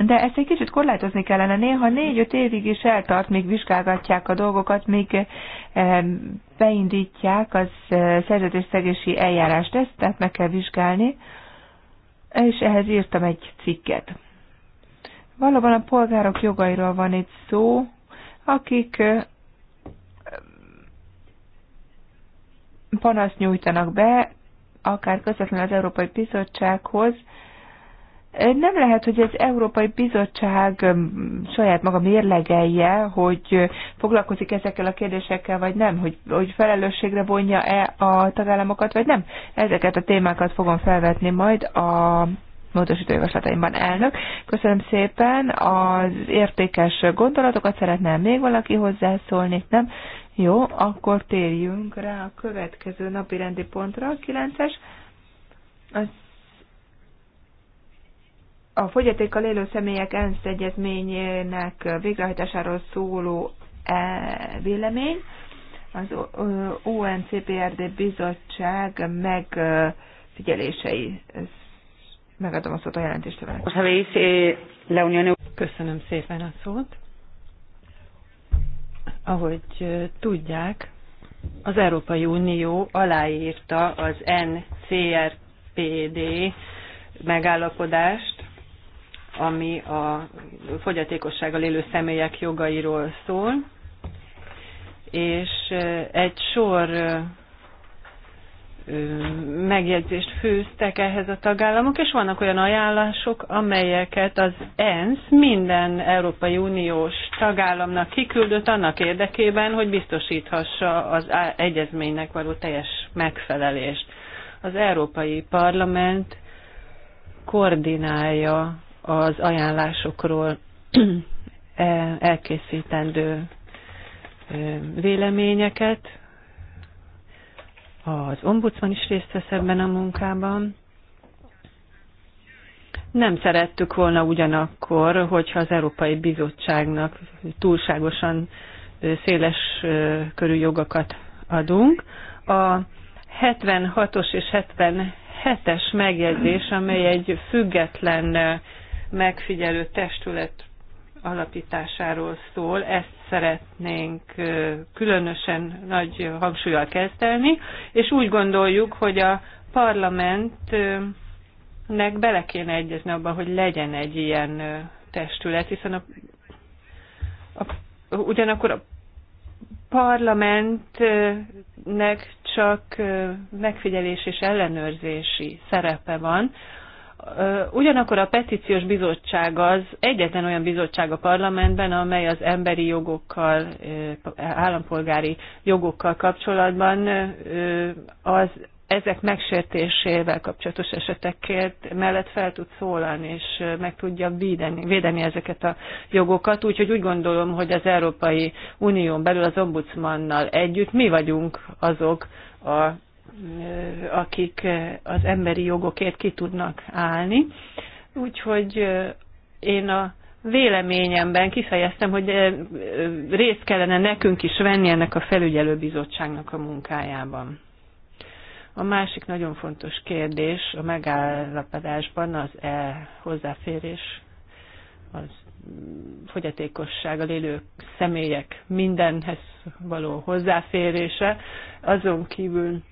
De ezt egy kicsit korlátozni kellene. Néha négy-öt évig is eltart, még vizsgálgatják a dolgokat, még beindítják az szerződésszegési eljárást. Ezt tehát meg kell vizsgálni, és ehhez írtam egy cikket. Valóban a polgárok jogairól van itt szó, akik panaszt nyújtanak be, akár közvetlenül az Európai Bizottsághoz. Nem lehet, hogy az Európai Bizottság saját maga mérlegelje, hogy foglalkozik ezekkel a kérdésekkel, vagy nem, hogy, hogy felelősségre vonja-e a tagállamokat, vagy nem. Ezeket a témákat fogom felvetni majd a javaslataimban elnök. Köszönöm szépen az értékes gondolatokat. Szeretném még valaki hozzászólni? Nem? Jó, akkor térjünk rá a következő napi rendi pontra, a 9-es. Az a fogyatékkal élő személyek ENSZ egyezményének végrehajtásáról szóló e, vélemény. Az UNCPRD bizottság megfigyelései Megadom a szót a jelentéstevőnek. Eh, Köszönöm szépen a szót. Ahogy eh, tudják, az Európai Unió aláírta az NCRPD megállapodást, ami a fogyatékossággal élő személyek jogairól szól, és eh, egy sor megjegyzést főztek ehhez a tagállamok, és vannak olyan ajánlások, amelyeket az ENSZ minden Európai Uniós tagállamnak kiküldött annak érdekében, hogy biztosíthassa az egyezménynek való teljes megfelelést. Az Európai Parlament koordinálja az ajánlásokról e, elkészítendő véleményeket, az ombudsman is részt vesz ebben a munkában. Nem szerettük volna ugyanakkor, hogyha az Európai Bizottságnak túlságosan széles körű jogokat adunk. A 76-os és 77-es megjegyzés, amely egy független megfigyelő testület alapításáról szól, ezt szeretnénk különösen nagy hangsúlyal kezdeni, és úgy gondoljuk, hogy a parlamentnek bele kéne egyezni abban, hogy legyen egy ilyen testület, hiszen a, a, ugyanakkor a parlamentnek csak megfigyelés és ellenőrzési szerepe van, Ugyanakkor a petíciós bizottság az egyetlen olyan bizottság a parlamentben, amely az emberi jogokkal, állampolgári jogokkal kapcsolatban az ezek megsértésével kapcsolatos esetekért mellett fel tud szólalni, és meg tudja védeni, védeni ezeket a jogokat. Úgyhogy úgy gondolom, hogy az Európai Unión belül az ombudsmannal együtt mi vagyunk azok a akik az emberi jogokért ki tudnak állni. Úgyhogy én a véleményemben kifejeztem, hogy részt kellene nekünk is venni ennek a felügyelőbizottságnak a munkájában. A másik nagyon fontos kérdés a megállapodásban az e hozzáférés, az fogyatékossággal élő személyek mindenhez való hozzáférése, azon kívül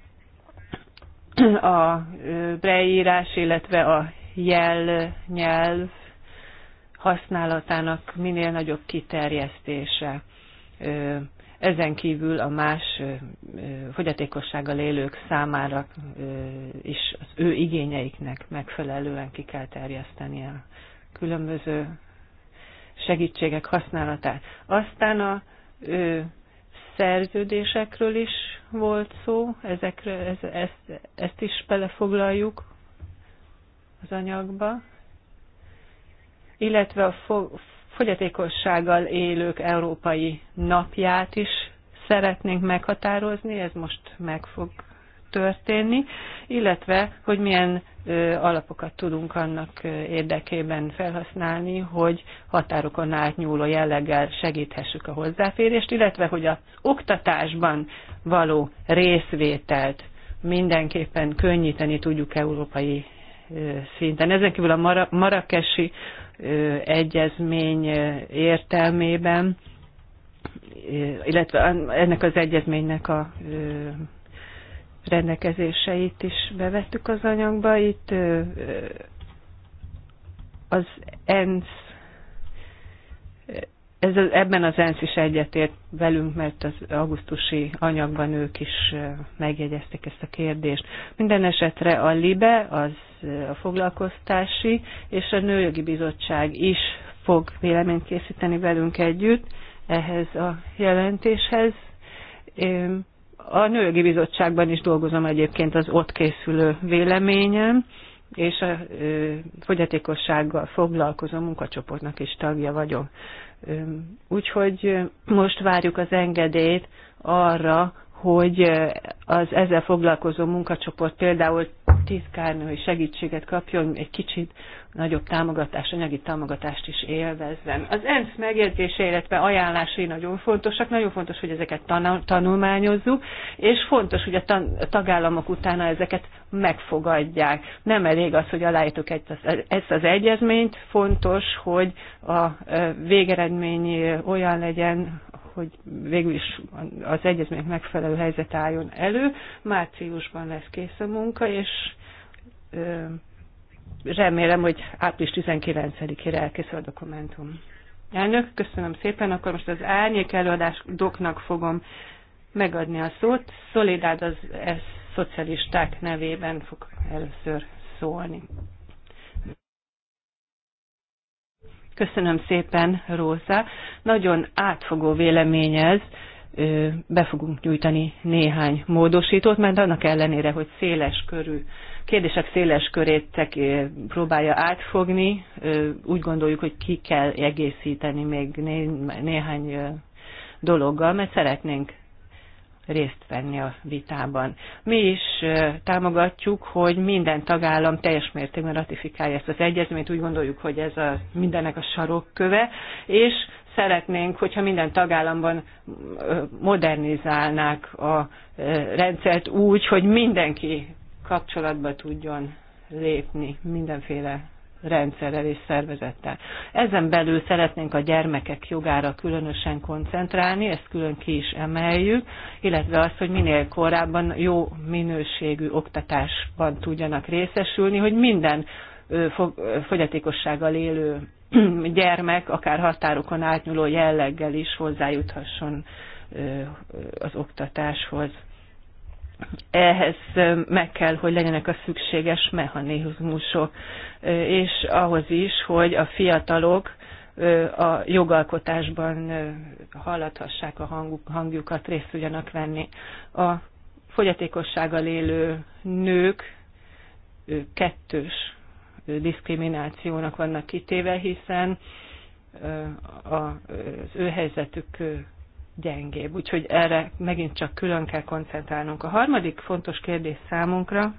a breírás, illetve a jel nyelv használatának minél nagyobb kiterjesztése. Ezen kívül a más fogyatékossággal élők számára is az ő igényeiknek megfelelően ki kell terjeszteni a különböző segítségek használatát. Aztán a szerződésekről is volt szó, ezekről, ez, ezt, ezt is belefoglaljuk az anyagba, illetve a fogyatékossággal élők európai napját is szeretnénk meghatározni, ez most meg fog történni, illetve hogy milyen alapokat tudunk annak érdekében felhasználni, hogy határokon átnyúló jelleggel segíthessük a hozzáférést, illetve hogy az oktatásban való részvételt mindenképpen könnyíteni tudjuk európai szinten. Ezen kívül a marakesi egyezmény értelmében, illetve ennek az egyezménynek a rendelkezéseit is bevettük az anyagba. Itt az ENSZ ez, ebben az ENSZ is egyetért velünk, mert az augusztusi anyagban ők is megjegyezték ezt a kérdést. Minden esetre a LIBE, az a foglalkoztási, és a Nőjogi Bizottság is fog véleményt készíteni velünk együtt ehhez a jelentéshez. A Nőjogi Bizottságban is dolgozom egyébként az ott készülő véleményem, és a fogyatékossággal foglalkozó munkacsoportnak is tagja vagyok. Úgyhogy most várjuk az engedélyt arra, hogy az ezzel foglalkozó munkacsoport például titkárnő, hogy segítséget kapjon, egy kicsit nagyobb támogatás, anyagi támogatást is élvezzen. Az ENSZ megjegyzése, illetve ajánlásai nagyon fontosak, nagyon fontos, hogy ezeket tanulmányozzuk, és fontos, hogy a, tagállamok utána ezeket megfogadják. Nem elég az, hogy aláítok ezt az egyezményt, fontos, hogy a végeredmény olyan legyen, hogy végül is az egyezmények megfelelő helyzet álljon elő. Márciusban lesz kész a munka, és remélem, hogy április 19-ére elkészül a dokumentum. Elnök, köszönöm szépen, akkor most az árnyék doknak fogom megadni a szót. Szolidád az e szocialisták nevében fog először szólni. Köszönöm szépen, Róza. Nagyon átfogó ez. Be fogunk nyújtani néhány módosítót, mert annak ellenére, hogy széles körű kérdések széles körét próbálja átfogni, úgy gondoljuk, hogy ki kell egészíteni még néhány dologgal, mert szeretnénk részt venni a vitában. Mi is támogatjuk, hogy minden tagállam teljes mértékben ratifikálja ezt az egyezményt, úgy gondoljuk, hogy ez a mindennek a sarokköve, és szeretnénk, hogyha minden tagállamban modernizálnák a rendszert úgy, hogy mindenki kapcsolatba tudjon lépni mindenféle rendszerrel és szervezettel. Ezen belül szeretnénk a gyermekek jogára különösen koncentrálni, ezt külön ki is emeljük, illetve azt, hogy minél korábban jó minőségű oktatásban tudjanak részesülni, hogy minden fogyatékossággal élő gyermek, akár határokon átnyúló jelleggel is hozzájuthasson az oktatáshoz ehhez meg kell, hogy legyenek a szükséges mechanizmusok, és ahhoz is, hogy a fiatalok a jogalkotásban hallathassák a hanguk, hangjukat, részt tudjanak venni. A fogyatékossággal élő nők kettős diszkriminációnak vannak kitéve, hiszen az ő helyzetük gyengébb. Úgyhogy erre megint csak külön kell koncentrálnunk. A harmadik fontos kérdés számunkra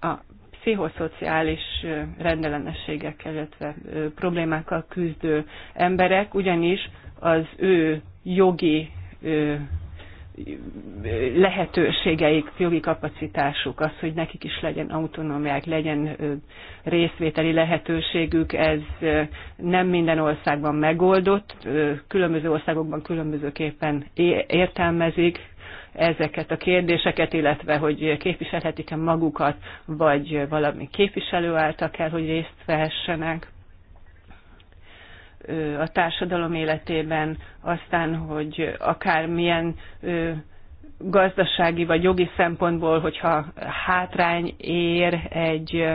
a pszichoszociális rendellenességekkel, illetve problémákkal küzdő emberek, ugyanis az ő jogi lehetőségeik, jogi kapacitásuk, az, hogy nekik is legyen autonómiák, legyen részvételi lehetőségük, ez nem minden országban megoldott, különböző országokban különbözőképpen értelmezik ezeket a kérdéseket, illetve hogy képviselhetik-e magukat, vagy valami képviselő által kell, hogy részt vehessenek a társadalom életében, aztán, hogy akármilyen gazdasági vagy jogi szempontból, hogyha hátrány ér egy,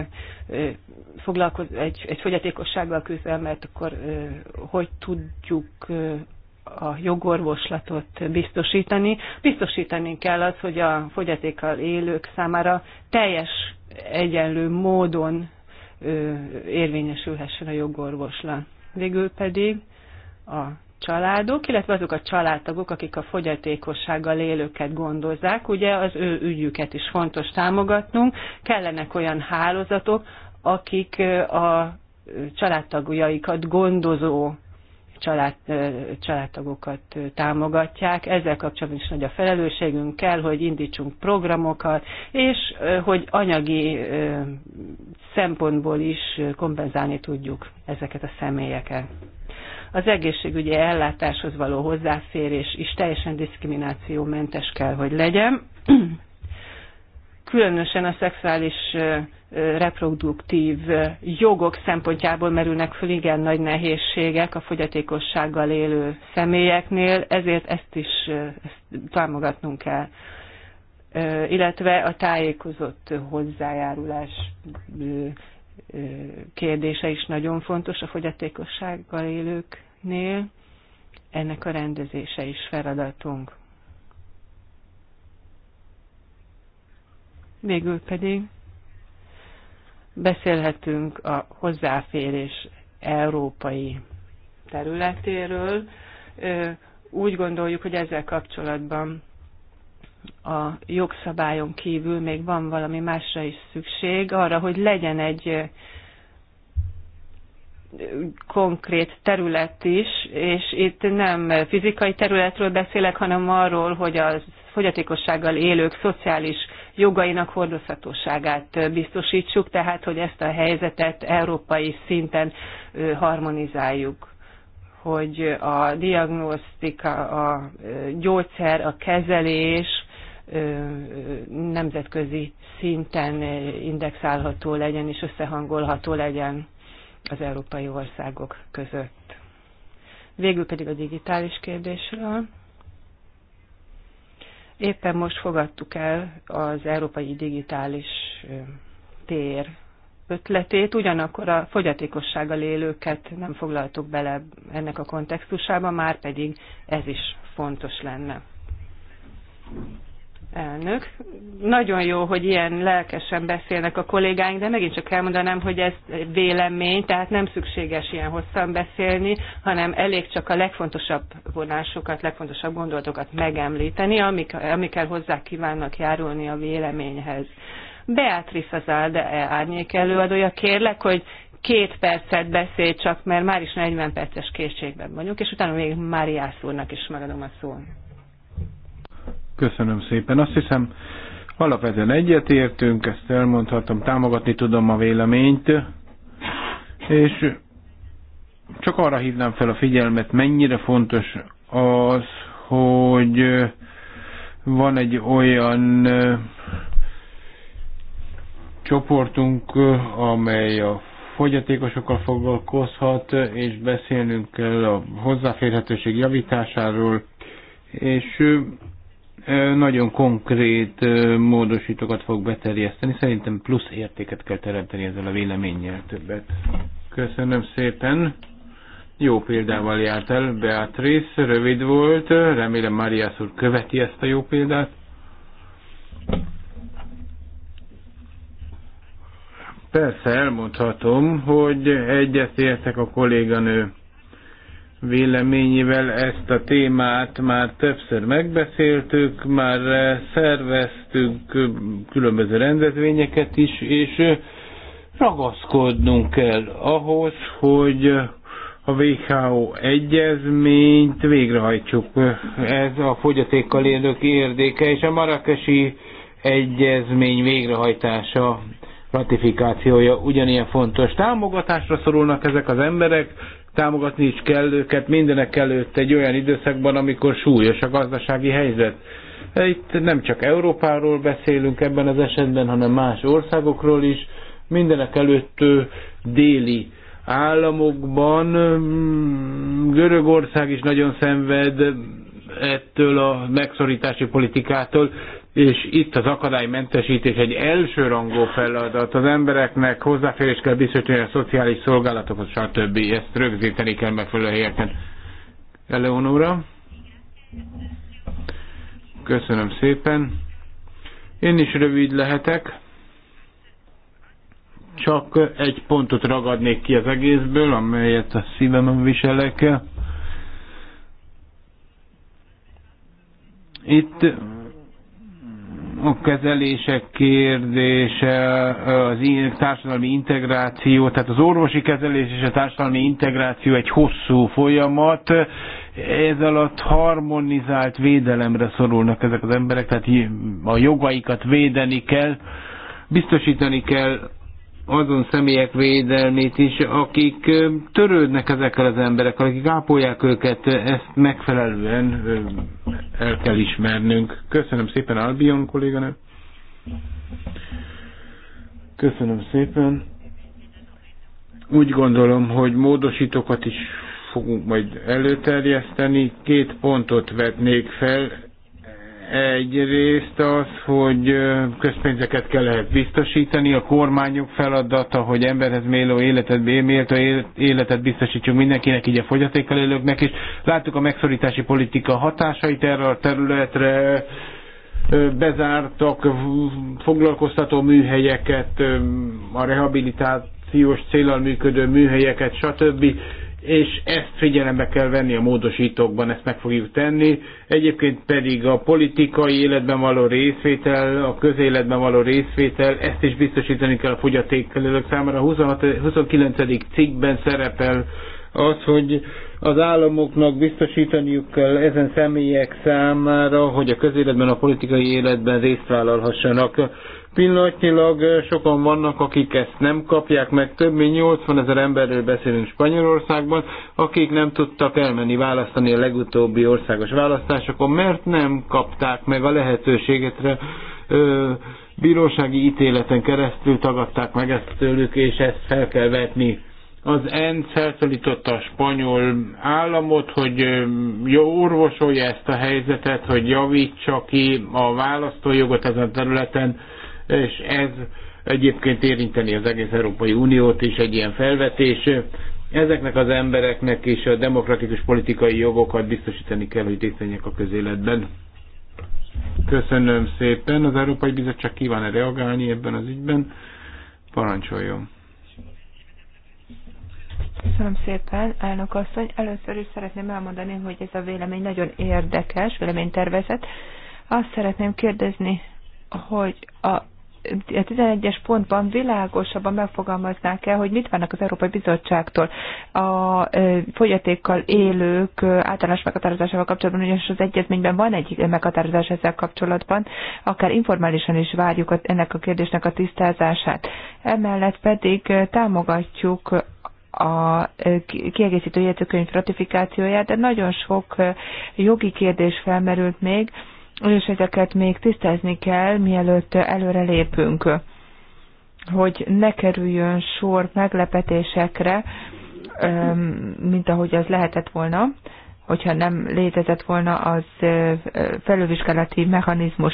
foglalkoz, egy, egy fogyatékossággal küzd mert akkor hogy tudjuk a jogorvoslatot biztosítani. Biztosítani kell az, hogy a fogyatékkal élők számára teljes egyenlő módon érvényesülhessen a jogorvoslat végül pedig a családok, illetve azok a családtagok, akik a fogyatékossággal élőket gondozzák, ugye az ő ügyüket is fontos támogatnunk, kellenek olyan hálózatok, akik a családtagjaikat gondozó család, családtagokat támogatják. Ezzel kapcsolatban is nagy a felelősségünk kell, hogy indítsunk programokat, és hogy anyagi szempontból is kompenzálni tudjuk ezeket a személyeket. Az egészségügyi ellátáshoz való hozzáférés is teljesen diszkriminációmentes kell, hogy legyen különösen a szexuális reproduktív jogok szempontjából merülnek föl igen nagy nehézségek a fogyatékossággal élő személyeknél, ezért ezt is ezt támogatnunk kell illetve a tájékozott hozzájárulás kérdése is nagyon fontos a fogyatékossággal élőknél. Ennek a rendezése is feladatunk. Végül pedig beszélhetünk a hozzáférés európai területéről. Úgy gondoljuk, hogy ezzel kapcsolatban a jogszabályon kívül még van valami másra is szükség, arra, hogy legyen egy konkrét terület is, és itt nem fizikai területről beszélek, hanem arról, hogy a fogyatékossággal élők szociális jogainak hordozhatóságát biztosítsuk, tehát hogy ezt a helyzetet európai szinten harmonizáljuk hogy a diagnosztika, a gyógyszer, a kezelés nemzetközi szinten indexálható legyen és összehangolható legyen az európai országok között. Végül pedig a digitális kérdésről. Éppen most fogadtuk el az Európai Digitális Tér ötletét, ugyanakkor a fogyatékossággal élőket nem foglaltuk bele ennek a kontextusába, már pedig ez is fontos lenne elnök. Nagyon jó, hogy ilyen lelkesen beszélnek a kollégáink, de megint csak elmondanám, hogy ez vélemény, tehát nem szükséges ilyen hosszan beszélni, hanem elég csak a legfontosabb vonásokat, legfontosabb gondolatokat megemlíteni, amik, amikkel hozzá kívánnak járulni a véleményhez. Beatrice az de árnyék előadója, kérlek, hogy két percet beszélj csak, mert már is 40 perces készségben vagyunk, és utána még Máriász úrnak is megadom a szót. Köszönöm szépen. Azt hiszem, alapvetően egyetértünk, ezt elmondhatom, támogatni tudom a véleményt, és csak arra hívnám fel a figyelmet, mennyire fontos az, hogy van egy olyan csoportunk, amely a fogyatékosokkal foglalkozhat, és beszélnünk kell a hozzáférhetőség javításáról, és nagyon konkrét módosítókat fog beterjeszteni. Szerintem plusz értéket kell teremteni ezzel a véleménnyel többet. Köszönöm szépen. Jó példával járt el Beatrice, rövid volt, remélem Marias úr követi ezt a jó példát. Persze elmondhatom, hogy egyetértek a kolléganő véleményével ezt a témát már többször megbeszéltük, már szerveztünk különböző rendezvényeket is, és ragaszkodnunk kell ahhoz, hogy a WHO egyezményt végrehajtsuk. Ez a fogyatékkal élők érdéke, és a marakesi egyezmény végrehajtása, ratifikációja ugyanilyen fontos. Támogatásra szorulnak ezek az emberek, támogatni is kell őket mindenek előtt egy olyan időszakban, amikor súlyos a gazdasági helyzet. E, itt nem csak Európáról beszélünk ebben az esetben, hanem más országokról is. Mindenek előtt déli államokban mm, Görögország is nagyon szenved ettől a megszorítási politikától és itt az akadálymentesítés egy elsőrangú feladat. Az embereknek hozzáférés kell biztosítani a szociális szolgálatokhoz, stb. Ezt rögzíteni kell megfelelő helyeken. Eleonora? Köszönöm szépen. Én is rövid lehetek. Csak egy pontot ragadnék ki az egészből, amelyet a szívemben viselek. Itt a kezelések kérdése, az társadalmi integráció, tehát az orvosi kezelés és a társadalmi integráció egy hosszú folyamat. Ez alatt harmonizált védelemre szorulnak ezek az emberek, tehát a jogaikat védeni kell, biztosítani kell azon személyek védelmét is, akik törődnek ezekkel az emberekkel, akik ápolják őket, ezt megfelelően el kell ismernünk. Köszönöm szépen Albion kolléganő. Köszönöm szépen. Úgy gondolom, hogy módosítókat is fogunk majd előterjeszteni. Két pontot vetnék fel Egyrészt az, hogy közpénzeket kell lehet biztosítani, a kormányok feladata, hogy emberhez méló életet, méltó életet biztosítsunk mindenkinek, így a fogyatékkal élőknek is. Láttuk a megszorítási politika hatásait erre a területre, bezártak foglalkoztató műhelyeket, a rehabilitációs célal működő műhelyeket, stb és ezt figyelembe kell venni a módosítókban, ezt meg fogjuk tenni. Egyébként pedig a politikai életben való részvétel, a közéletben való részvétel, ezt is biztosítani kell a fogyatékelők számára. A 26, 29. cikkben szerepel az, hogy az államoknak biztosítaniuk kell ezen személyek számára, hogy a közéletben, a politikai életben részt vállalhassanak. Pillanatnyilag sokan vannak, akik ezt nem kapják meg, több mint 80 ezer emberről beszélünk Spanyolországban, akik nem tudtak elmenni választani a legutóbbi országos választásokon, mert nem kapták meg a lehetőségetre bírósági ítéleten keresztül tagadták meg ezt tőlük, és ezt fel kell vetni. Az ENSZ felszólította a spanyol államot, hogy jó orvosolja ezt a helyzetet, hogy javítsa ki a választójogot ezen a területen, és ez egyébként érinteni az egész Európai Uniót is egy ilyen felvetés. Ezeknek az embereknek is a demokratikus politikai jogokat biztosítani kell, hogy részvények a közéletben. Köszönöm szépen. Az Európai Bizottság kíván-e reagálni ebben az ügyben? Parancsoljon. Köszönöm szépen, elnök asszony. Először is szeretném elmondani, hogy ez a vélemény nagyon érdekes, véleménytervezet. Azt szeretném kérdezni, hogy a a 11-es pontban világosabban megfogalmaznák el, hogy mit várnak az Európai Bizottságtól a fogyatékkal élők általános meghatározásával kapcsolatban, ugyanis az egyezményben van egy meghatározás ezzel kapcsolatban, akár informálisan is várjuk ennek a kérdésnek a tisztázását. Emellett pedig támogatjuk a kiegészítő jegyzőkönyv ratifikációját, de nagyon sok jogi kérdés felmerült még, és ezeket még tisztázni kell, mielőtt lépünk, hogy ne kerüljön sor meglepetésekre, mint ahogy az lehetett volna, hogyha nem létezett volna az felülvizsgálati mechanizmus.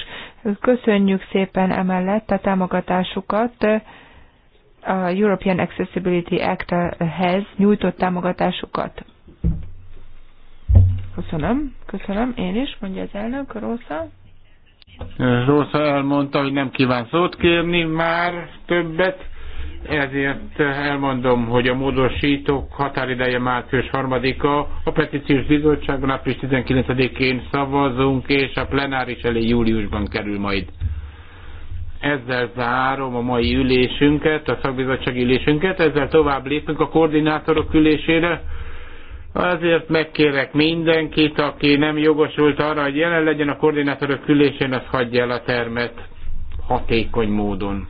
Köszönjük szépen emellett a támogatásukat a European Accessibility Act-hez nyújtott támogatásukat. Köszönöm, köszönöm, én is, mondja az elnök, Rósza. Rósza elmondta, hogy nem kíván szót kérni már többet, ezért elmondom, hogy a módosítók határideje március 3-a, a petíciós bizottságban április 19-én szavazunk, és a plenáris elé júliusban kerül majd. Ezzel zárom a mai ülésünket, a szakbizottsági ülésünket, ezzel tovább lépünk a koordinátorok ülésére. Azért megkérek mindenkit, aki nem jogosult arra, hogy jelen legyen a koordinátorok ülésén, az hagyja el a termet hatékony módon.